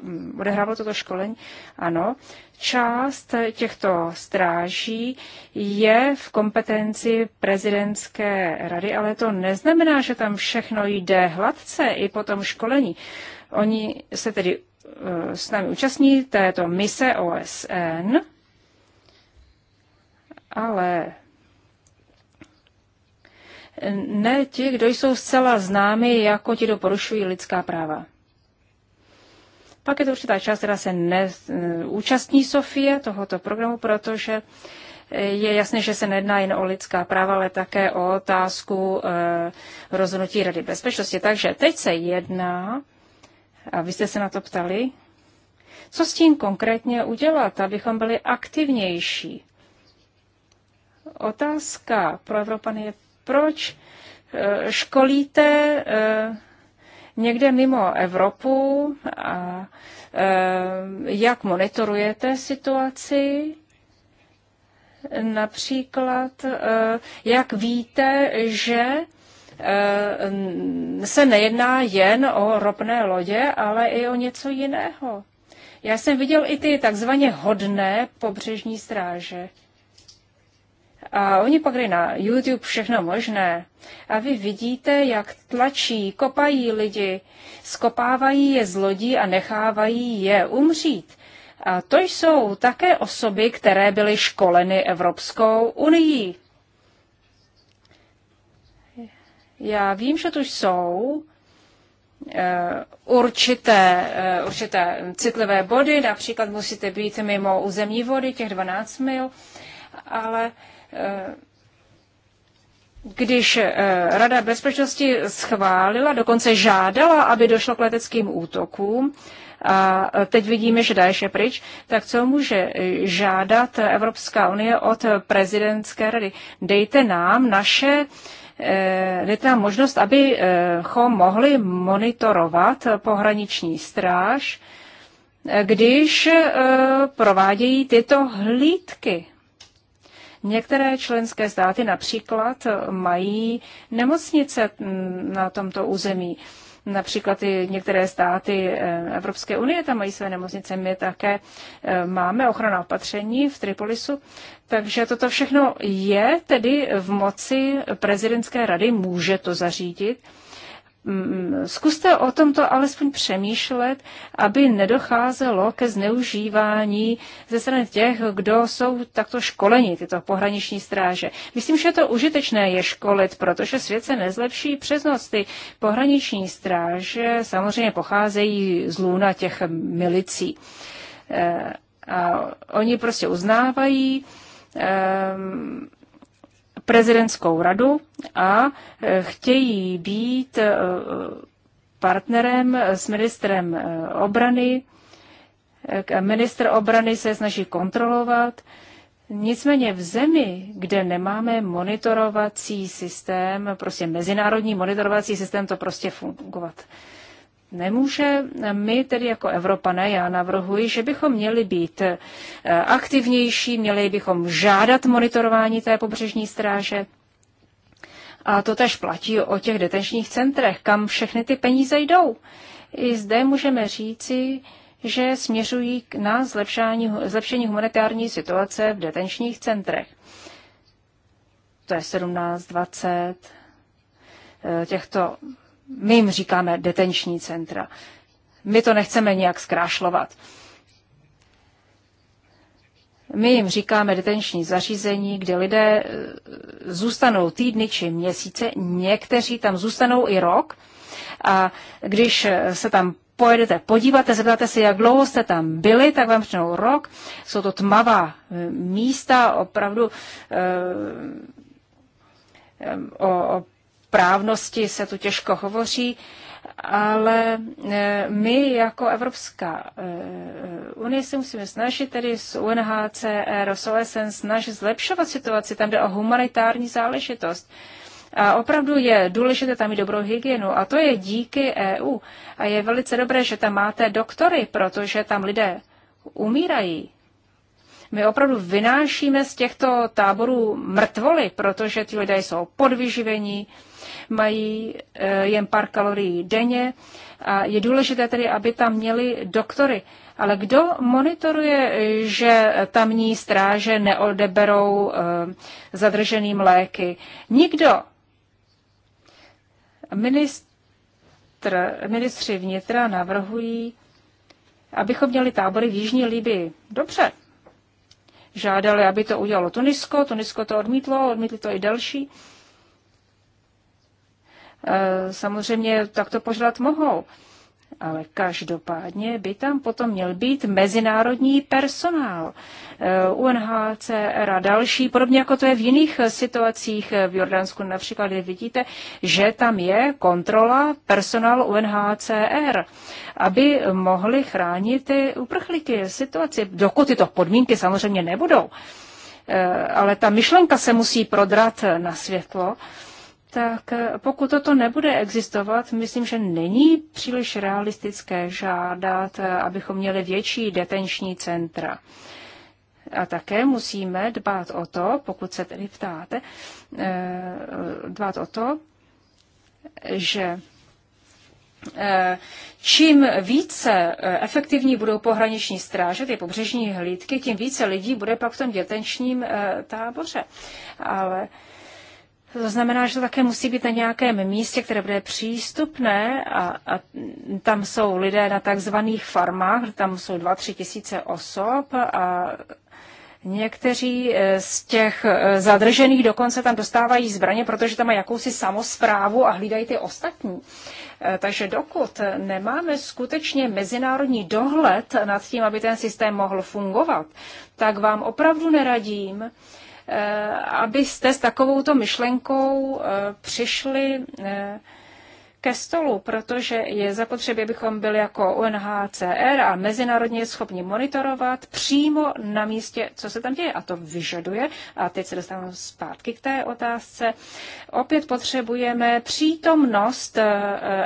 Speaker 1: mm, odehrávalo toto školení. Ano, část těchto stráží je v kompetenci prezidentské rady, ale to neznamená, že tam všechno jde hladce i po tom školení. Oni se tedy s námi účastní této mise OSN, ale ne ti, kdo jsou zcela známi jako ti, kdo porušují lidská práva. Pak je to určitá část, která se neúčastní Sofie tohoto programu, protože je jasné, že se nejedná jen o lidská práva, ale také o otázku eh, rozhodnutí Rady bezpečnosti. Takže teď se jedná, a vy jste se na to ptali, co s tím konkrétně udělat, abychom byli aktivnější. Otázka pro Evropany je proč eh, školíte eh, někde mimo Evropu a eh, jak monitorujete situaci? Například, jak víte, že se nejedná jen o ropné lodě, ale i o něco jiného. Já jsem viděl i ty takzvaně hodné pobřežní stráže. A oni pak jde na YouTube všechno možné. A vy vidíte, jak tlačí, kopají lidi, skopávají je z lodí a nechávají je umřít. A to jsou také osoby, které byly školeny Evropskou unii. Já vím, že tu jsou eh, určité, eh, určité citlivé body, například musíte být mimo územní vody těch 12 mil, ale když eh, Rada bezpečnosti schválila, dokonce žádala, aby došlo k leteckým útokům, a eh, teď vidíme, že Daesh je pryč, tak co může eh, žádat Evropská unie od prezidentské rady? Dejte nám naše dejte nám možnost, abychom mohli monitorovat pohraniční stráž, když provádějí tyto hlídky. Některé členské státy například mají nemocnice na tomto území. Například i některé státy eh, Evropské unie tam mají své nemocnice. My také eh, máme ochrana opatření v Tripolisu. Takže toto všechno je tedy v moci prezidentské rady, může to zařídit. Mm, zkuste o tomto alespoň přemýšlet, aby nedocházelo ke zneužívání ze strany těch, kdo jsou takto školeni, tyto pohraniční stráže. Myslím, že to užitečné je školit, protože svět se nezlepší přes noc. Ty pohraniční stráže samozřejmě pocházejí z lůna těch milicí. Eh, a oni prostě uznávají, ehm, prezidentskou radu a e, chtějí být e, partnerem s ministrem e, obrany. Minister obrany se snaží kontrolovat. Nicméně v zemi, kde nemáme monitorovací systém, prostě mezinárodní monitorovací systém, to prostě fungovat nemůže. My tedy jako Evropané, já navrhuji, že bychom měli být eh, aktivnější, měli bychom žádat monitorování té pobřežní stráže. A to tež platí o těch detenčních centrech, kam všechny ty peníze jdou. I zde můžeme říci, že směřují na zlepšání, zlepšení humanitární situace v detenčních centrech. To je 17, 20 eh, těchto my jim říkáme detenční centra. My to nechceme nějak zkrášlovat. My jim říkáme detenční zařízení, kde lidé e, zůstanou týdny či měsíce, někteří tam zůstanou i rok. A když e, se tam pojedete, podíváte, zeptáte se, jak dlouho jste tam byli, tak vám řeknou rok. Jsou to tmavá e, místa, opravdu eh, o, o Správnosti se tu těžko hovoří, ale e, my jako Evropská e, e, unie se musíme snažit, tedy s UNHCR, s OSN, snažit zlepšovat situaci, tam jde o humanitární záležitost. A opravdu je důležité tam mít dobrou hygienu a to je díky EU. A je velice dobré, že tam máte doktory, protože tam lidé umírají. My opravdu vynášíme z těchto táborů mrtvoly, protože ti lidé jsou podvyživení, mají eh, jen pár kalorií denně. A je důležité tedy, aby tam měli doktory. Ale kdo monitoruje, že tamní stráže neodeberou eh, zadrženým léky? Nikdo. Ministr, ministři vnitra navrhují, abychom měli tábory v Jižní Libii. Dobře. Žádali, aby to udělalo Tunisko, Tunisko to odmítlo, odmítli to i další. Eh, samozřejmě takto požadat mohou. Ale každopádně by tam potom měl být mezinárodní personál. Eh, UNHCR a další, podobně jako to je v jiných situacích v Jordánsku například, kde vidíte, že tam je kontrola personálu UNHCR, aby mohli chránit ty uprchlíky situaci, dokud tyto podmínky samozřejmě nebudou. Eh, ale ta myšlenka se musí prodrat na světlo tak eh, pokud toto nebude existovat, myslím, že není příliš realistické žádat, eh, abychom měli větší detenční centra. A také musíme dbát o to, pokud se tedy ptáte, eh, dbát o to, že čím více efektivní budou pohraniční stráže, ty pobřežní hlídky, tím více lidí bude pak v tom dětenčním táboře. Ale to znamená, že to také musí být na nějakém místě, které bude přístupné a, a tam jsou lidé na takzvaných farmách, tam jsou dva tři tisíce osob a Někteří eh, z těch eh, zadržených dokonce tam dostávají zbraně, protože tam mají jakousi samozprávu a hlídají ty ostatní. Eh, takže dokud nemáme skutečně mezinárodní dohled nad tím, aby ten systém mohl fungovat, tak vám opravdu neradím, Eh, abyste s takovouto myšlenkou eh, přišli eh, ke stolu, protože je zapotřebí, abychom byli jako UNHCR a mezinárodně schopni monitorovat přímo na místě, co se tam děje. A to vyžaduje, a teď se dostávám zpátky k té otázce, opět potřebujeme přítomnost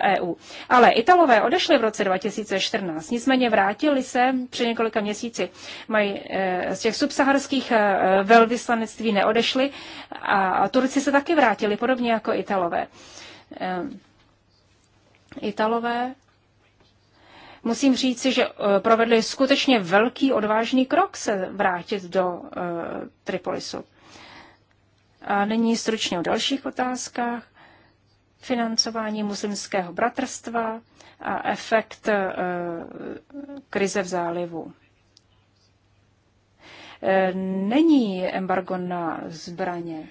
Speaker 1: EU. Eh, e Ale Italové odešli v roce 2014, nicméně vrátili se při několika měsíci. Mají eh, z těch subsaharských eh, velvyslanectví neodešli a Turci se taky vrátili, podobně jako Italové. Um Italové, musím říci, že eh, provedli skutečně velký odvážný krok se vrátit do eh, Tripolisu. A nyní stručně o dalších otázkách. Financování muslimského bratrstva a efekt eh, krize v zálivu. Není embargo na zbraně.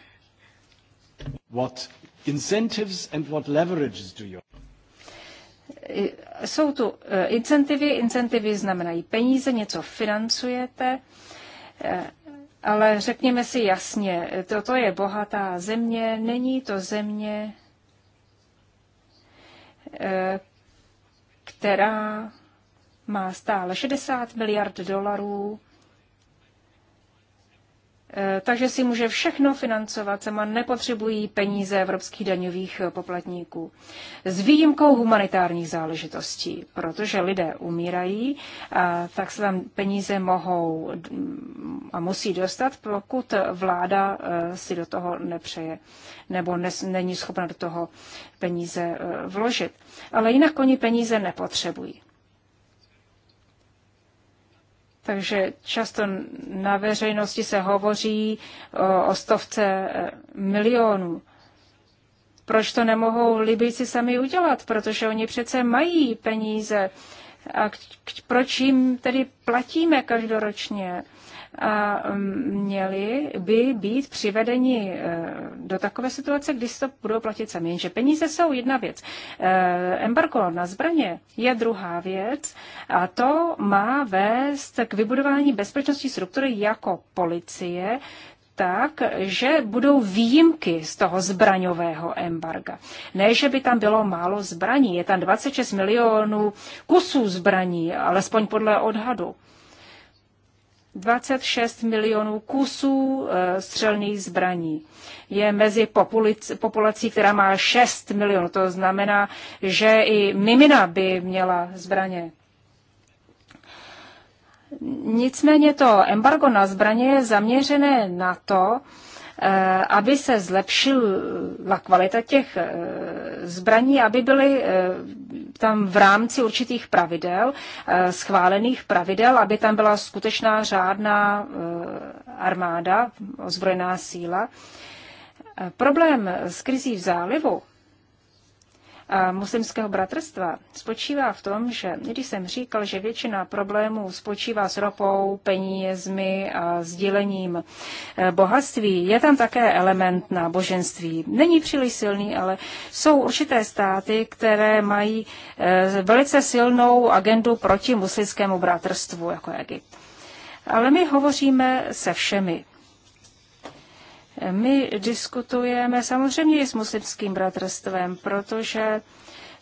Speaker 1: What incentives and what leverages do you jsou tu eh, incentivy. Incentivy znamenají peníze, něco financujete, eh, ale řekněme si jasně, toto eh, je bohatá země, není to země, která má stále 60 miliard dolarů Eh, takže si může všechno financovat sama, nepotřebují peníze evropských daňových eh, poplatníků. S výjimkou humanitárních záležitostí, protože lidé umírají, a tak se tam peníze mohou mm, a musí dostat, pokud vláda eh, si do toho nepřeje nebo nes, není schopna do toho peníze vložit. Ale jinak oni peníze nepotřebují. Takže často na veřejnosti se hovoří o, e, o stovce e, milionů. Proč to nemohou Libyjci sami udělat? Protože oni přece mají peníze. A k, k, proč jim tedy platíme každoročně? a um, měli by být přivedeni eh, do takové situace, kdy si to budou platit sami. Jenže peníze jsou jedna věc. Eh, embargo na zbraně je druhá věc a to má vést k vybudování bezpečnostní struktury jako policie, tak, že budou výjimky z toho zbraňového embarga. Ne, že by tam bylo málo zbraní, je tam 26 milionů kusů zbraní, alespoň podle odhadu. 26 milionů kusů eh, střelných zbraní. Je mezi populací, která má 6 milionů. To znamená, že i mimina by měla zbraně. Nicméně to embargo na zbraně je zaměřené na to, eh, aby se zlepšila kvalita těch eh, zbraní, aby byly tam v rámci určitých pravidel, eh, schválených pravidel, aby tam byla skutečná řádná eh, armáda, ozbrojená síla. Eh, problém s krizí v zálivu muslimského bratrstva spočívá v tom, že když jsem říkal, že většina problémů spočívá s ropou, penězmi a sdílením eh, bohatství, je tam také element na boženství. Není příliš silný, ale jsou určité státy, které mají eh, velice silnou agendu proti muslimskému bratrstvu, jako Egypt. Ale my hovoříme se všemi. My diskutujeme samozřejmě i s muslimským bratrstvem, protože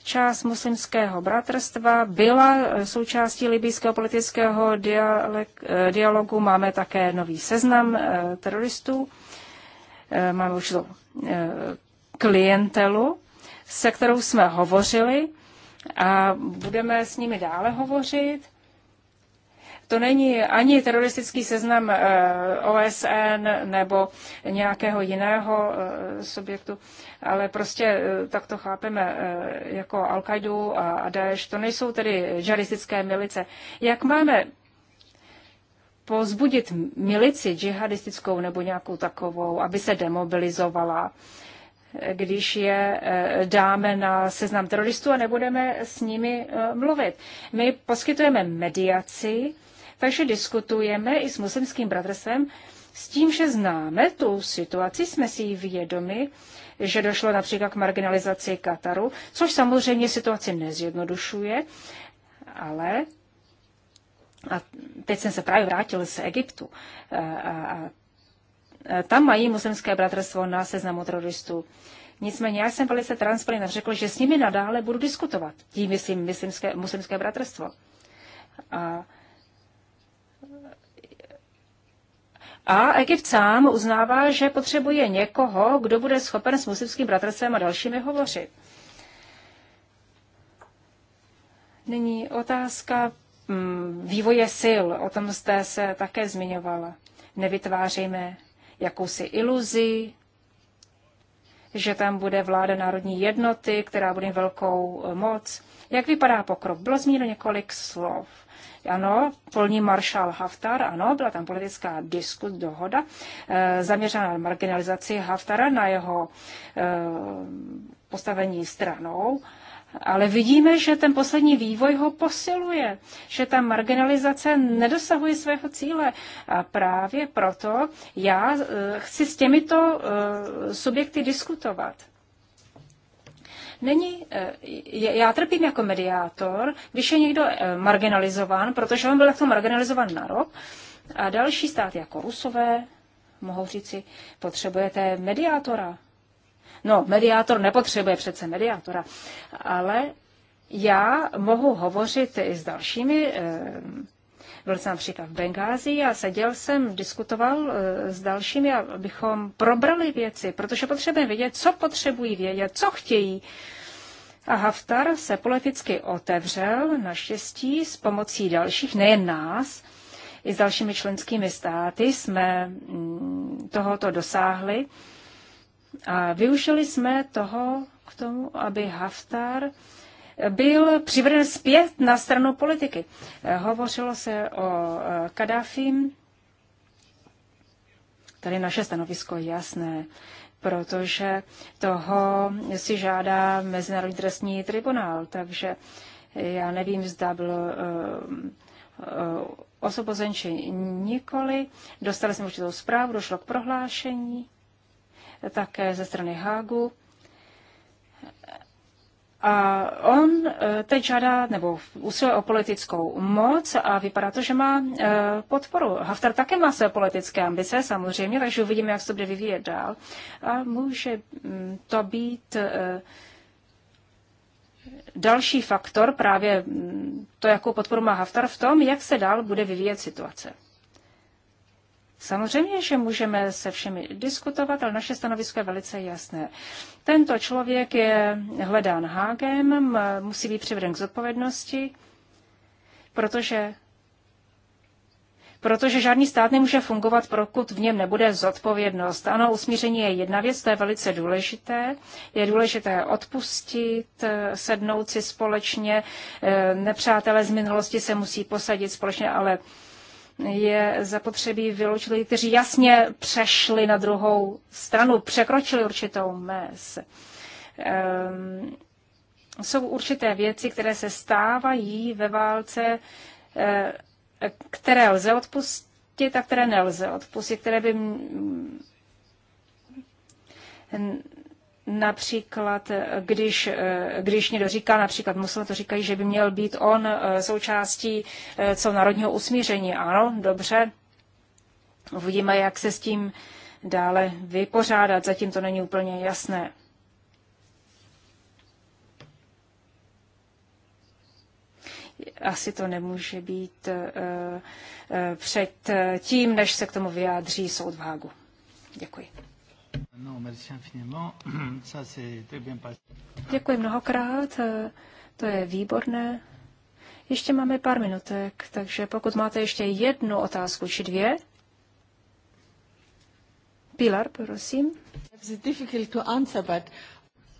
Speaker 1: část muslimského bratrstva byla součástí libijského politického eh, dialogu. Máme také nový seznam eh, teroristů, eh, máme to klientelu, se kterou jsme hovořili a budeme s nimi dále hovořit to není ani teroristický seznam eh, OSN nebo nějakého jiného eh, subjektu, ale prostě eh, tak to chápeme jako al a Daesh. To nejsou tedy džihadistické milice. Jak máme pozbudit milici džihadistickou nebo nějakou takovou, aby se demobilizovala, když je dáme na seznam teroristů a nebudeme s nimi mluvit. My poskytujeme mediaci takže diskutujeme i s muslimským bratrstvem s tím, že známe tu situaci, jsme si ji vědomi, že došlo například k marginalizaci Kataru, což samozřejmě situaci nezjednodušuje, ale a teď jsem se právě vrátil z Egyptu a, a, a tam mají muslimské bratrstvo na seznamu teroristů. Nicméně já jsem velice transparentně řekl, že s nimi nadále budu diskutovat. Tím myslím muslimské, muslimské bratrstvo. A A Egypt sám uznává, že potřebuje někoho, kdo bude schopen s muslimským bratrstvem a dalšími hovořit. Nyní otázka mm, vývoje sil, o tom jste se také zmiňovala. Nevytvářejme jakousi iluzi, že tam bude vláda národní jednoty, která bude velkou eh, moc. Jak vypadá pokrok? Bylo zmíněno několik slov. Ano, polní maršál Haftar, ano, byla tam politická diskus, dohoda eh, zaměřená na marginalizaci Haftara, na jeho eh, postavení stranou. Ale vidíme, že ten poslední vývoj ho posiluje, že ta marginalizace nedosahuje svého cíle. A právě proto já eh, chci s těmito subjekty diskutovat. Není, eh, já trpím jako mediátor, když je někdo eh, marginalizován, protože on byl takto marginalizovan na rok, a další stát jako Rusové mohou říci, potřebujete mediátora. No, mediátor nepotřebuje přece mediátora, ale já mohu hovořit i s dalšími eh, byl jsem například v Bengázi a seděl jsem, diskutoval e, s dalšími, abychom probrali věci, protože potřebujeme vědět, co potřebují vědět, co chtějí. A Haftar se politicky otevřel, naštěstí s pomocí dalších, nejen nás, i s dalšími členskými státy jsme mm, tohoto dosáhli. A využili jsme toho k tomu, aby Haftar byl přiveden zpět na stranu politiky. Hovořilo se o e, Kadáfim. Tady naše stanovisko je jasné, protože toho si žádá Mezinárodní trestní tribunál, takže já nevím, zda byl e, e, osobozen či nikoli. Dostali jsme určitou zprávu, došlo k prohlášení, také ze strany Hágu. A on eh, teď žádá nebo usiluje o politickou moc a vypadá to, že má eh, podporu. Haftar také má své politické ambice samozřejmě, takže uvidíme, jak se to bude vyvíjet dál. A může mm, to být eh, další faktor, právě mm, to, jakou podporu má Haftar v tom, jak se dál bude vyvíjet situace. Samozřejmě, že můžeme se všemi diskutovat, ale naše stanovisko je velice jasné. Tento člověk je hledán hágem, musí být přiveden k zodpovědnosti, protože, protože žádný stát nemůže fungovat, pokud v něm nebude zodpovědnost. Ano, usmíření je jedna věc, to je velice důležité. Je důležité odpustit, eh, sednout si společně, eh, nepřátelé z minulosti se musí posadit společně, ale je zapotřebí vyloučit lidi, kteří jasně přešli na druhou stranu, překročili určitou mez. Um, jsou určité věci, které se stávají ve válce, eh, které lze odpustit a které nelze odpustit, které by Například, když, eh, když někdo říká, například muslim to říkají, že by měl být on eh, součástí eh, co národního usmíření. Ano, dobře, uvidíme, jak se s tím dále vypořádat. Zatím to není úplně jasné. Asi to nemůže být před tím, než se k tomu vyjádří soud v Hágu. Děkuji. Děkuji mnohokrát, eh, to je výborné. Ještě máme pár minutek, takže pokud máte ještě jednu otázku či dvě, Pilar, prosím.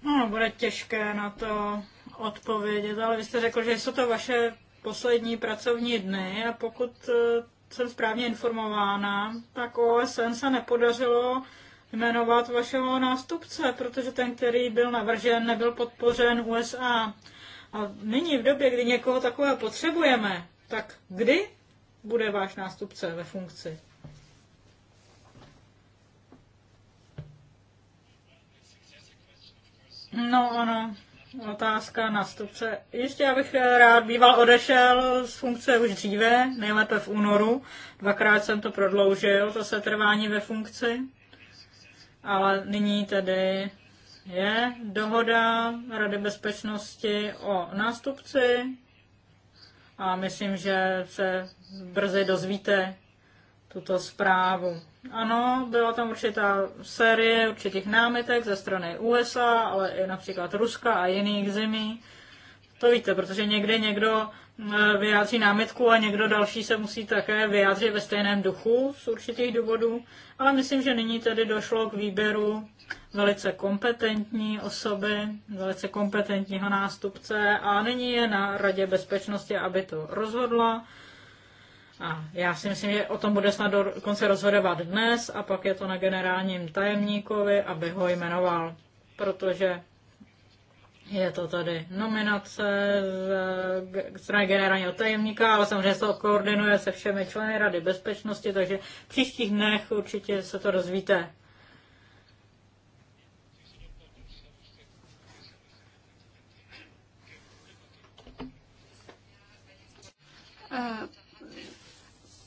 Speaker 2: No, bude těžké na to odpovědět, ale vy jste řekl, že jsou to vaše poslední pracovní dny a pokud eh, jsem správně informována, tak OSN se nepodařilo jmenovat vašeho nástupce, protože ten, který byl navržen, nebyl podpořen USA. A nyní v době, kdy někoho takového potřebujeme, tak kdy bude váš nástupce ve funkci? No ano, otázka nástupce. Jistě, já bych eh, rád býval odešel z funkce už dříve, nejlépe v únoru. Dvakrát jsem to prodloužil, zase trvání ve funkci ale nyní tedy je dohoda Rady bezpečnosti o nástupci a myslím, že se brzy dozvíte tuto zprávu. Ano, byla tam určitá série určitých námitek ze strany USA, ale i například Ruska a jiných zemí. To víte, protože někdy někdo E, vyjádří námitku a někdo další se musí také vyjádřit ve stejném duchu z určitých důvodů, ale myslím, že nyní tedy došlo k výběru velice kompetentní osoby, velice kompetentního nástupce a nyní je na Radě bezpečnosti, aby to rozhodla. A já si myslím, že o tom bude snad do konce rozhodovat dnes a pak je to na generálním tajemníkovi, aby ho jmenoval, protože je to tady nominace eh, z strany generálního tajemníka, ale samozřejmě se to koordinuje se všemi členy Rady bezpečnosti, takže v příštích dnech určitě se to rozvíte.
Speaker 3: Uh, eh,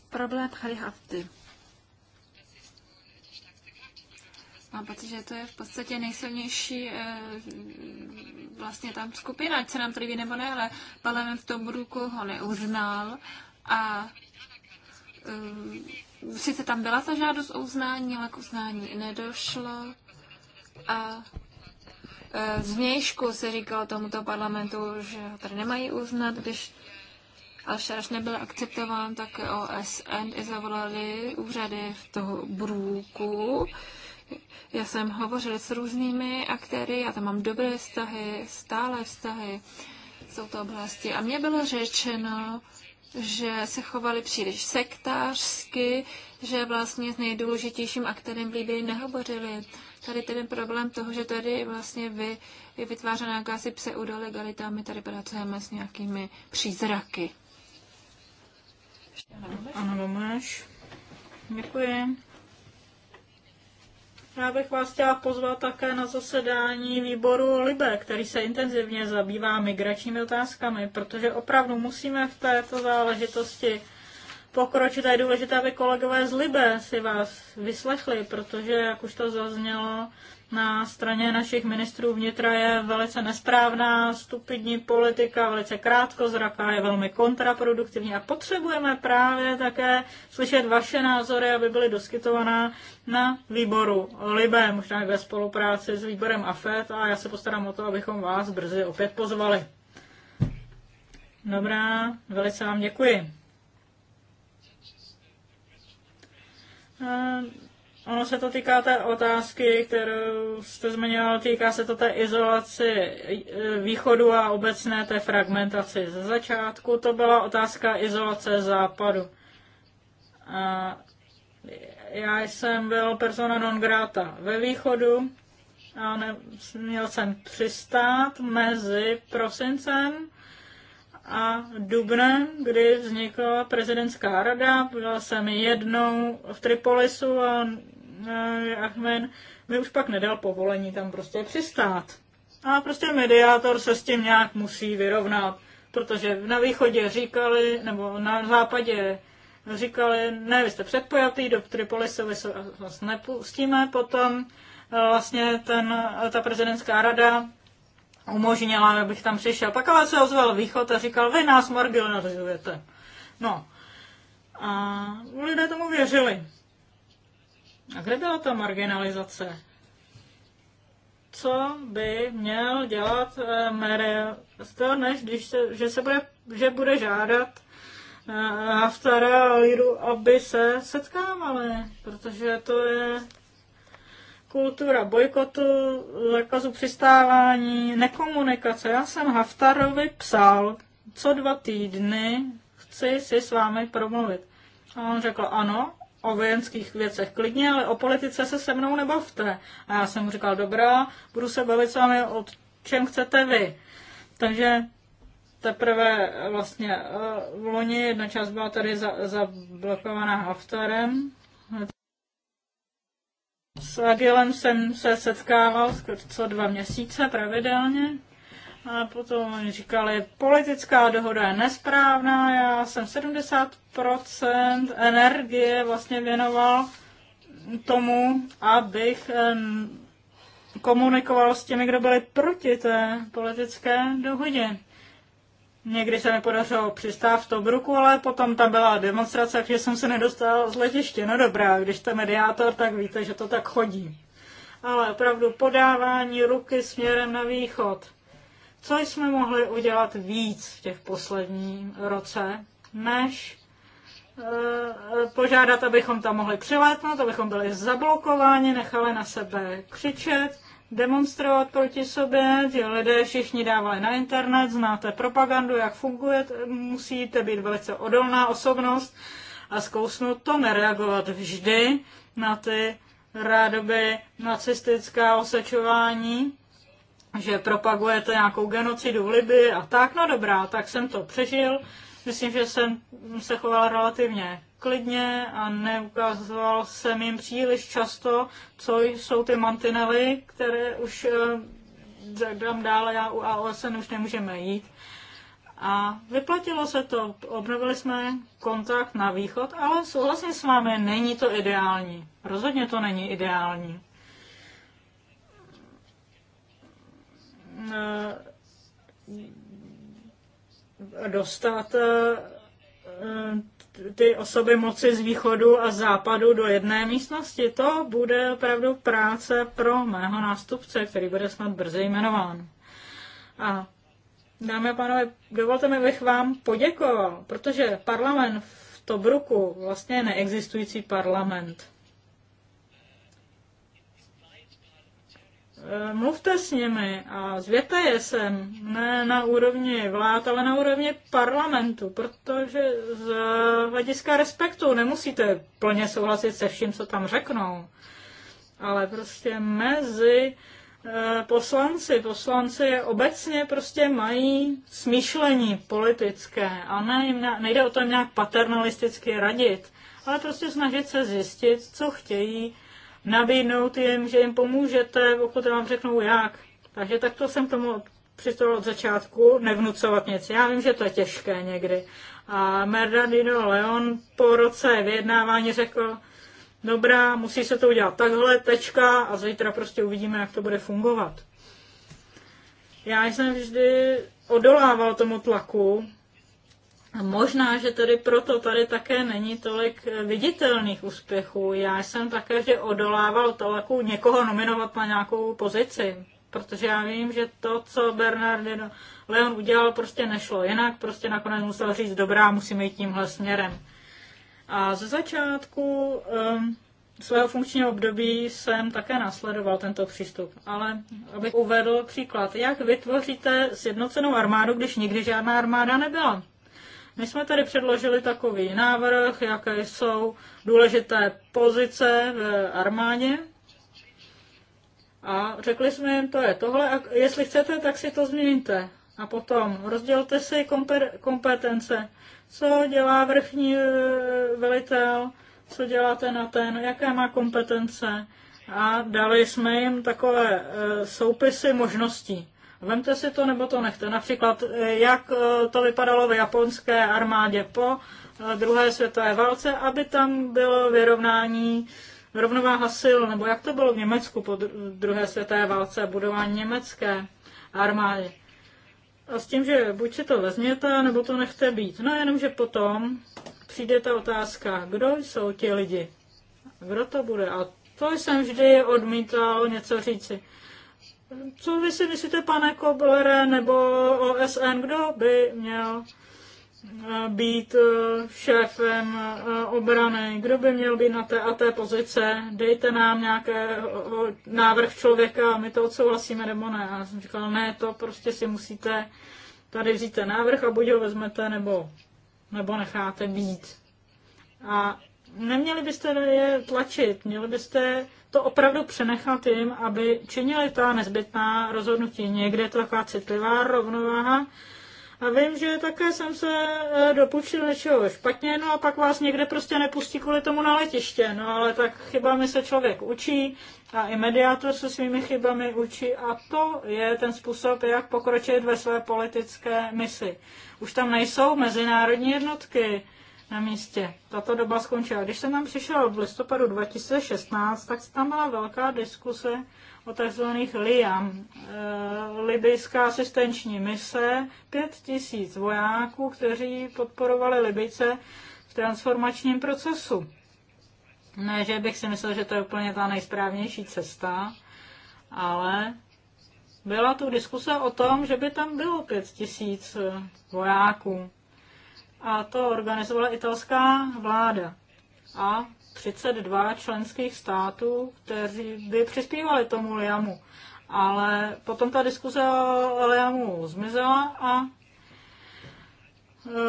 Speaker 3: problém Charihafty. Mám pocit, že to je v podstatě nejsilnější eh, vlastně tam skupina, ať se nám to líbí nebo ne, ale parlament v tom ruku ho neuznal a eh, sice tam byla ta žádost o uznání, ale k uznání nedošlo a eh, zvnějšku se říkalo tomuto parlamentu, že ho tady nemají uznat, když ale sharaš nebyl akceptován, tak OSN i zavolali úřady v toho Brůku já jsem hovořil s různými aktéry, já tam mám dobré vztahy, stále vztahy, jsou to oblasti. A mně bylo řečeno, že se chovali příliš sektářsky, že vlastně s nejdůležitějším aktérem v Libii nehovořili. Tady ten problém toho, že tady vlastně vy, je vytvářena jakási pseudolegalita, my tady pracujeme s nějakými přízraky. Ano, Tomáš. Děkuji.
Speaker 2: Já bych vás chtěla pozvat také na zasedání výboru LIBE, který se intenzivně zabývá migračními otázkami, protože opravdu musíme v této záležitosti pokročit. A je důležité, aby kolegové z LIBE si vás vyslechli, protože, jak už to zaznělo, na straně našich ministrů vnitra je velice nesprávná, stupidní politika, velice krátkozraká, je velmi kontraproduktivní a potřebujeme právě také slyšet vaše názory, aby byly doskytovaná na výboru Libé, možná i ve spolupráci s výborem AFET a já se postarám o to, abychom vás brzy opět pozvali. Dobrá, velice vám děkuji. Ono se to týká té otázky, kterou jste zmiňoval, týká se to té izolaci e, východu a obecné té fragmentaci. Ze začátku to byla otázka izolace západu. A já jsem byl persona non grata ve východu a ne, měl jsem přistát mezi prosincem a dubnem, kdy vznikla prezidentská rada. Byla jsem jednou v Tripolisu a Achmen mi už pak nedal povolení tam prostě přistát. A prostě mediátor se s tím nějak musí vyrovnat, protože na východě říkali, nebo na západě říkali, ne, vy jste předpojatý, do Tripolisu se vás nepustíme, potom eh, vlastně ten, eh, ta prezidentská rada umožnila, abych tam přišel. Pak ale se ozval východ a říkal, vy nás marginalizujete. No. A lidé tomu věřili. A kde byla ta marginalizace? Co by měl dělat e, eh, Merestel, než když se, že, se bude, že bude žádat e, Haftara a Liru, aby se setkávali? Protože to je kultura bojkotu, zákazu přistávání, nekomunikace. Já jsem Haftarovi psal, co dva týdny chci si s vámi promluvit. A on řekl ano, o vojenských věcech klidně, ale o politice se se mnou nebavte. A já jsem mu říkal, dobrá, budu se bavit s vámi o čem chcete vy. Takže teprve vlastně eh, v loni jedna část byla tady zablokovaná Haftarem. S Agilem jsem se setkával co dva měsíce pravidelně. A potom oni říkali, politická dohoda je nesprávná, já jsem 70% energie vlastně věnoval tomu, abych komunikoval s těmi, kdo byli proti té politické dohodě. Někdy se mi podařilo přistát v Tobruku, ale potom tam byla demonstrace, takže jsem se nedostal z letiště. No dobrá, když jste mediátor, tak víte, že to tak chodí. Ale opravdu podávání ruky směrem na východ – co jsme mohli udělat víc v těch posledním roce, než eh, požádat, abychom tam mohli přilétnout, abychom byli zablokováni, nechali na sebe křičet, demonstrovat proti sobě, ti lidé všichni dávali na internet, znáte propagandu, jak funguje, musíte být velice odolná osobnost a zkousnout to, nereagovat vždy na ty rádoby nacistická osečování, že propagujete nějakou genocidu v Libii a tak, no dobrá, tak jsem to přežil. Myslím, že jsem se choval relativně klidně a neukazoval jsem jim příliš často, co jsou ty mantinely, které už eh, dám dále já u AOSN už nemůžeme jít. A vyplatilo se to, obnovili jsme kontakt na východ, ale souhlasím s vámi, není to ideální. Rozhodně to není ideální. Eh, dostat eh, ty osoby moci z východu a západu do jedné místnosti. To bude opravdu práce pro mého nástupce, který bude snad brzy jmenován. A dámy a pánové, dovolte mi, abych vám poděkoval, protože parlament v Tobruku, vlastně neexistující parlament, Eh, mluvte s nimi a zvěte je sem, ne na úrovni vlád, ale na úrovni parlamentu, protože z hlediska respektu nemusíte plně souhlasit se vším, co tam řeknou, ale prostě mezi eh, poslanci, poslanci obecně prostě mají smýšlení politické a ne, nejde o to nějak paternalisticky radit, ale prostě snažit se zjistit, co chtějí nabídnout jim, že jim pomůžete, pokud vám řeknou jak. Takže tak to jsem k tomu přistoupil od začátku, nevnucovat nic. Já vím, že to je těžké někdy. A Merdadino Leon po roce vyjednávání řekl, dobrá, musí se to udělat takhle, tečka a zítra prostě uvidíme, jak to bude fungovat. Já jsem vždy odolával tomu tlaku, a možná, že tedy proto tady také není tolik eh, viditelných úspěchů. Já jsem také vždy odolával tlaku někoho nominovat na nějakou pozici, protože já vím, že to, co Bernardino Leon udělal, prostě nešlo jinak, prostě nakonec musel říct, dobrá, musíme jít tímhle směrem. A ze začátku um, svého funkčního období jsem také nasledoval tento přístup. Ale abych uvedl příklad, jak vytvoříte sjednocenou armádu, když nikdy žádná armáda nebyla? My jsme tady předložili takový návrh, jaké jsou důležité pozice v armádě. A řekli jsme jim, to je tohle, a jestli chcete, tak si to změníte. A potom rozdělte si kompetence. Co dělá vrchní e, velitel, co dělá ten a ten, jaké má kompetence. A dali jsme jim takové e, soupisy možností. Vemte si to nebo to nechte. Například, eh, jak eh, to vypadalo v japonské armádě po eh, druhé světové válce, aby tam bylo vyrovnání rovnováha sil, nebo jak to bylo v Německu po druhé světové válce, budování německé armády. A s tím, že buď si to vezměte, nebo to nechte být. No jenom, že potom přijde ta otázka, kdo jsou ti lidi? Kdo to bude? A to jsem vždy odmítal něco říci. Co vy si myslíte, pane Koblere, nebo OSN, kdo by měl eh, být eh, šéfem eh, obrany, kdo by měl být na té a té pozice, dejte nám nějaké návrh člověka, my to odsouhlasíme nebo ne. A jsem říkal, ne, to prostě si musíte, tady vzít ten návrh a buď ho vezmete nebo, nebo necháte být. A neměli byste je tlačit, měli byste to opravdu přenechat jim, aby činili ta nezbytná rozhodnutí. Někde je to taková citlivá rovnováha. A vím, že také jsem se eh, dopučil něčeho špatně, no a pak vás někde prostě nepustí kvůli tomu na letiště. No ale tak chybami se člověk učí a i mediátor se svými chybami učí a to je ten způsob, jak pokročit ve své politické misi. Už tam nejsou mezinárodní jednotky, na místě. Tato doba skončila. Když jsem tam přišel v listopadu 2016, tak tam byla velká diskuse o tzv. LIAM, e, eh, libyjská asistenční mise, pět tisíc vojáků, kteří podporovali Libice v transformačním procesu. Ne, že bych si myslel, že to je úplně ta nejsprávnější cesta, ale byla tu diskuse o tom, že by tam bylo pět tisíc eh, vojáků a to organizovala italská vláda a 32 členských států, kteří by přispívali tomu liamu. Ale potom ta diskuze o liamu zmizela a e,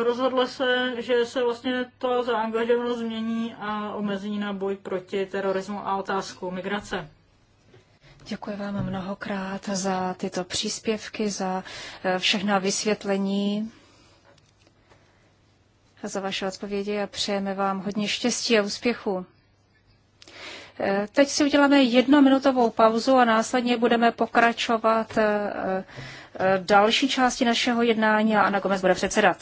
Speaker 2: rozhodla se, že se vlastně to zaangažovanost změní a omezí na boj proti terorismu a otázku migrace.
Speaker 1: Děkuji vám mnohokrát za tyto příspěvky, za e, všechna vysvětlení za vaše odpovědi a přejeme vám hodně štěstí a úspěchu. Eh, teď si uděláme jednominutovou pauzu a následně budeme pokračovat eh, eh, další části našeho jednání a Ana Gomez bude předsedat.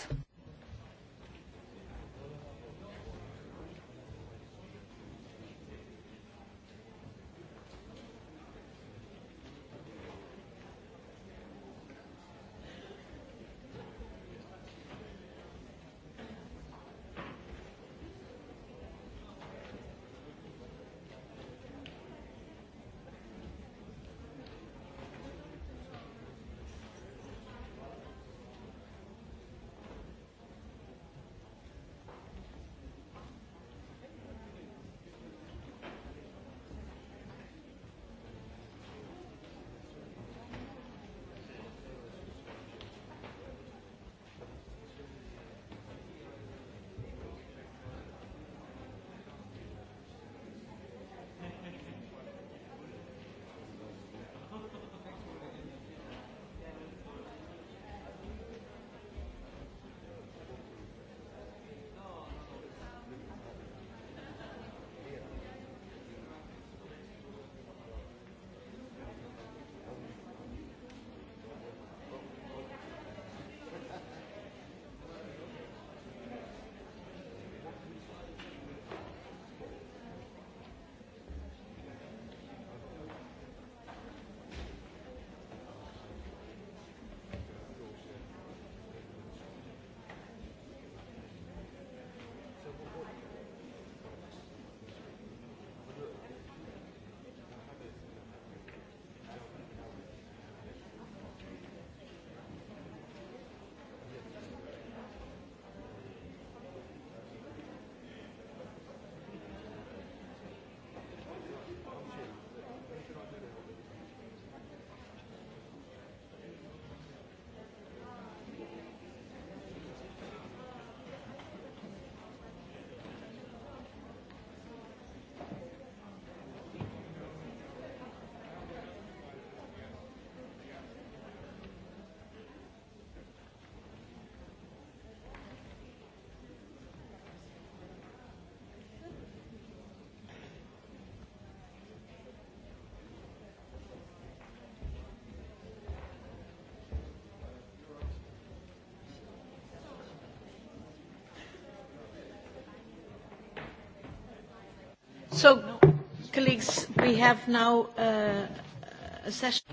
Speaker 1: Uh,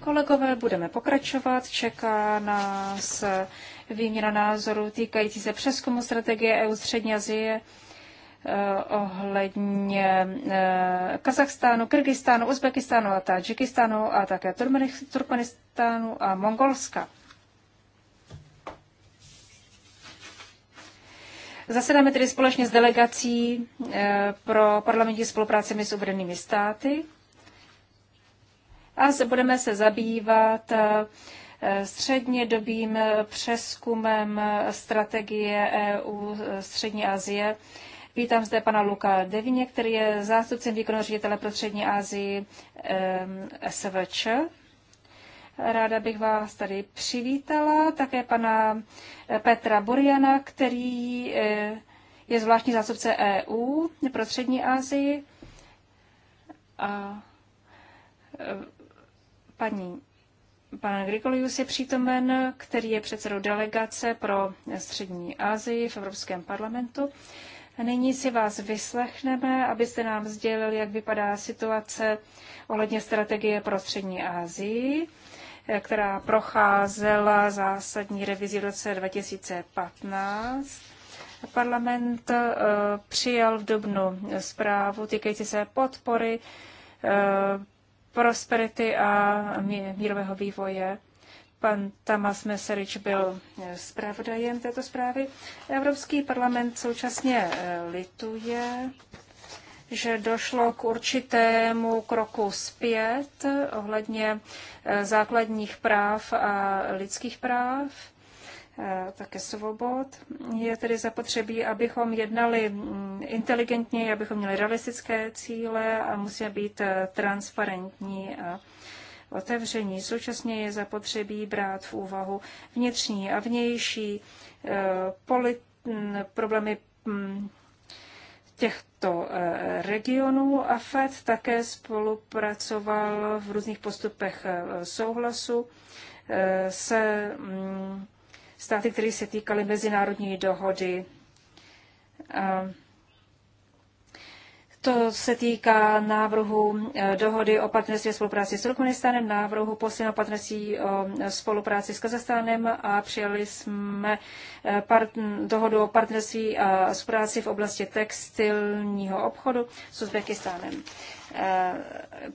Speaker 1: Kolegové, budeme pokračovat. Čeká nás výměna názorů týkající se přeskumu strategie EU Střední Azie eh, ohledně eh, Kazachstánu, Kyrgyzstánu, Uzbekistánu a Tadžikistánu a také Turkmenistánu a Mongolska. Zasedáme tedy společně s delegací eh, pro parlamentní spolupráci s uvedenými státy a budeme se zabývat eh, střednědobým eh, přeskumem strategie EU Střední Asie. Vítám zde pana Luka Devině, který je zástupcem výkonného ředitele pro Střední Asii SVČ. Ráda bych vás tady přivítala, také pana eh, Petra Buriana, který eh, je zvláštní zástupce EU pro střední Asii a eh, paní Pan Grigolius je přítomen, který je předsedou delegace pro střední Asii v Evropském parlamentu. Nyní si vás vyslechneme, abyste nám sdělili, jak vypadá situace ohledně strategie pro střední Asii která procházela zásadní revizi v roce 2015. Parlament eh, přijal v dubnu zprávu týkající se podpory eh, prosperity a mírového vývoje. Pan Tamas Meserič byl eh, zpravodajem této zprávy. Evropský parlament současně lituje že došlo k určitému kroku zpět ohledně eh, základních práv a lidských práv, eh, také svobod. Je tedy zapotřebí, abychom jednali mm, inteligentně, abychom měli realistické cíle a musíme být eh, transparentní a otevření. Současně je zapotřebí brát v úvahu vnitřní a vnější polit, mm, problémy mm, těch těchto eh, regionů a FED také spolupracoval v různých postupech eh, souhlasu eh, se mm, státy, které se týkaly mezinárodní dohody. To se týká návrhu eh, dohody o partnerství a spolupráci s Turkmenistánem, návrhu posledního partnerství o eh, spolupráci s Kazachstánem a přijali jsme eh, part, dohodu o partnerství a spolupráci v oblasti textilního obchodu s Uzbekistánem. Eh,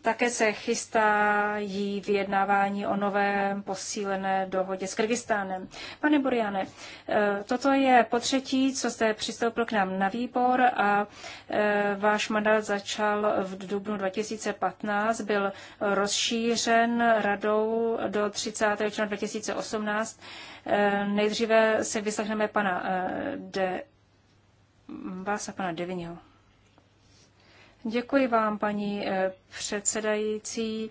Speaker 1: také se chystá jí vyjednávání o novém posílené dohodě s Kyrgyzstánem. Pane Buriane, eh, toto je po třetí, co jste přistoupil k nám na výbor a eh, váš mandát začal v dubnu 2015, byl rozšířen radou do 30. června 2018. Nejdříve se vyslechneme pana De, vás a pana Devinho. Děkuji vám, paní eh, předsedající,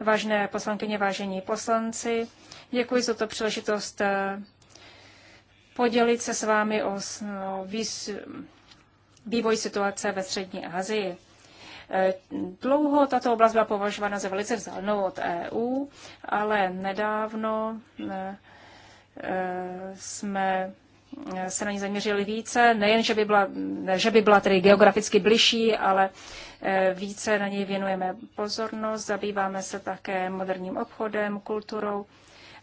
Speaker 1: vážné poslankyně, vážení poslanci. Děkuji za to příležitost eh, podělit se s vámi o vývoj situace ve střední Asii. Eh, dlouho tato oblast byla považována za velice vzdálenou od EU, ale nedávno jsme se na ní zaměřili více, nejen, že by byla, že by byla tedy geograficky bližší, ale eh, více na něj věnujeme pozornost, zabýváme se také moderním obchodem, kulturou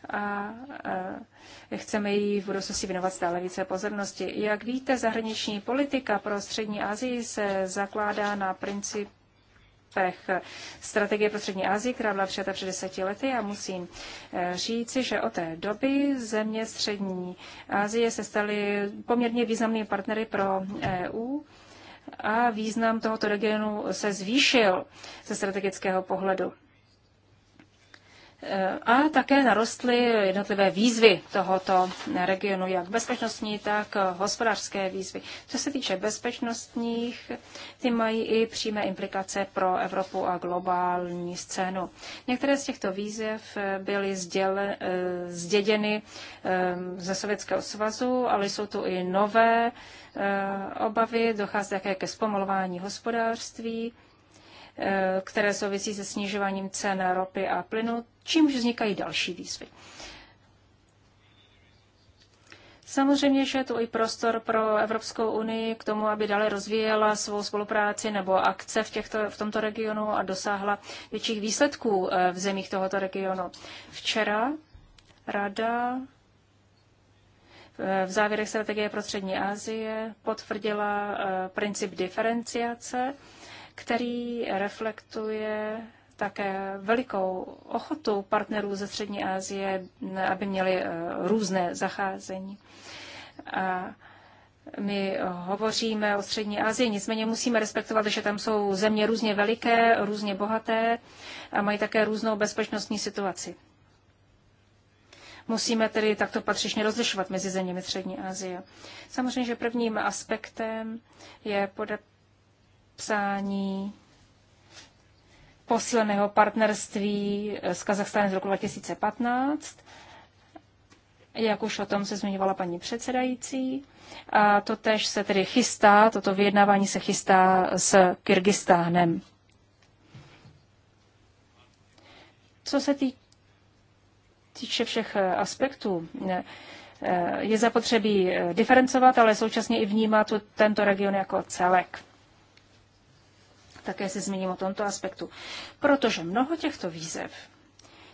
Speaker 1: a eh, chceme jí v budoucnosti věnovat stále více pozornosti. Jak víte, zahraniční politika pro střední Asii se zakládá na principu etapech strategie pro střední Asii, která byla přijata před deseti lety a musím eh, říci, že od té doby země střední Asie se staly poměrně významnými partnery pro EU eh, e a význam tohoto regionu se zvýšil ze strategického pohledu. A také narostly jednotlivé výzvy tohoto regionu, jak bezpečnostní, tak hospodářské výzvy. Co se týče bezpečnostních, ty mají i přímé implikace pro Evropu a globální scénu. Některé z těchto výzev byly zděle, zděděny ehm, ze Sovětského svazu, ale jsou tu i nové eh, obavy, dochází také ke zpomalování hospodářství Eh, které souvisí se snižováním cen ropy a plynu, čímž vznikají další výzvy. Samozřejmě, že je tu i prostor pro Evropskou unii k tomu, aby dále rozvíjela svou spolupráci nebo akce v, těchto, v tomto regionu a dosáhla větších výsledků eh, v zemích tohoto regionu. Včera Rada eh, v závěrech strategie pro střední Asie potvrdila princip diferenciace který reflektuje také velikou ochotu partnerů ze Střední Asie, aby měli eh, různé zacházení. A my hovoříme o Střední Asii, nicméně musíme respektovat, že tam jsou země různě veliké, různě bohaté a mají také různou bezpečnostní situaci. Musíme tedy takto patřičně rozlišovat mezi zeměmi Střední Asie. Samozřejmě, že prvním aspektem je podepsání podepsání posíleného partnerství s Kazachstánem z roku 2015, jak už o tom se zmiňovala paní předsedající. A to tež se tedy chystá, toto vyjednávání se chystá s Kyrgyzstánem. Co se tý, týče všech aspektů, je zapotřebí diferencovat, ale současně i vnímat tento region jako celek. Také se zmíním o tomto aspektu, protože mnoho těchto výzev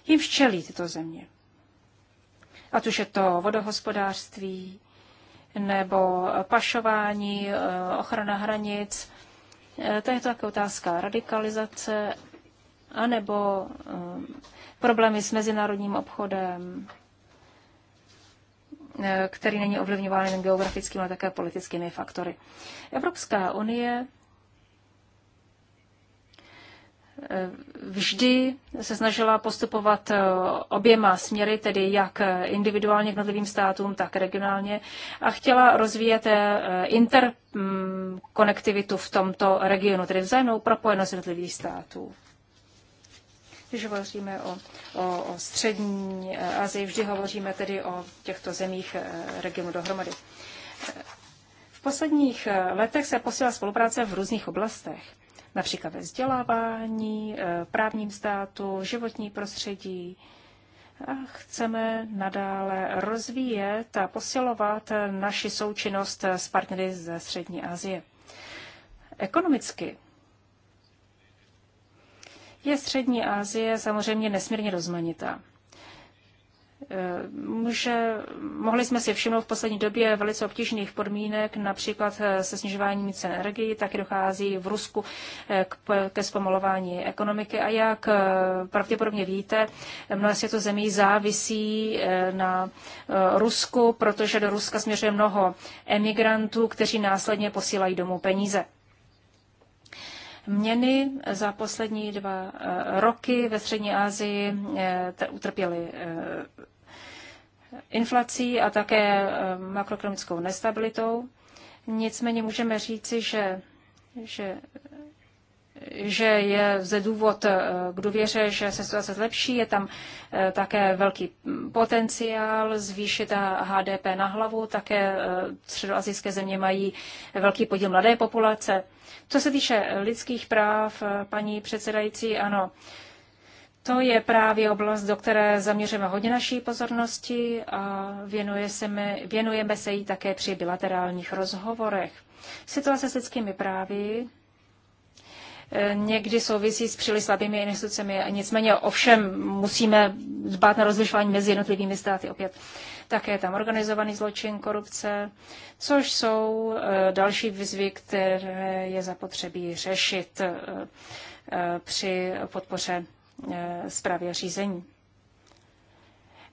Speaker 1: jim včelí tyto země. Ať už je to vodohospodářství, nebo pašování, eh, ochrana hranic. Eh, to je to také otázka radikalizace, anebo eh, problémy s mezinárodním obchodem, který není ovlivňován jen geografickými, ale také politickými faktory. Evropská unie vždy se snažila postupovat eh, oběma směry, tedy jak individuálně k jednotlivým státům, tak regionálně a chtěla rozvíjet eh, interkonektivitu mm, v tomto regionu, tedy vzájemnou propojenost jednotlivých států. Když hovoříme o, o, o střední eh, Asii, vždy hovoříme tedy o těchto zemích regionu dohromady. V posledních letech se posílila spolupráce v různých oblastech například ve vzdělávání, eh, právním státu, životní prostředí. A chceme nadále rozvíjet a posilovat naši součinnost s partnery ze Střední Asie. Ekonomicky je Střední Asie samozřejmě nesmírně rozmanitá. Může, mohli jsme si všimnout v poslední době velice obtížných podmínek, například eh, se snižováním cen energii, taky dochází v Rusku eh, k, ke zpomalování ekonomiky a jak eh, pravděpodobně víte, mnoho světo zemí závisí na Rusku, protože do Ruska směřuje mnoho emigrantů, kteří následně posílají domů peníze měny za poslední dva roky ve Střední Asii utrpěly inflací a také eh, makroekonomickou nestabilitou. Nicméně můžeme říci, že, že, že je ze důvod eh, k důvěře, že se situace zlepší, je tam eh, také velký potenciál zvýšit HDP na hlavu, také středoazijské země mají velký podíl mladé populace. Co se týče lidských práv, paní předsedající, ano, to je právě oblast, do které zaměřujeme hodně naší pozornosti a věnuje se mi, věnujeme se jí také při bilaterálních rozhovorech. Situace s lidskými právy eh, někdy souvisí s příliš slabými institucemi. Nicméně ovšem musíme dbát na rozlišování mezi jednotlivými státy opět. Také tam organizovaný zločin, korupce, což jsou eh, další výzvy, které je zapotřebí řešit eh, při podpoře zprávě e, řízení.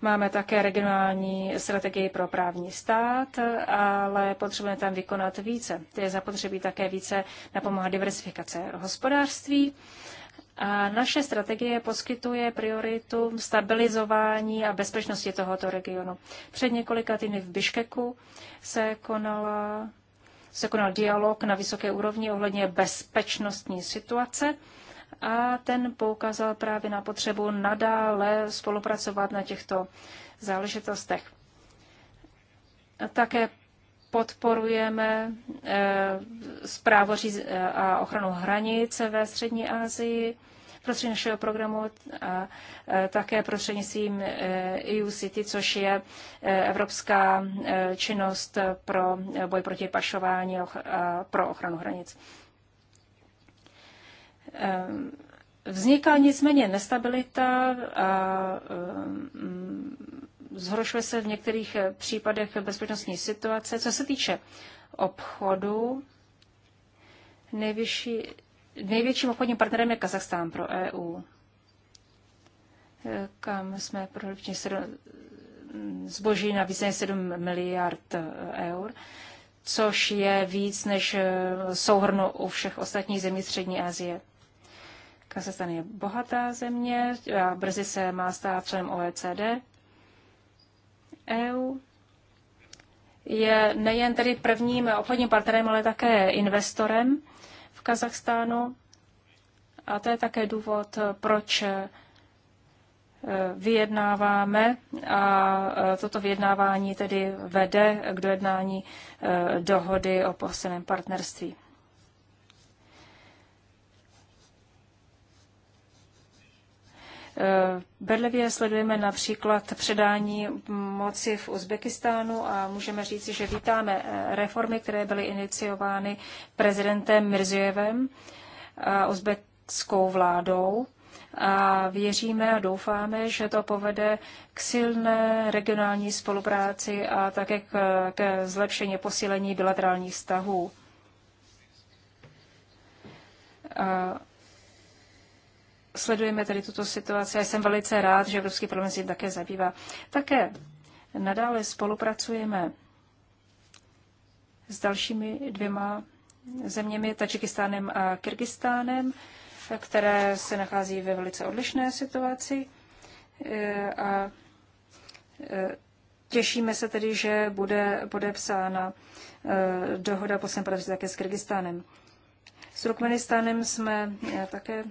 Speaker 1: Máme také regionální strategii pro právní stát, ale potřebujeme tam vykonat více. To je zapotřebí také více na pomoha diversifikace hospodářství. A naše strategie poskytuje prioritu stabilizování a bezpečnosti tohoto regionu. Před několika týdny v Biškeku se konala se konal dialog na vysoké úrovni ohledně bezpečnostní situace a ten poukázal právě na potřebu nadále spolupracovat na těchto záležitostech. Také podporujeme eh, zprávoří a ochranu hranic ve Střední Asii prostřednictvím našeho programu a eh, také prostřednictvím EU eh, e City, což je evropská činnost pro boj proti pašování a pro ochranu hranic. Ehm, Vzniká nicméně nestabilita a ehm, zhoršuje se v některých případech bezpečnostní situace. Co se týče obchodu, nejvyšší, největším obchodním partnerem je Kazachstán pro EU, eh, kam jsme produkčně zboží na více než 7 miliard eh, eur, což je víc než eh, souhrnu u všech ostatních zemí Střední Asie. Kazachstan je bohatá země a brzy se má stát členem OECD. EU je nejen tedy prvním obchodním partnerem, ale také investorem v Kazachstánu. A to je také důvod, proč eh, vyjednáváme a eh, toto vyjednávání tedy vede k dojednání eh, dohody o posledném partnerství. Eh, bedlivě sledujeme například předání moci v Uzbekistánu a můžeme říci, že vítáme eh, reformy, které byly iniciovány prezidentem Mirzujevem a uzbekskou vládou. A věříme a doufáme, že to povede k silné regionální spolupráci a také k, k zlepšení posílení bilaterálních vztahů. A eh, sledujeme tady tuto situaci a jsem velice rád, že Evropský parlament se také zabývá. Také nadále spolupracujeme s dalšími dvěma zeměmi, Tadžikistánem a Kyrgyzstánem, které se nachází ve velice odlišné situaci. E, a e, těšíme se tedy, že bude podepsána e, dohoda po také s Kyrgyzstánem. S Turkmenistánem jsme eh, také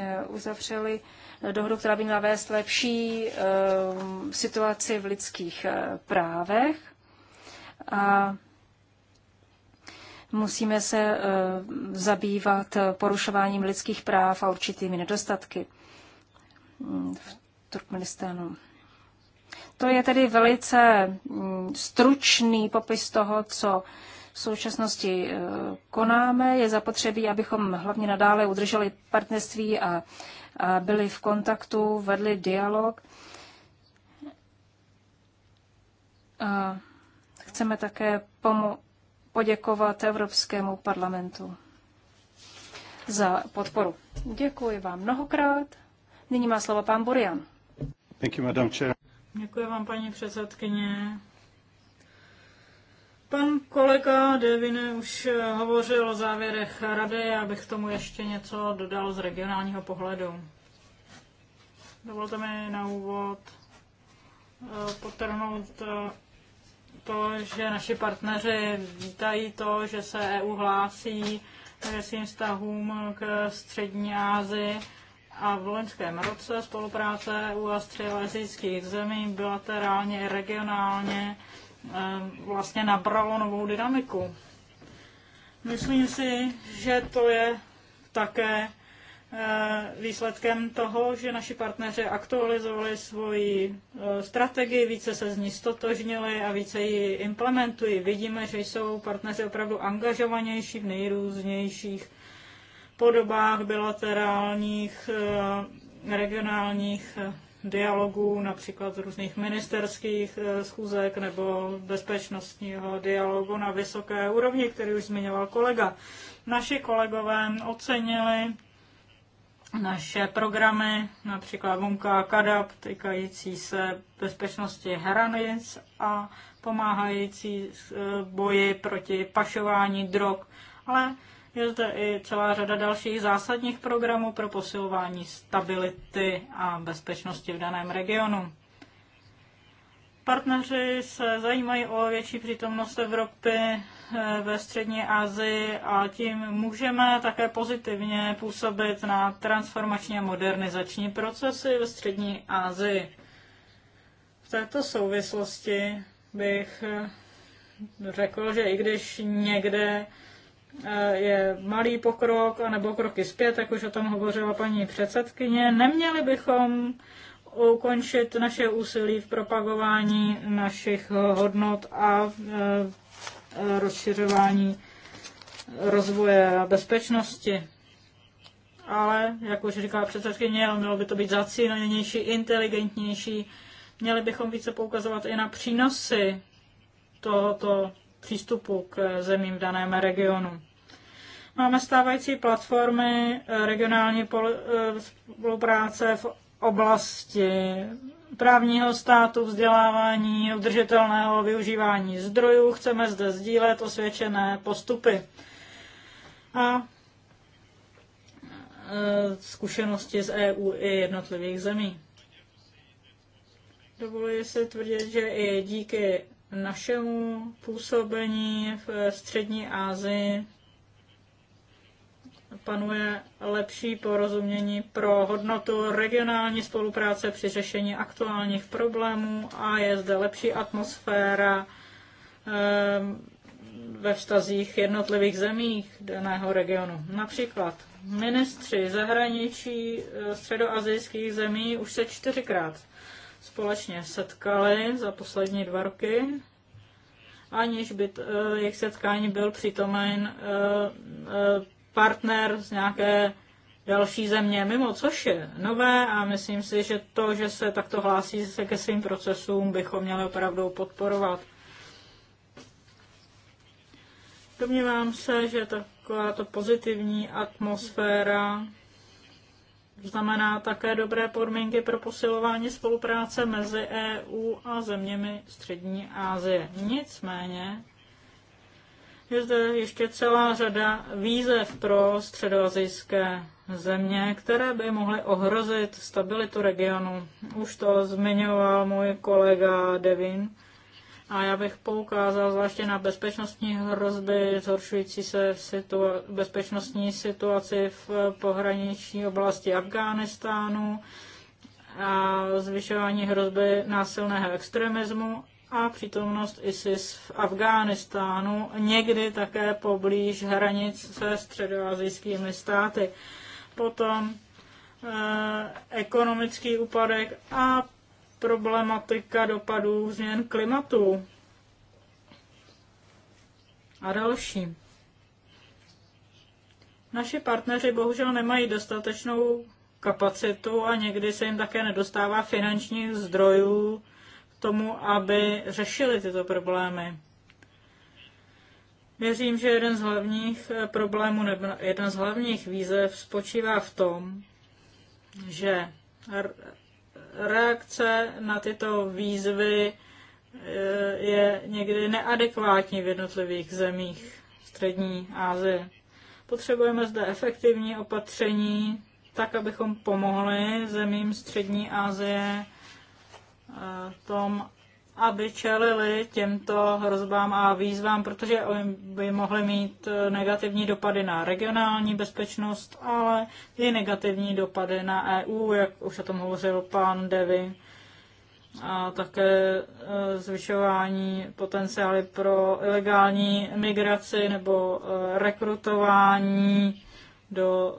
Speaker 1: eh, uzavřeli eh, dohodu, která by měla vést lepší situaci v lidských právech. A musíme se zabývat porušováním lidských práv a určitými nedostatky mm, v Turkmenistánu. To je tedy velice mm, stručný popis toho, co v současnosti eh, konáme. Je zapotřebí, abychom hlavně nadále udrželi partnerství a, a byli v kontaktu, vedli dialog. A chceme také poděkovat Evropskému parlamentu za podporu. Děkuji vám mnohokrát. Nyní má slovo pán Burian.
Speaker 2: Děkuji vám, paní předsedkyně. Pan kolega Devine už eh, hovořil o závěrech rady, já bych tomu ještě něco dodal z regionálního pohledu. Dovolte mi na úvod eh, potrhnout eh, to, že naši partneři vítají to, že se EU hlásí ke svým vztahům k střední Asii a v loňském roce spolupráce EU a střelezijských zemí bilaterálně i regionálně Eh, vlastně nabralo novou dynamiku. Myslím si, že to je také eh, výsledkem toho, že naši partneři aktualizovali svoji eh, strategii, více se z ní stotožnili a více ji implementují. Vidíme, že jsou partneři opravdu angažovanější v nejrůznějších podobách bilaterálních, regionálních dialogů, například z různých ministerských eh, schůzek nebo bezpečnostního dialogu na vysoké úrovni, který už zmiňoval kolega. Naši kolegové ocenili naše programy, například Vunka a Kadab, týkající se bezpečnosti hranic a pomáhající eh, boji proti pašování drog, ale je zde i celá řada dalších zásadních programů pro posilování stability a bezpečnosti v daném regionu. Partneři se zajímají o větší přítomnost Evropy eh, ve střední Asii a tím můžeme také pozitivně působit na transformační a modernizační procesy ve střední Asii. V této souvislosti bych eh, řekl, že i když někde Eh, je malý pokrok nebo kroky zpět, jak už o tom hovořila paní předsedkyně. Neměli bychom ukončit naše úsilí v propagování našich hodnot a eh, rozšiřování rozvoje a bezpečnosti. Ale, jak už říká předsedkyně, mělo by to být zacílenější, inteligentnější. Měli bychom více poukazovat i na přínosy tohoto přístupu k zemím v daném regionu. Máme stávající platformy eh, regionální eh, spolupráce v oblasti právního státu, vzdělávání, udržitelného využívání zdrojů. Chceme zde sdílet osvědčené postupy a eh, zkušenosti z EU i jednotlivých zemí. Dovoluji si tvrdit, že i díky našemu působení v střední Asii panuje lepší porozumění pro hodnotu regionální spolupráce při řešení aktuálních problémů a je zde lepší atmosféra eh, ve vztazích jednotlivých zemích daného regionu. Například ministři zahraničí eh, středoazijských zemí už se čtyřikrát společně setkali za poslední dva roky, aniž by eh, jejich setkání byl přítomen partner z nějaké další země mimo, což je nové a myslím si, že to, že se takto hlásí se ke svým procesům, bychom měli opravdu podporovat. Domnívám se, že taková to pozitivní atmosféra znamená také dobré podmínky pro posilování spolupráce mezi EU a zeměmi Střední Asie. Nicméně je zde ještě celá řada výzev pro středoazijské země, které by mohly ohrozit stabilitu regionu. Už to zmiňoval můj kolega Devin. A já bych poukázal zvláště na bezpečnostní hrozby, zhoršující se situa- bezpečnostní situaci v pohraniční oblasti Afghánistánu a zvyšování hrozby násilného extremismu a přítomnost ISIS v Afghánistánu, někdy také poblíž hranic se středoazijskými státy. Potom eh, ekonomický úpadek a problematika dopadů změn klimatu a další. Naši partneři bohužel nemají dostatečnou kapacitu a někdy se jim také nedostává finančních zdrojů tomu, aby řešili tyto problémy. Věřím, že jeden z hlavních eh, problémů nebo jedna z hlavních výzev spočívá v tom, že reakce na tyto výzvy eh, je někdy neadekvátní v jednotlivých zemích Střední Asie. Potřebujeme zde efektivní opatření, tak abychom pomohli zemím Střední Asie Eh, tom, aby čelili těmto hrozbám a výzvám, protože by mohly mít eh, negativní dopady na regionální bezpečnost, ale i negativní dopady na EU, jak už o tom hovořil pan Devi, a také eh, zvyšování potenciály pro ilegální migraci nebo rekrutování do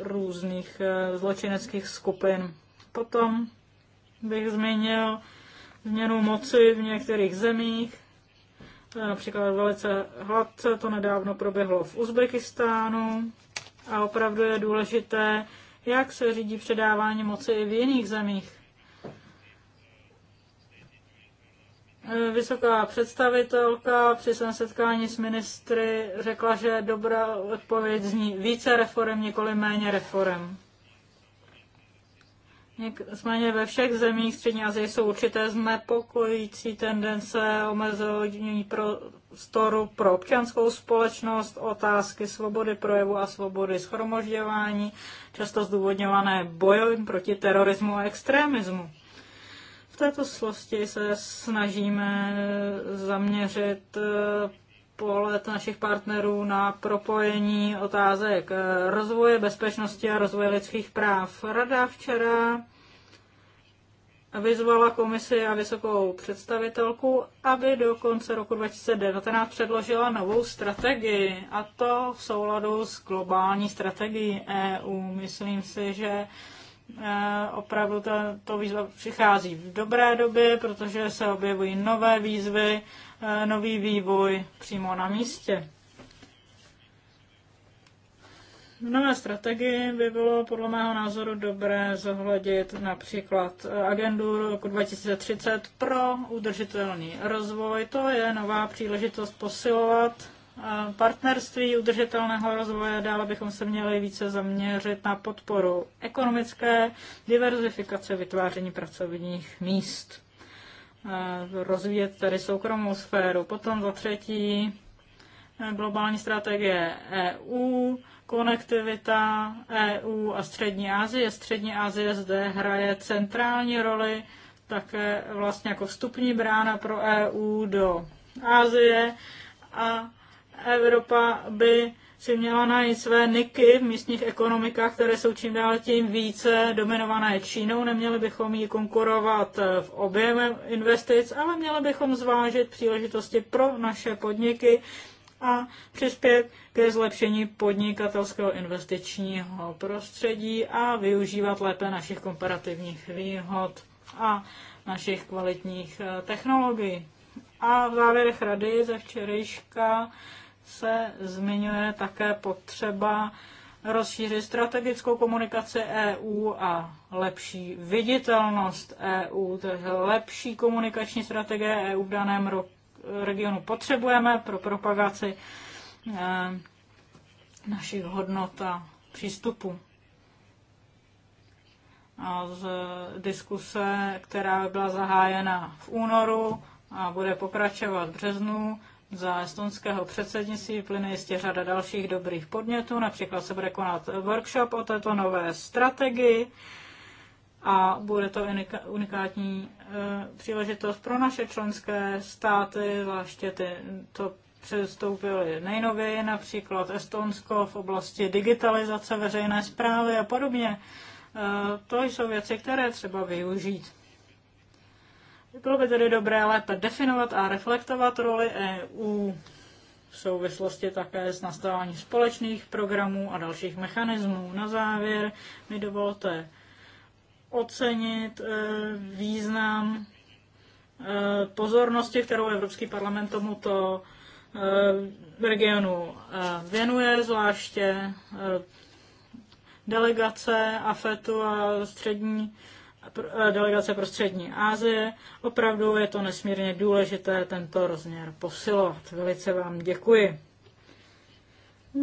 Speaker 2: různých zločineckých skupin. Potom bych zmínil změnu moci v některých zemích. Eh, Například velice hladce to nedávno proběhlo v Uzbekistánu a opravdu je důležité, jak se řídí předávání moci i v jiných zemích. Eh, Vysoká představitelka při svém setkání s ministry řekla, že dobrá odpověď zní více reform, nikoli méně reform. Nicméně ve všech zemích Střední Asie jsou určité znepokojící tendence omezení prostoru pro občanskou společnost, otázky svobody projevu a svobody schromožďování, často zdůvodňované bojem proti terorismu a extremismu. V této slosti se snažíme zaměřit eh, pohled našich partnerů na propojení otázek eh, rozvoje bezpečnosti a rozvoje lidských práv. Rada včera vyzvala komisi a vysokou představitelku, aby do konce roku 2019 předložila novou strategii, a to v souladu s globální strategií EU. Myslím si, že Eh, opravdu to, to výzva přichází v dobré době, protože se objevují nové výzvy, eh, nový vývoj přímo na místě. V nové strategii by bylo podle mého názoru dobré zohlednit například eh, agendu roku 2030 pro udržitelný rozvoj. To je nová příležitost posilovat Eh, partnerství udržitelného rozvoje, dále bychom se měli více zaměřit na podporu ekonomické diverzifikace vytváření pracovních míst, eh, rozvíjet tedy soukromou sféru. Potom za třetí eh, globální strategie EU, konektivita EU a Střední Asie. Střední Asie zde hraje centrální roli, také vlastně jako vstupní brána pro EU do Asie a Evropa by si měla najít své niky v místních ekonomikách, které jsou čím dál tím více dominované Čínou. Neměli bychom jí konkurovat v objemu investic, ale měli bychom zvážit příležitosti pro naše podniky a přispět ke zlepšení podnikatelského investičního prostředí a využívat lépe našich komparativních výhod a našich kvalitních eh, technologií. A v závěrech rady ze včerejška se zmiňuje také potřeba rozšířit strategickou komunikaci EU a lepší viditelnost EU, takže lepší komunikační strategie EU v daném regionu potřebujeme pro propagaci eh, našich hodnot a přístupů. A z diskuse, která byla zahájena v únoru a bude pokračovat v březnu, za estonského předsednictví plyne jistě řada dalších dobrých podnětů. Například se bude konat workshop o této nové strategii a bude to unikátní eh, příležitost pro naše členské státy, zvláště ty to přestoupily nejnověji, například Estonsko v oblasti digitalizace veřejné zprávy a podobně. Eh, to jsou věci, které třeba využít. Bylo by tedy dobré lépe definovat a reflektovat roli EU v souvislosti také s nastavování společných programů a dalších mechanismů. Na závěr mi dovolte ocenit e, význam e, pozornosti, kterou Evropský parlament tomuto e, regionu věnuje, zvláště delegace AFETu a střední Eh, delegace pro střední Asie. Opravdu je to nesmírně důležité tento rozměr posilovat. Velice vám děkuji.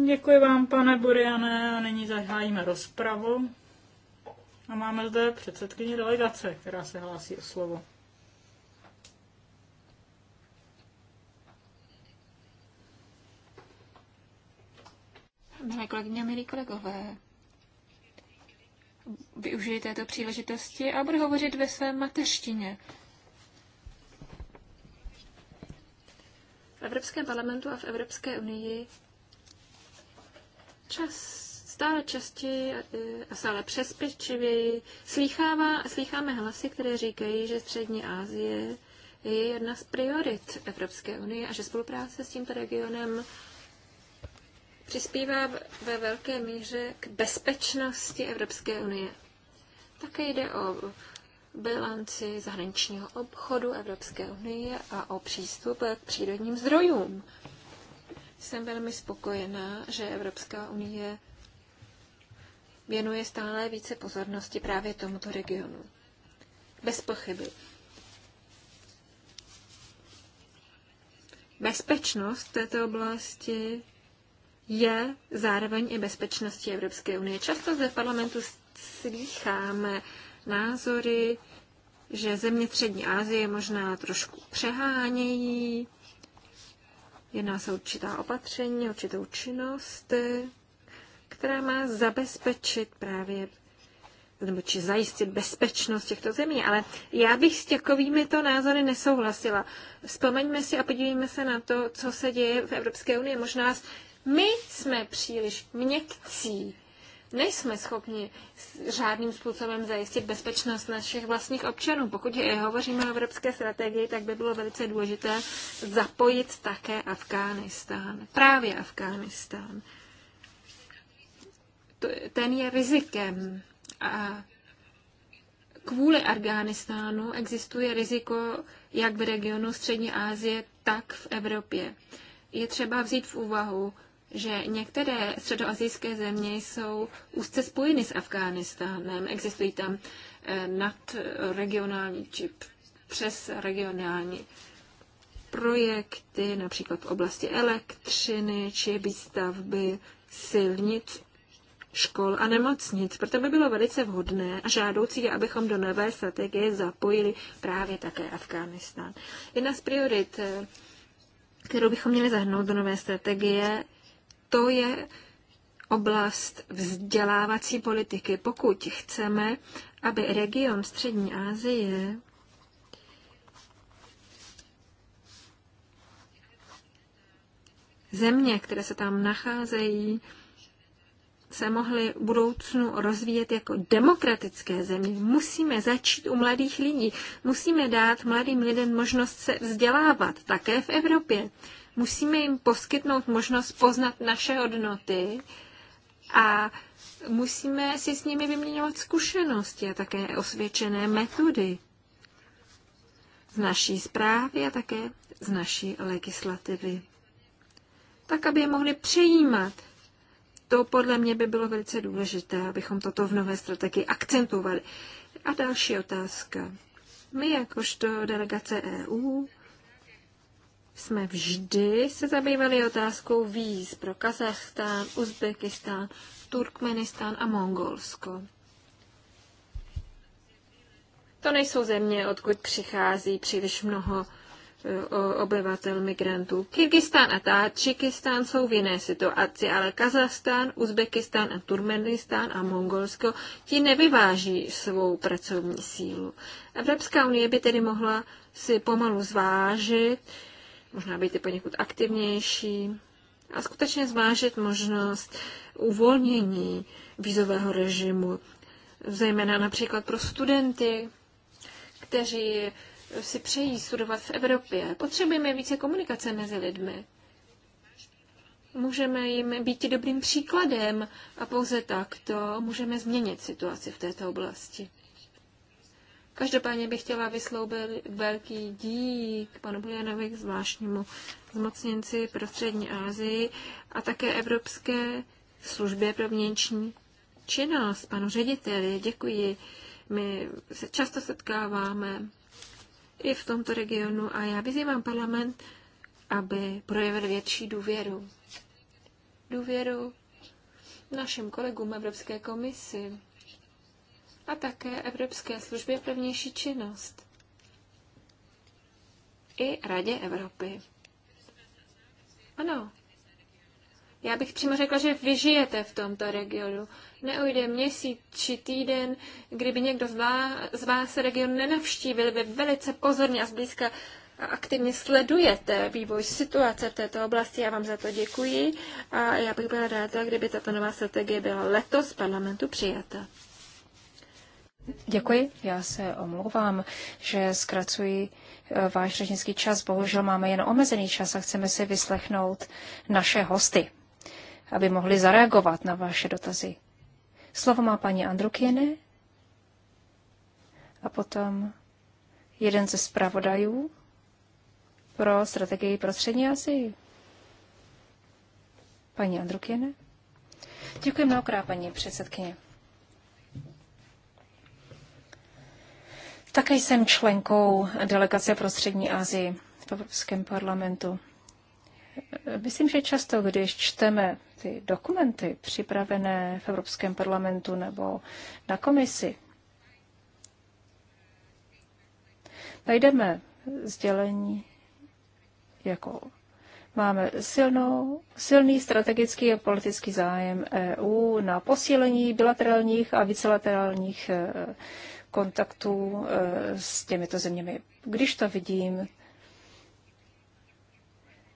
Speaker 2: Děkuji vám, pane Buriane, a nyní zahájíme rozpravu. A máme zde předsedkyni delegace, která se hlásí o slovo.
Speaker 3: Milé kolegyně, milí kolegové, využije této příležitosti a bude hovořit ve své mateřštině. V Evropském parlamentu a v Evropské unii čas, stále častěji e, a stále přespěčivěji slýchává, slýcháme hlasy, které říkají, že Střední Asie je jedna z priorit Evropské unie a že spolupráce s tímto regionem přispívá ve velké míře k bezpečnosti Evropské unie. Také jde o bilanci zahraničního obchodu Evropské unie a o přístup k přírodním zdrojům. Jsem velmi spokojená, že Evropská unie věnuje stále více pozornosti právě tomuto regionu. Bez pochyby. Bezpečnost této oblasti je zároveň i bezpečnosti Evropské unie. Často zde v parlamentu slycháme názory, že země Střední Asie možná trošku přehánějí, jedná se určitá opatření, určitou činnost, která má zabezpečit právě nebo či zajistit bezpečnost těchto zemí. Ale já bych s takovými to názory nesouhlasila. Vzpomeňme si a podívejme se na to, co se děje v Evropské unii. Možná my jsme příliš měkcí. Nejsme schopni žádným způsobem zajistit bezpečnost našich vlastních občanů. Pokud je, hovoříme o evropské strategii, tak by bylo velice důležité zapojit také Afghánistán. Právě Afghánistán. Ten je rizikem. A kvůli Afghánistánu existuje riziko jak v regionu Střední Asie, tak v Evropě. Je třeba vzít v úvahu že některé středoazijské země jsou úzce spojeny s Afghánistánem. Existují tam eh, nadregionální či přes regionální projekty, například v oblasti elektřiny či výstavby silnic, škol a nemocnic. Proto by bylo velice vhodné a žádoucí, abychom do nové strategie zapojili právě také Afghánistán. Jedna z priorit eh, kterou bychom měli zahrnout do nové strategie, to je oblast vzdělávací politiky. Pokud chceme, aby region Střední Asie země, které se tam nacházejí, se mohly v budoucnu rozvíjet jako demokratické země. Musíme začít u mladých lidí. Musíme dát mladým lidem možnost se vzdělávat také v Evropě. Musíme jim poskytnout možnost poznat naše hodnoty a musíme si s nimi vyměňovat zkušenosti a také osvědčené metody z naší zprávy a také z naší legislativy. Tak, aby je mohli přejímat. To podle mě by bylo velice důležité, abychom toto v nové strategii akcentovali. A další otázka. My jakožto delegace EU jsme vždy se zabývali otázkou víz pro Kazachstán, Uzbekistán, Turkmenistán a Mongolsko. To nejsou země, odkud přichází příliš mnoho e, obyvatel migrantů. Kyrgyzstán a Tadžikistán jsou v jiné situaci, ale Kazachstán, Uzbekistán a Turmenistán a Mongolsko ti nevyváží svou pracovní sílu. Evropská unie by tedy mohla si pomalu zvážit, možná být i poněkud aktivnější a skutečně zvážit možnost uvolnění vízového režimu, zejména například pro studenty, kteří si přejí studovat v Evropě. Potřebujeme více komunikace mezi lidmi. Můžeme jim být dobrým příkladem a pouze takto můžeme změnit situaci v této oblasti. Každopádně bych chtěla vysloubit velký dík panu Bujanovi, k zvláštnímu zmocněnci pro střední Asii a také Evropské službě pro vnitřní činnost, panu řediteli. Děkuji. My se často setkáváme i v tomto regionu a já vyzývám parlament, aby projevil větší důvěru. Důvěru našim kolegům Evropské komisi, a také Evropské službě pro vnější činnost i Radě Evropy. Ano. Já bych přímo řekla, že vy žijete v tomto regionu. Neujde měsíc či týden, kdyby někdo z vás, region nenavštívil. Vy velice pozorně a zblízka a aktivně sledujete vývoj situace v této oblasti. Já vám za to děkuji a já bych byla ráda, kdyby tato nová strategie byla letos parlamentu přijata.
Speaker 1: Děkuji, já se omlouvám, že zkracuji eh, váš řečnický čas. Bohužel máme jen omezený čas a chceme si vyslechnout naše hosty, aby mohli zareagovat na vaše dotazy. Slovo má paní Andrukiene a potom jeden ze zpravodajů pro strategii pro střední Asii. Paní Andrukiene. Děkuji mnohokrát, paní předsedkyně. Také jsem členkou delegace pro střední Asii v Evropském parlamentu. Myslím, že často, když čteme ty dokumenty připravené v Evropském parlamentu nebo na komisi, najdeme sdělení jako máme silnou, silný strategický a politický zájem EU na posílení bilaterálních a vícelaterálních eh, kontaktu eh, s těmito zeměmi. Když to vidím,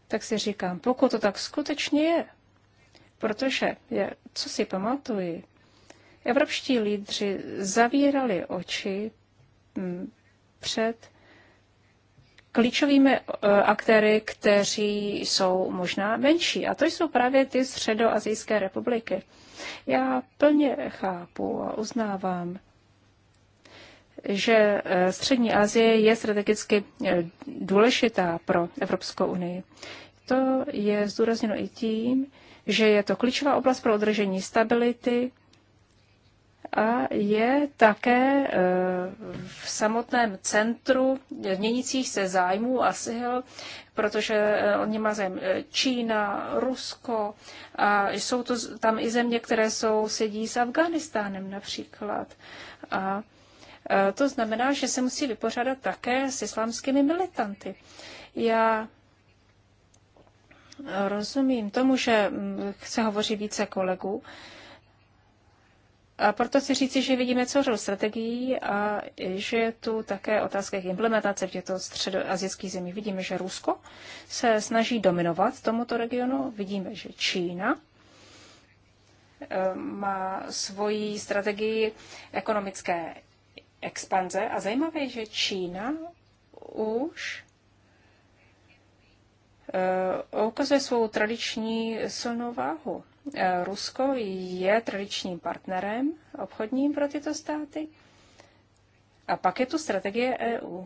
Speaker 1: tak si říkám, pokud to tak skutečně je, protože, je, co si pamatuju, evropští lídři zavírali oči hm, před klíčovými eh, aktéry, kteří jsou možná menší. A to jsou právě ty středoazijské republiky. Já plně chápu a uznávám, že eh, Střední Asie je strategicky eh, důležitá pro Evropskou unii. To je zdůrazněno i tím, že je to klíčová oblast pro udržení stability a je také eh, v samotném centru měnících se zájmů a sil, protože oni má zájem Čína, Rusko a jsou to tam i země, které jsou sedí s Afganistánem například. A E, to znamená, že se musí vypořádat také s islámskými militanty. Já rozumím tomu, že mm, se hovoří více kolegů, a proto si říci, že vidíme celou strategií a že je tu také otázka jejich implementace v těchto středoazijských zemích. Vidíme, že Rusko se snaží dominovat tomuto regionu, vidíme, že Čína e, má svoji strategii ekonomické expanze. A zajímavé je, že Čína už eh, ukazuje svou tradiční silnou váhu. Eh, Rusko je tradičním partnerem obchodním pro tyto státy. A pak je tu strategie EU.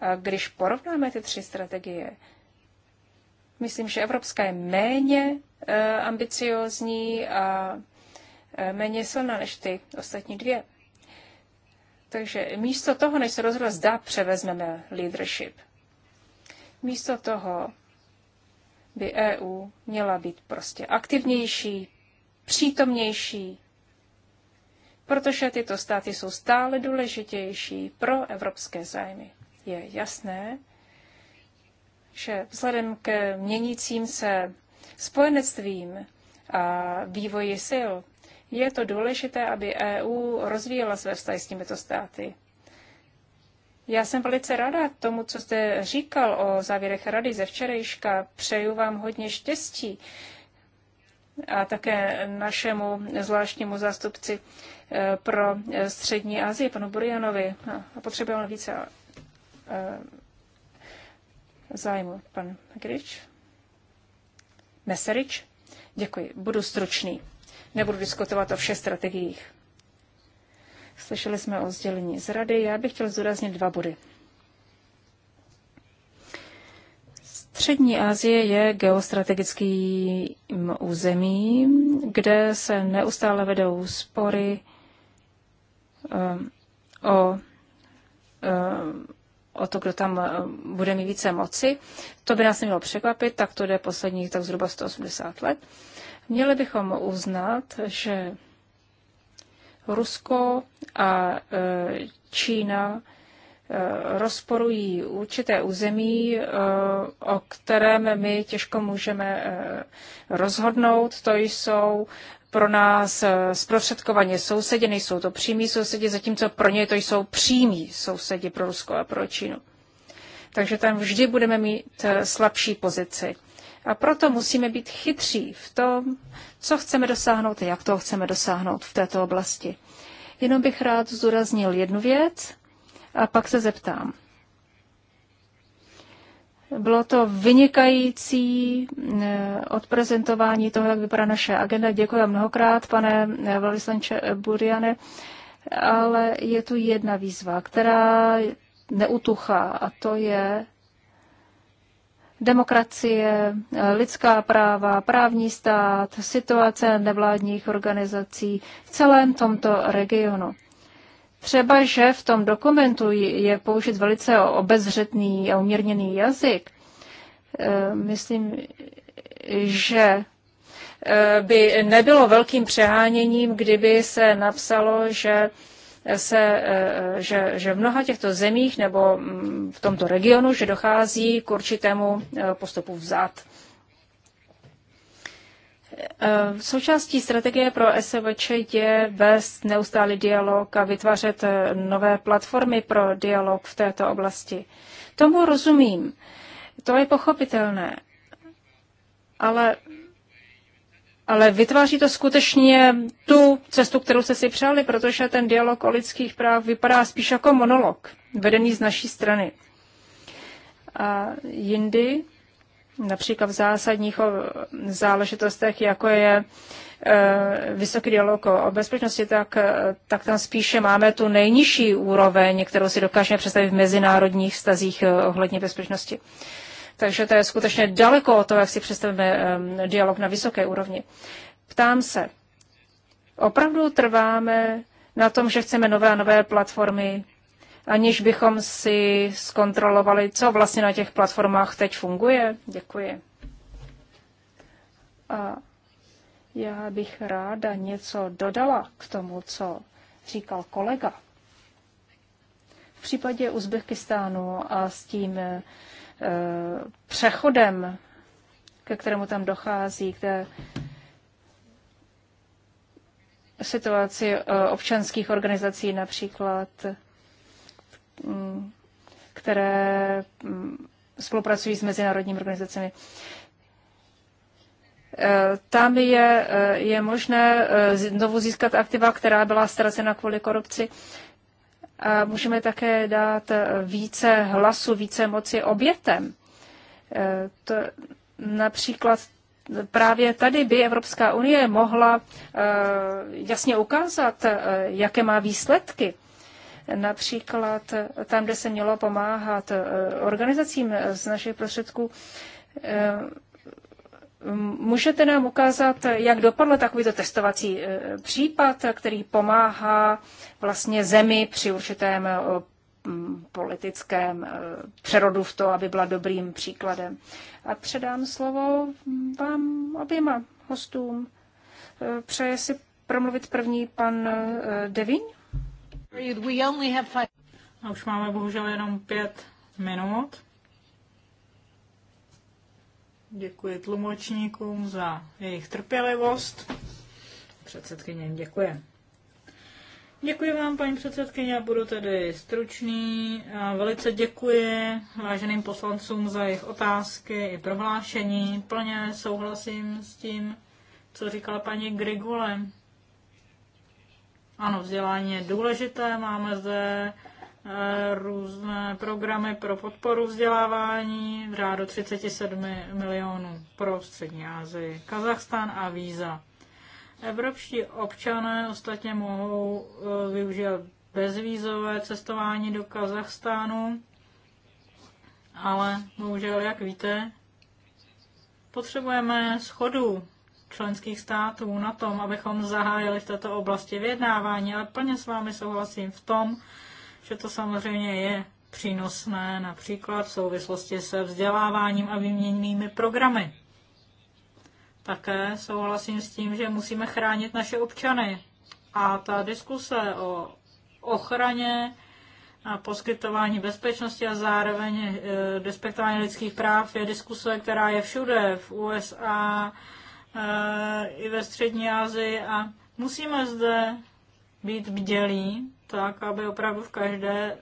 Speaker 1: A když porovnáme ty tři strategie, myslím, že evropská je méně eh, ambiciozní a méně silná než ty ostatní dvě. Takže místo toho, než se rozhodla, zda převezmeme leadership, místo toho by EU měla být prostě aktivnější, přítomnější, protože tyto státy jsou stále důležitější pro evropské zájmy. Je jasné, že vzhledem k měnícím se spojenectvím a vývoji sil je to důležité, aby EU rozvíjela své vztahy s těmito státy. Já jsem velice ráda tomu, co jste říkal o závěrech rady ze včerejška. Přeju vám hodně štěstí a také našemu zvláštnímu zástupci eh, pro eh, střední Asii, panu Burianovi. No, a potřebujeme více eh, zájmu. Pan Grič? Meserič? Děkuji, budu stručný. Nebudu diskutovat o všech strategiích. Slyšeli jsme o sdělení z rady. Já bych chtěl zdůraznit dva body. Střední Asie je geostrategickým územím, kde se neustále vedou spory um, o, um, o to, kdo tam eh, bude mít více moci. To by nás nemělo překvapit, tak to jde posledních tak zhruba 180 let. Měli bychom uznat, že Rusko a e, Čína e, rozporují určité území, e, o kterém my těžko můžeme rozhodnout. To jsou pro nás zprostředkovaně sousedi, nejsou to přímí sousedi, zatímco pro ně to jsou přímí sousedi pro Rusko a pro Čínu. Takže tam vždy budeme mít slabší pozici. A proto musíme být chytří v tom, co chceme dosáhnout a jak to chceme dosáhnout v této oblasti. Jenom bych rád zdůraznil jednu věc a pak se zeptám. Bylo to vynikající eh, odprezentování toho, jak vypadá naše agenda. Děkuji mnohokrát, pane eh, velvyslanče eh, Buriane. Ale je tu jedna výzva, která neutuchá a to je demokracie, lidská práva, právní stát, situace nevládních organizací v celém tomto regionu. Třeba, že v tom dokumentu je použit velice obezřetný a umírněný jazyk. Eh, myslím, že eh, by nebylo velkým přeháněním, kdyby se napsalo, že se, eh, že, že v mnoha těchto zemích nebo mm, v tomto regionu, že dochází k určitému eh, postupu vzad. V eh, součástí strategie pro SVČ je vést neustálý dialog a vytvářet nové platformy pro dialog v této oblasti. Tomu rozumím. To je pochopitelné. Ale ale vytváří to skutečně tu cestu, kterou se si přáli, protože ten dialog o lidských práv vypadá spíš jako monolog, vedený z naší strany. A jindy, například v zásadních záležitostech, jako je e, vysoký dialog o bezpečnosti, tak, e, tak tam spíše máme tu nejnižší úroveň, kterou si dokážeme představit v mezinárodních stazích e, ohledně bezpečnosti. Takže to je skutečně daleko od toho, jak si představíme dialog na vysoké úrovni. Ptám se, opravdu trváme na tom, že chceme nové a nové platformy, aniž bychom si zkontrolovali, co vlastně na těch platformách teď funguje? Děkuji. A já bych ráda něco dodala k tomu, co říkal kolega. V případě Uzbekistánu a s tím přechodem, ke kterému tam dochází, k té situaci eh, občanských organizací například, mm, které mm, spolupracují s mezinárodními organizacemi. Eh, tam je, eh, je možné znovu získat aktiva, která byla ztracena kvůli korupci a můžeme také dát eh, více hlasu, více moci obětem. Eh, to, například právě tady by Evropská unie mohla eh, jasně ukázat, jaké má výsledky. Například tam, kde se mělo pomáhat organizacím z našich prostředků, Můžete nám ukázat, jak dopadl takovýto testovací eh, případ, který pomáhá vlastně zemi při určitém eh, mm, politickém eh, přerodu v to, aby byla dobrým příkladem. A předám slovo vám oběma hostům. Přeje si promluvit první pan Devin?
Speaker 2: A už máme bohužel jenom pět minut. Děkuji tlumočníkům za jejich trpělivost. Předsedkyně děkuji. Děkuji vám, paní předsedkyně, já budu tedy stručný. Velice děkuji váženým poslancům za jejich otázky i prohlášení. Plně souhlasím s tím, co říkala paní Grigule. Ano, vzdělání je důležité, máme zde Eh, různé programy pro podporu vzdělávání v řádu 37 milionů pro střední Asii, Kazachstán a víza. Evropští občané ostatně mohou eh, využívat bezvízové cestování do Kazachstánu, ale bohužel, jak víte, potřebujeme schodu členských států na tom, abychom zahájili v této oblasti vyjednávání, ale plně s vámi souhlasím v tom, že to samozřejmě je přínosné například v souvislosti se vzděláváním a výměnými programy. Také souhlasím s tím, že musíme chránit naše občany. A ta diskuse o ochraně a poskytování bezpečnosti a zároveň eh, respektování lidských práv je diskuse, která je všude, v USA, eh, i ve Střední Asii a musíme zde být bdělí tak, aby opravdu v každé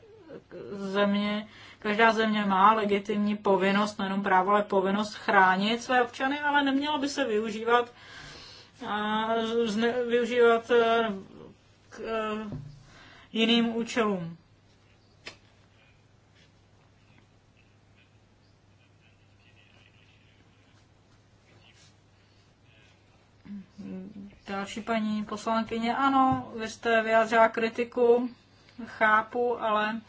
Speaker 2: země, každá země má legitimní povinnost, nejenom právo, ale povinnost chránit své občany, ale nemělo by se využívat a zne, využívat eh, k, k eh, jiným účelům. Další paní poslankyně, ano, vy jste vyjádřila kritiku, chápu, ale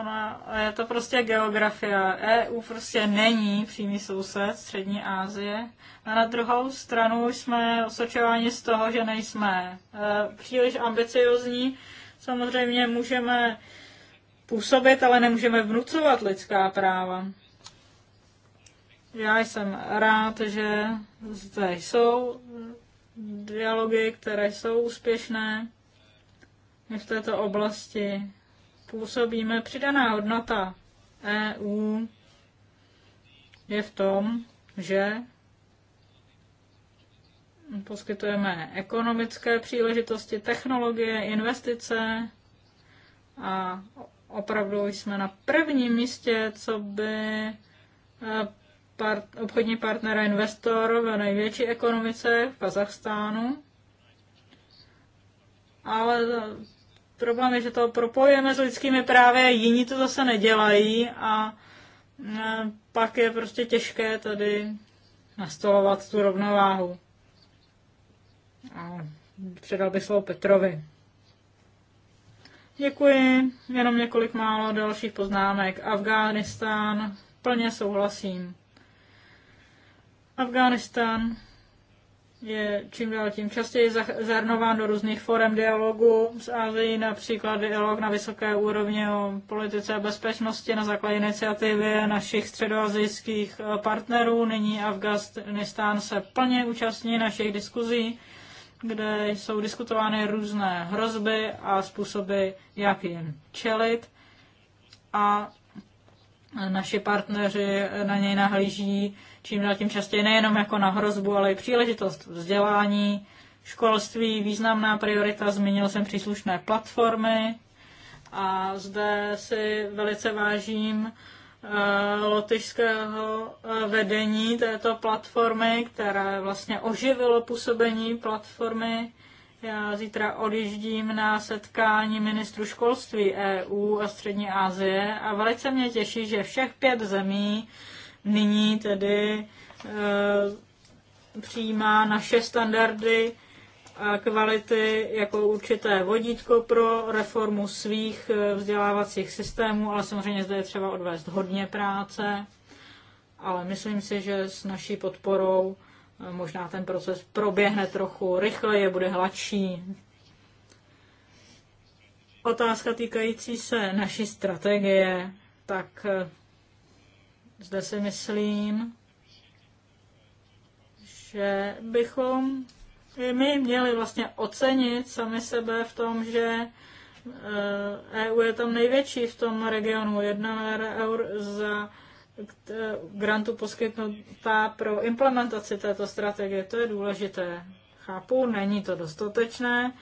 Speaker 2: ona, je to prostě geografie. EU prostě není přímý soused Střední Asie. A na druhou stranu jsme osočováni z toho, že nejsme e, příliš ambiciozní. Samozřejmě můžeme působit, ale nemůžeme vnucovat lidská práva. Já jsem rád, že zde jsou dialogy, které jsou úspěšné. My v této oblasti působíme. Přidaná hodnota EU je v tom, že poskytujeme ekonomické příležitosti, technologie, investice a opravdu jsme na prvním místě, co by eh, part, obchodní partner a investor ve největší ekonomice v Kazachstánu. Ale problém je, že to propojujeme s lidskými právy a jiní to zase nedělají a e, pak je prostě těžké tady nastolovat tu rovnováhu. A předal bych slovo Petrovi. Děkuji. Jenom několik málo dalších poznámek. Afghánistán, plně souhlasím. Afghánistán je čím dál tím častěji zahrnován do různých forem dialogu s Azií, například dialog na vysoké úrovni o politice a bezpečnosti na základě iniciativy našich středoazijských eh, partnerů. Nyní Afganistán se plně účastní našich diskuzí, kde jsou diskutovány různé hrozby a způsoby, jak jim čelit. A naši partneři na něj nahlíží čím dál tím častěji nejenom jako na hrozbu, ale i příležitost vzdělání, školství, významná priorita, zmínil jsem příslušné platformy a zde si velice vážím eh, lotyšského eh, vedení této platformy, které vlastně oživilo působení platformy. Já zítra odjíždím na setkání ministru školství EU a Střední Asie a velice mě těší, že všech pět zemí nyní tedy e, přijímá naše standardy a kvality jako určité vodítko pro reformu svých eh, vzdělávacích systémů, ale samozřejmě zde je třeba odvést hodně práce, ale myslím si, že s naší podporou eh, možná ten proces proběhne trochu rychleji, bude hladší. Otázka týkající se naší strategie, tak zde si myslím, že bychom i my měli vlastně ocenit sami sebe v tom, že EU eh, e je tam největší v tom regionu. Jedna eur za eh, grantu poskytnutá pro implementaci této strategie. To je důležité. Chápu, není to dostatečné.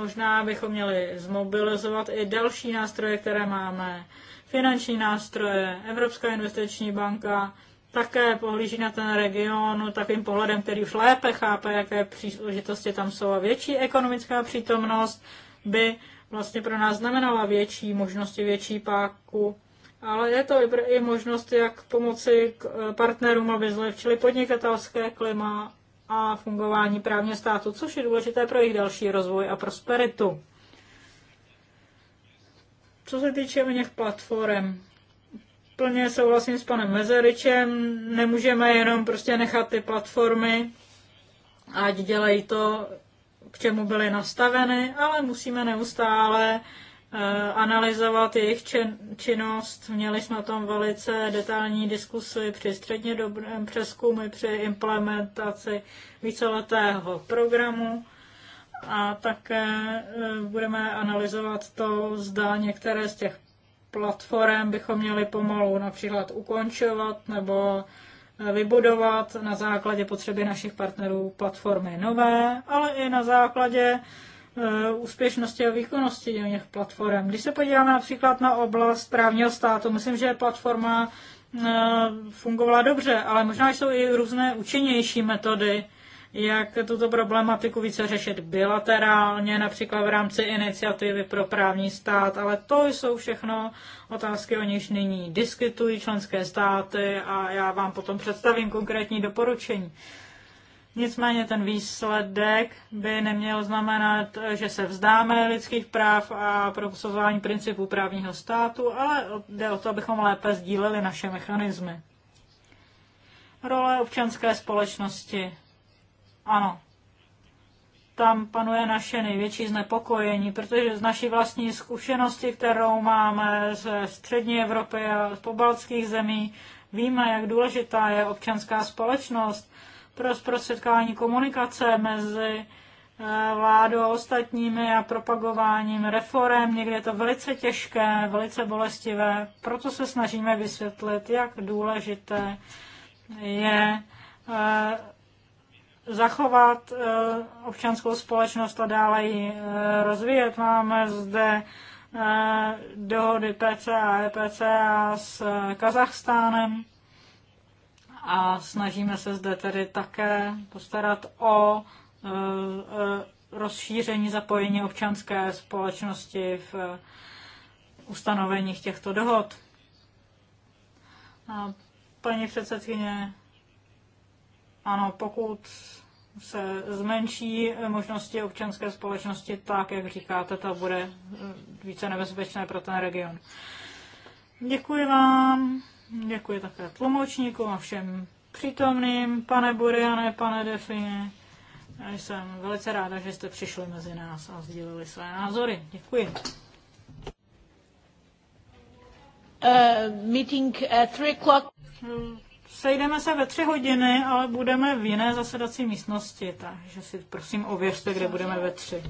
Speaker 2: Možná bychom měli zmobilizovat i další nástroje, které máme finanční nástroje, Evropská investiční banka také pohlíží na ten region takovým pohledem, který už lépe chápe, jaké příležitosti tam jsou a větší ekonomická přítomnost by vlastně pro nás znamenala větší možnosti, větší páku. Ale je to i možnost, jak pomoci eh, partnerům, aby zlepšili podnikatelské klima a fungování právně státu, což je důležité pro jejich další rozvoj a prosperitu. Co se týče těch platform, plně souhlasím s panem Mezeričem, nemůžeme jenom prostě nechat ty platformy, ať dělají to, k čemu byly nastaveny, ale musíme neustále eh, analyzovat jejich čin, činnost. Měli jsme o tom velice detailní diskusy při středně dobrém přeskumu, při implementaci víceletého programu a také e, budeme analyzovat to, zda některé z těch platform bychom měli pomalu například ukončovat nebo e, vybudovat na základě potřeby našich partnerů platformy nové, ale i na základě e, úspěšnosti a výkonnosti těch platform. Když se podíváme například na oblast právního státu, myslím, že platforma fungovala dobře, ale možná jsou i různé účinnější metody, jak tuto problematiku více řešit bilaterálně, například v rámci iniciativy pro právní stát, ale to jsou všechno otázky, o nichž nyní diskutují členské státy a já vám potom představím konkrétní doporučení. Nicméně ten výsledek by neměl znamenat, že se vzdáme lidských práv a prosazování principů právního státu, ale jde o to, abychom lépe sdíleli naše mechanismy. Role občanské společnosti. Ano, tam panuje naše největší znepokojení, protože z naší vlastní zkušenosti, kterou máme ze střední Evropy a z pobaltských zemí, víme, jak důležitá je občanská společnost pro zprostředkování komunikace mezi eh, vládou a ostatními a propagováním reform. Někdy je to velice těžké, velice bolestivé, proto se snažíme vysvětlit, jak důležité je eh, zachovat eh, občanskou společnost a dále ji eh, rozvíjet. Máme zde eh, dohody PC a EPC a s Kazachstánem a snažíme se zde tedy také postarat o rozšíření zapojení občanské společnosti v ustanoveních těchto dohod. A paní předsedkyně ano, pokud se zmenší možnosti občanské společnosti, tak, jak říkáte, to bude eh, více nebezpečné pro ten region. Děkuji vám, děkuji také tlumočníkům a všem přítomným, pane Buriane, pane Define. Já jsem velice ráda, že jste přišli mezi nás a sdíleli své názory. Děkuji. Uh, meeting at 3 o'clock. Hmm. Sejdeme se ve tři hodiny, ale budeme v jiné zasedací místnosti, takže si prosím ověřte, kde budeme ve tři.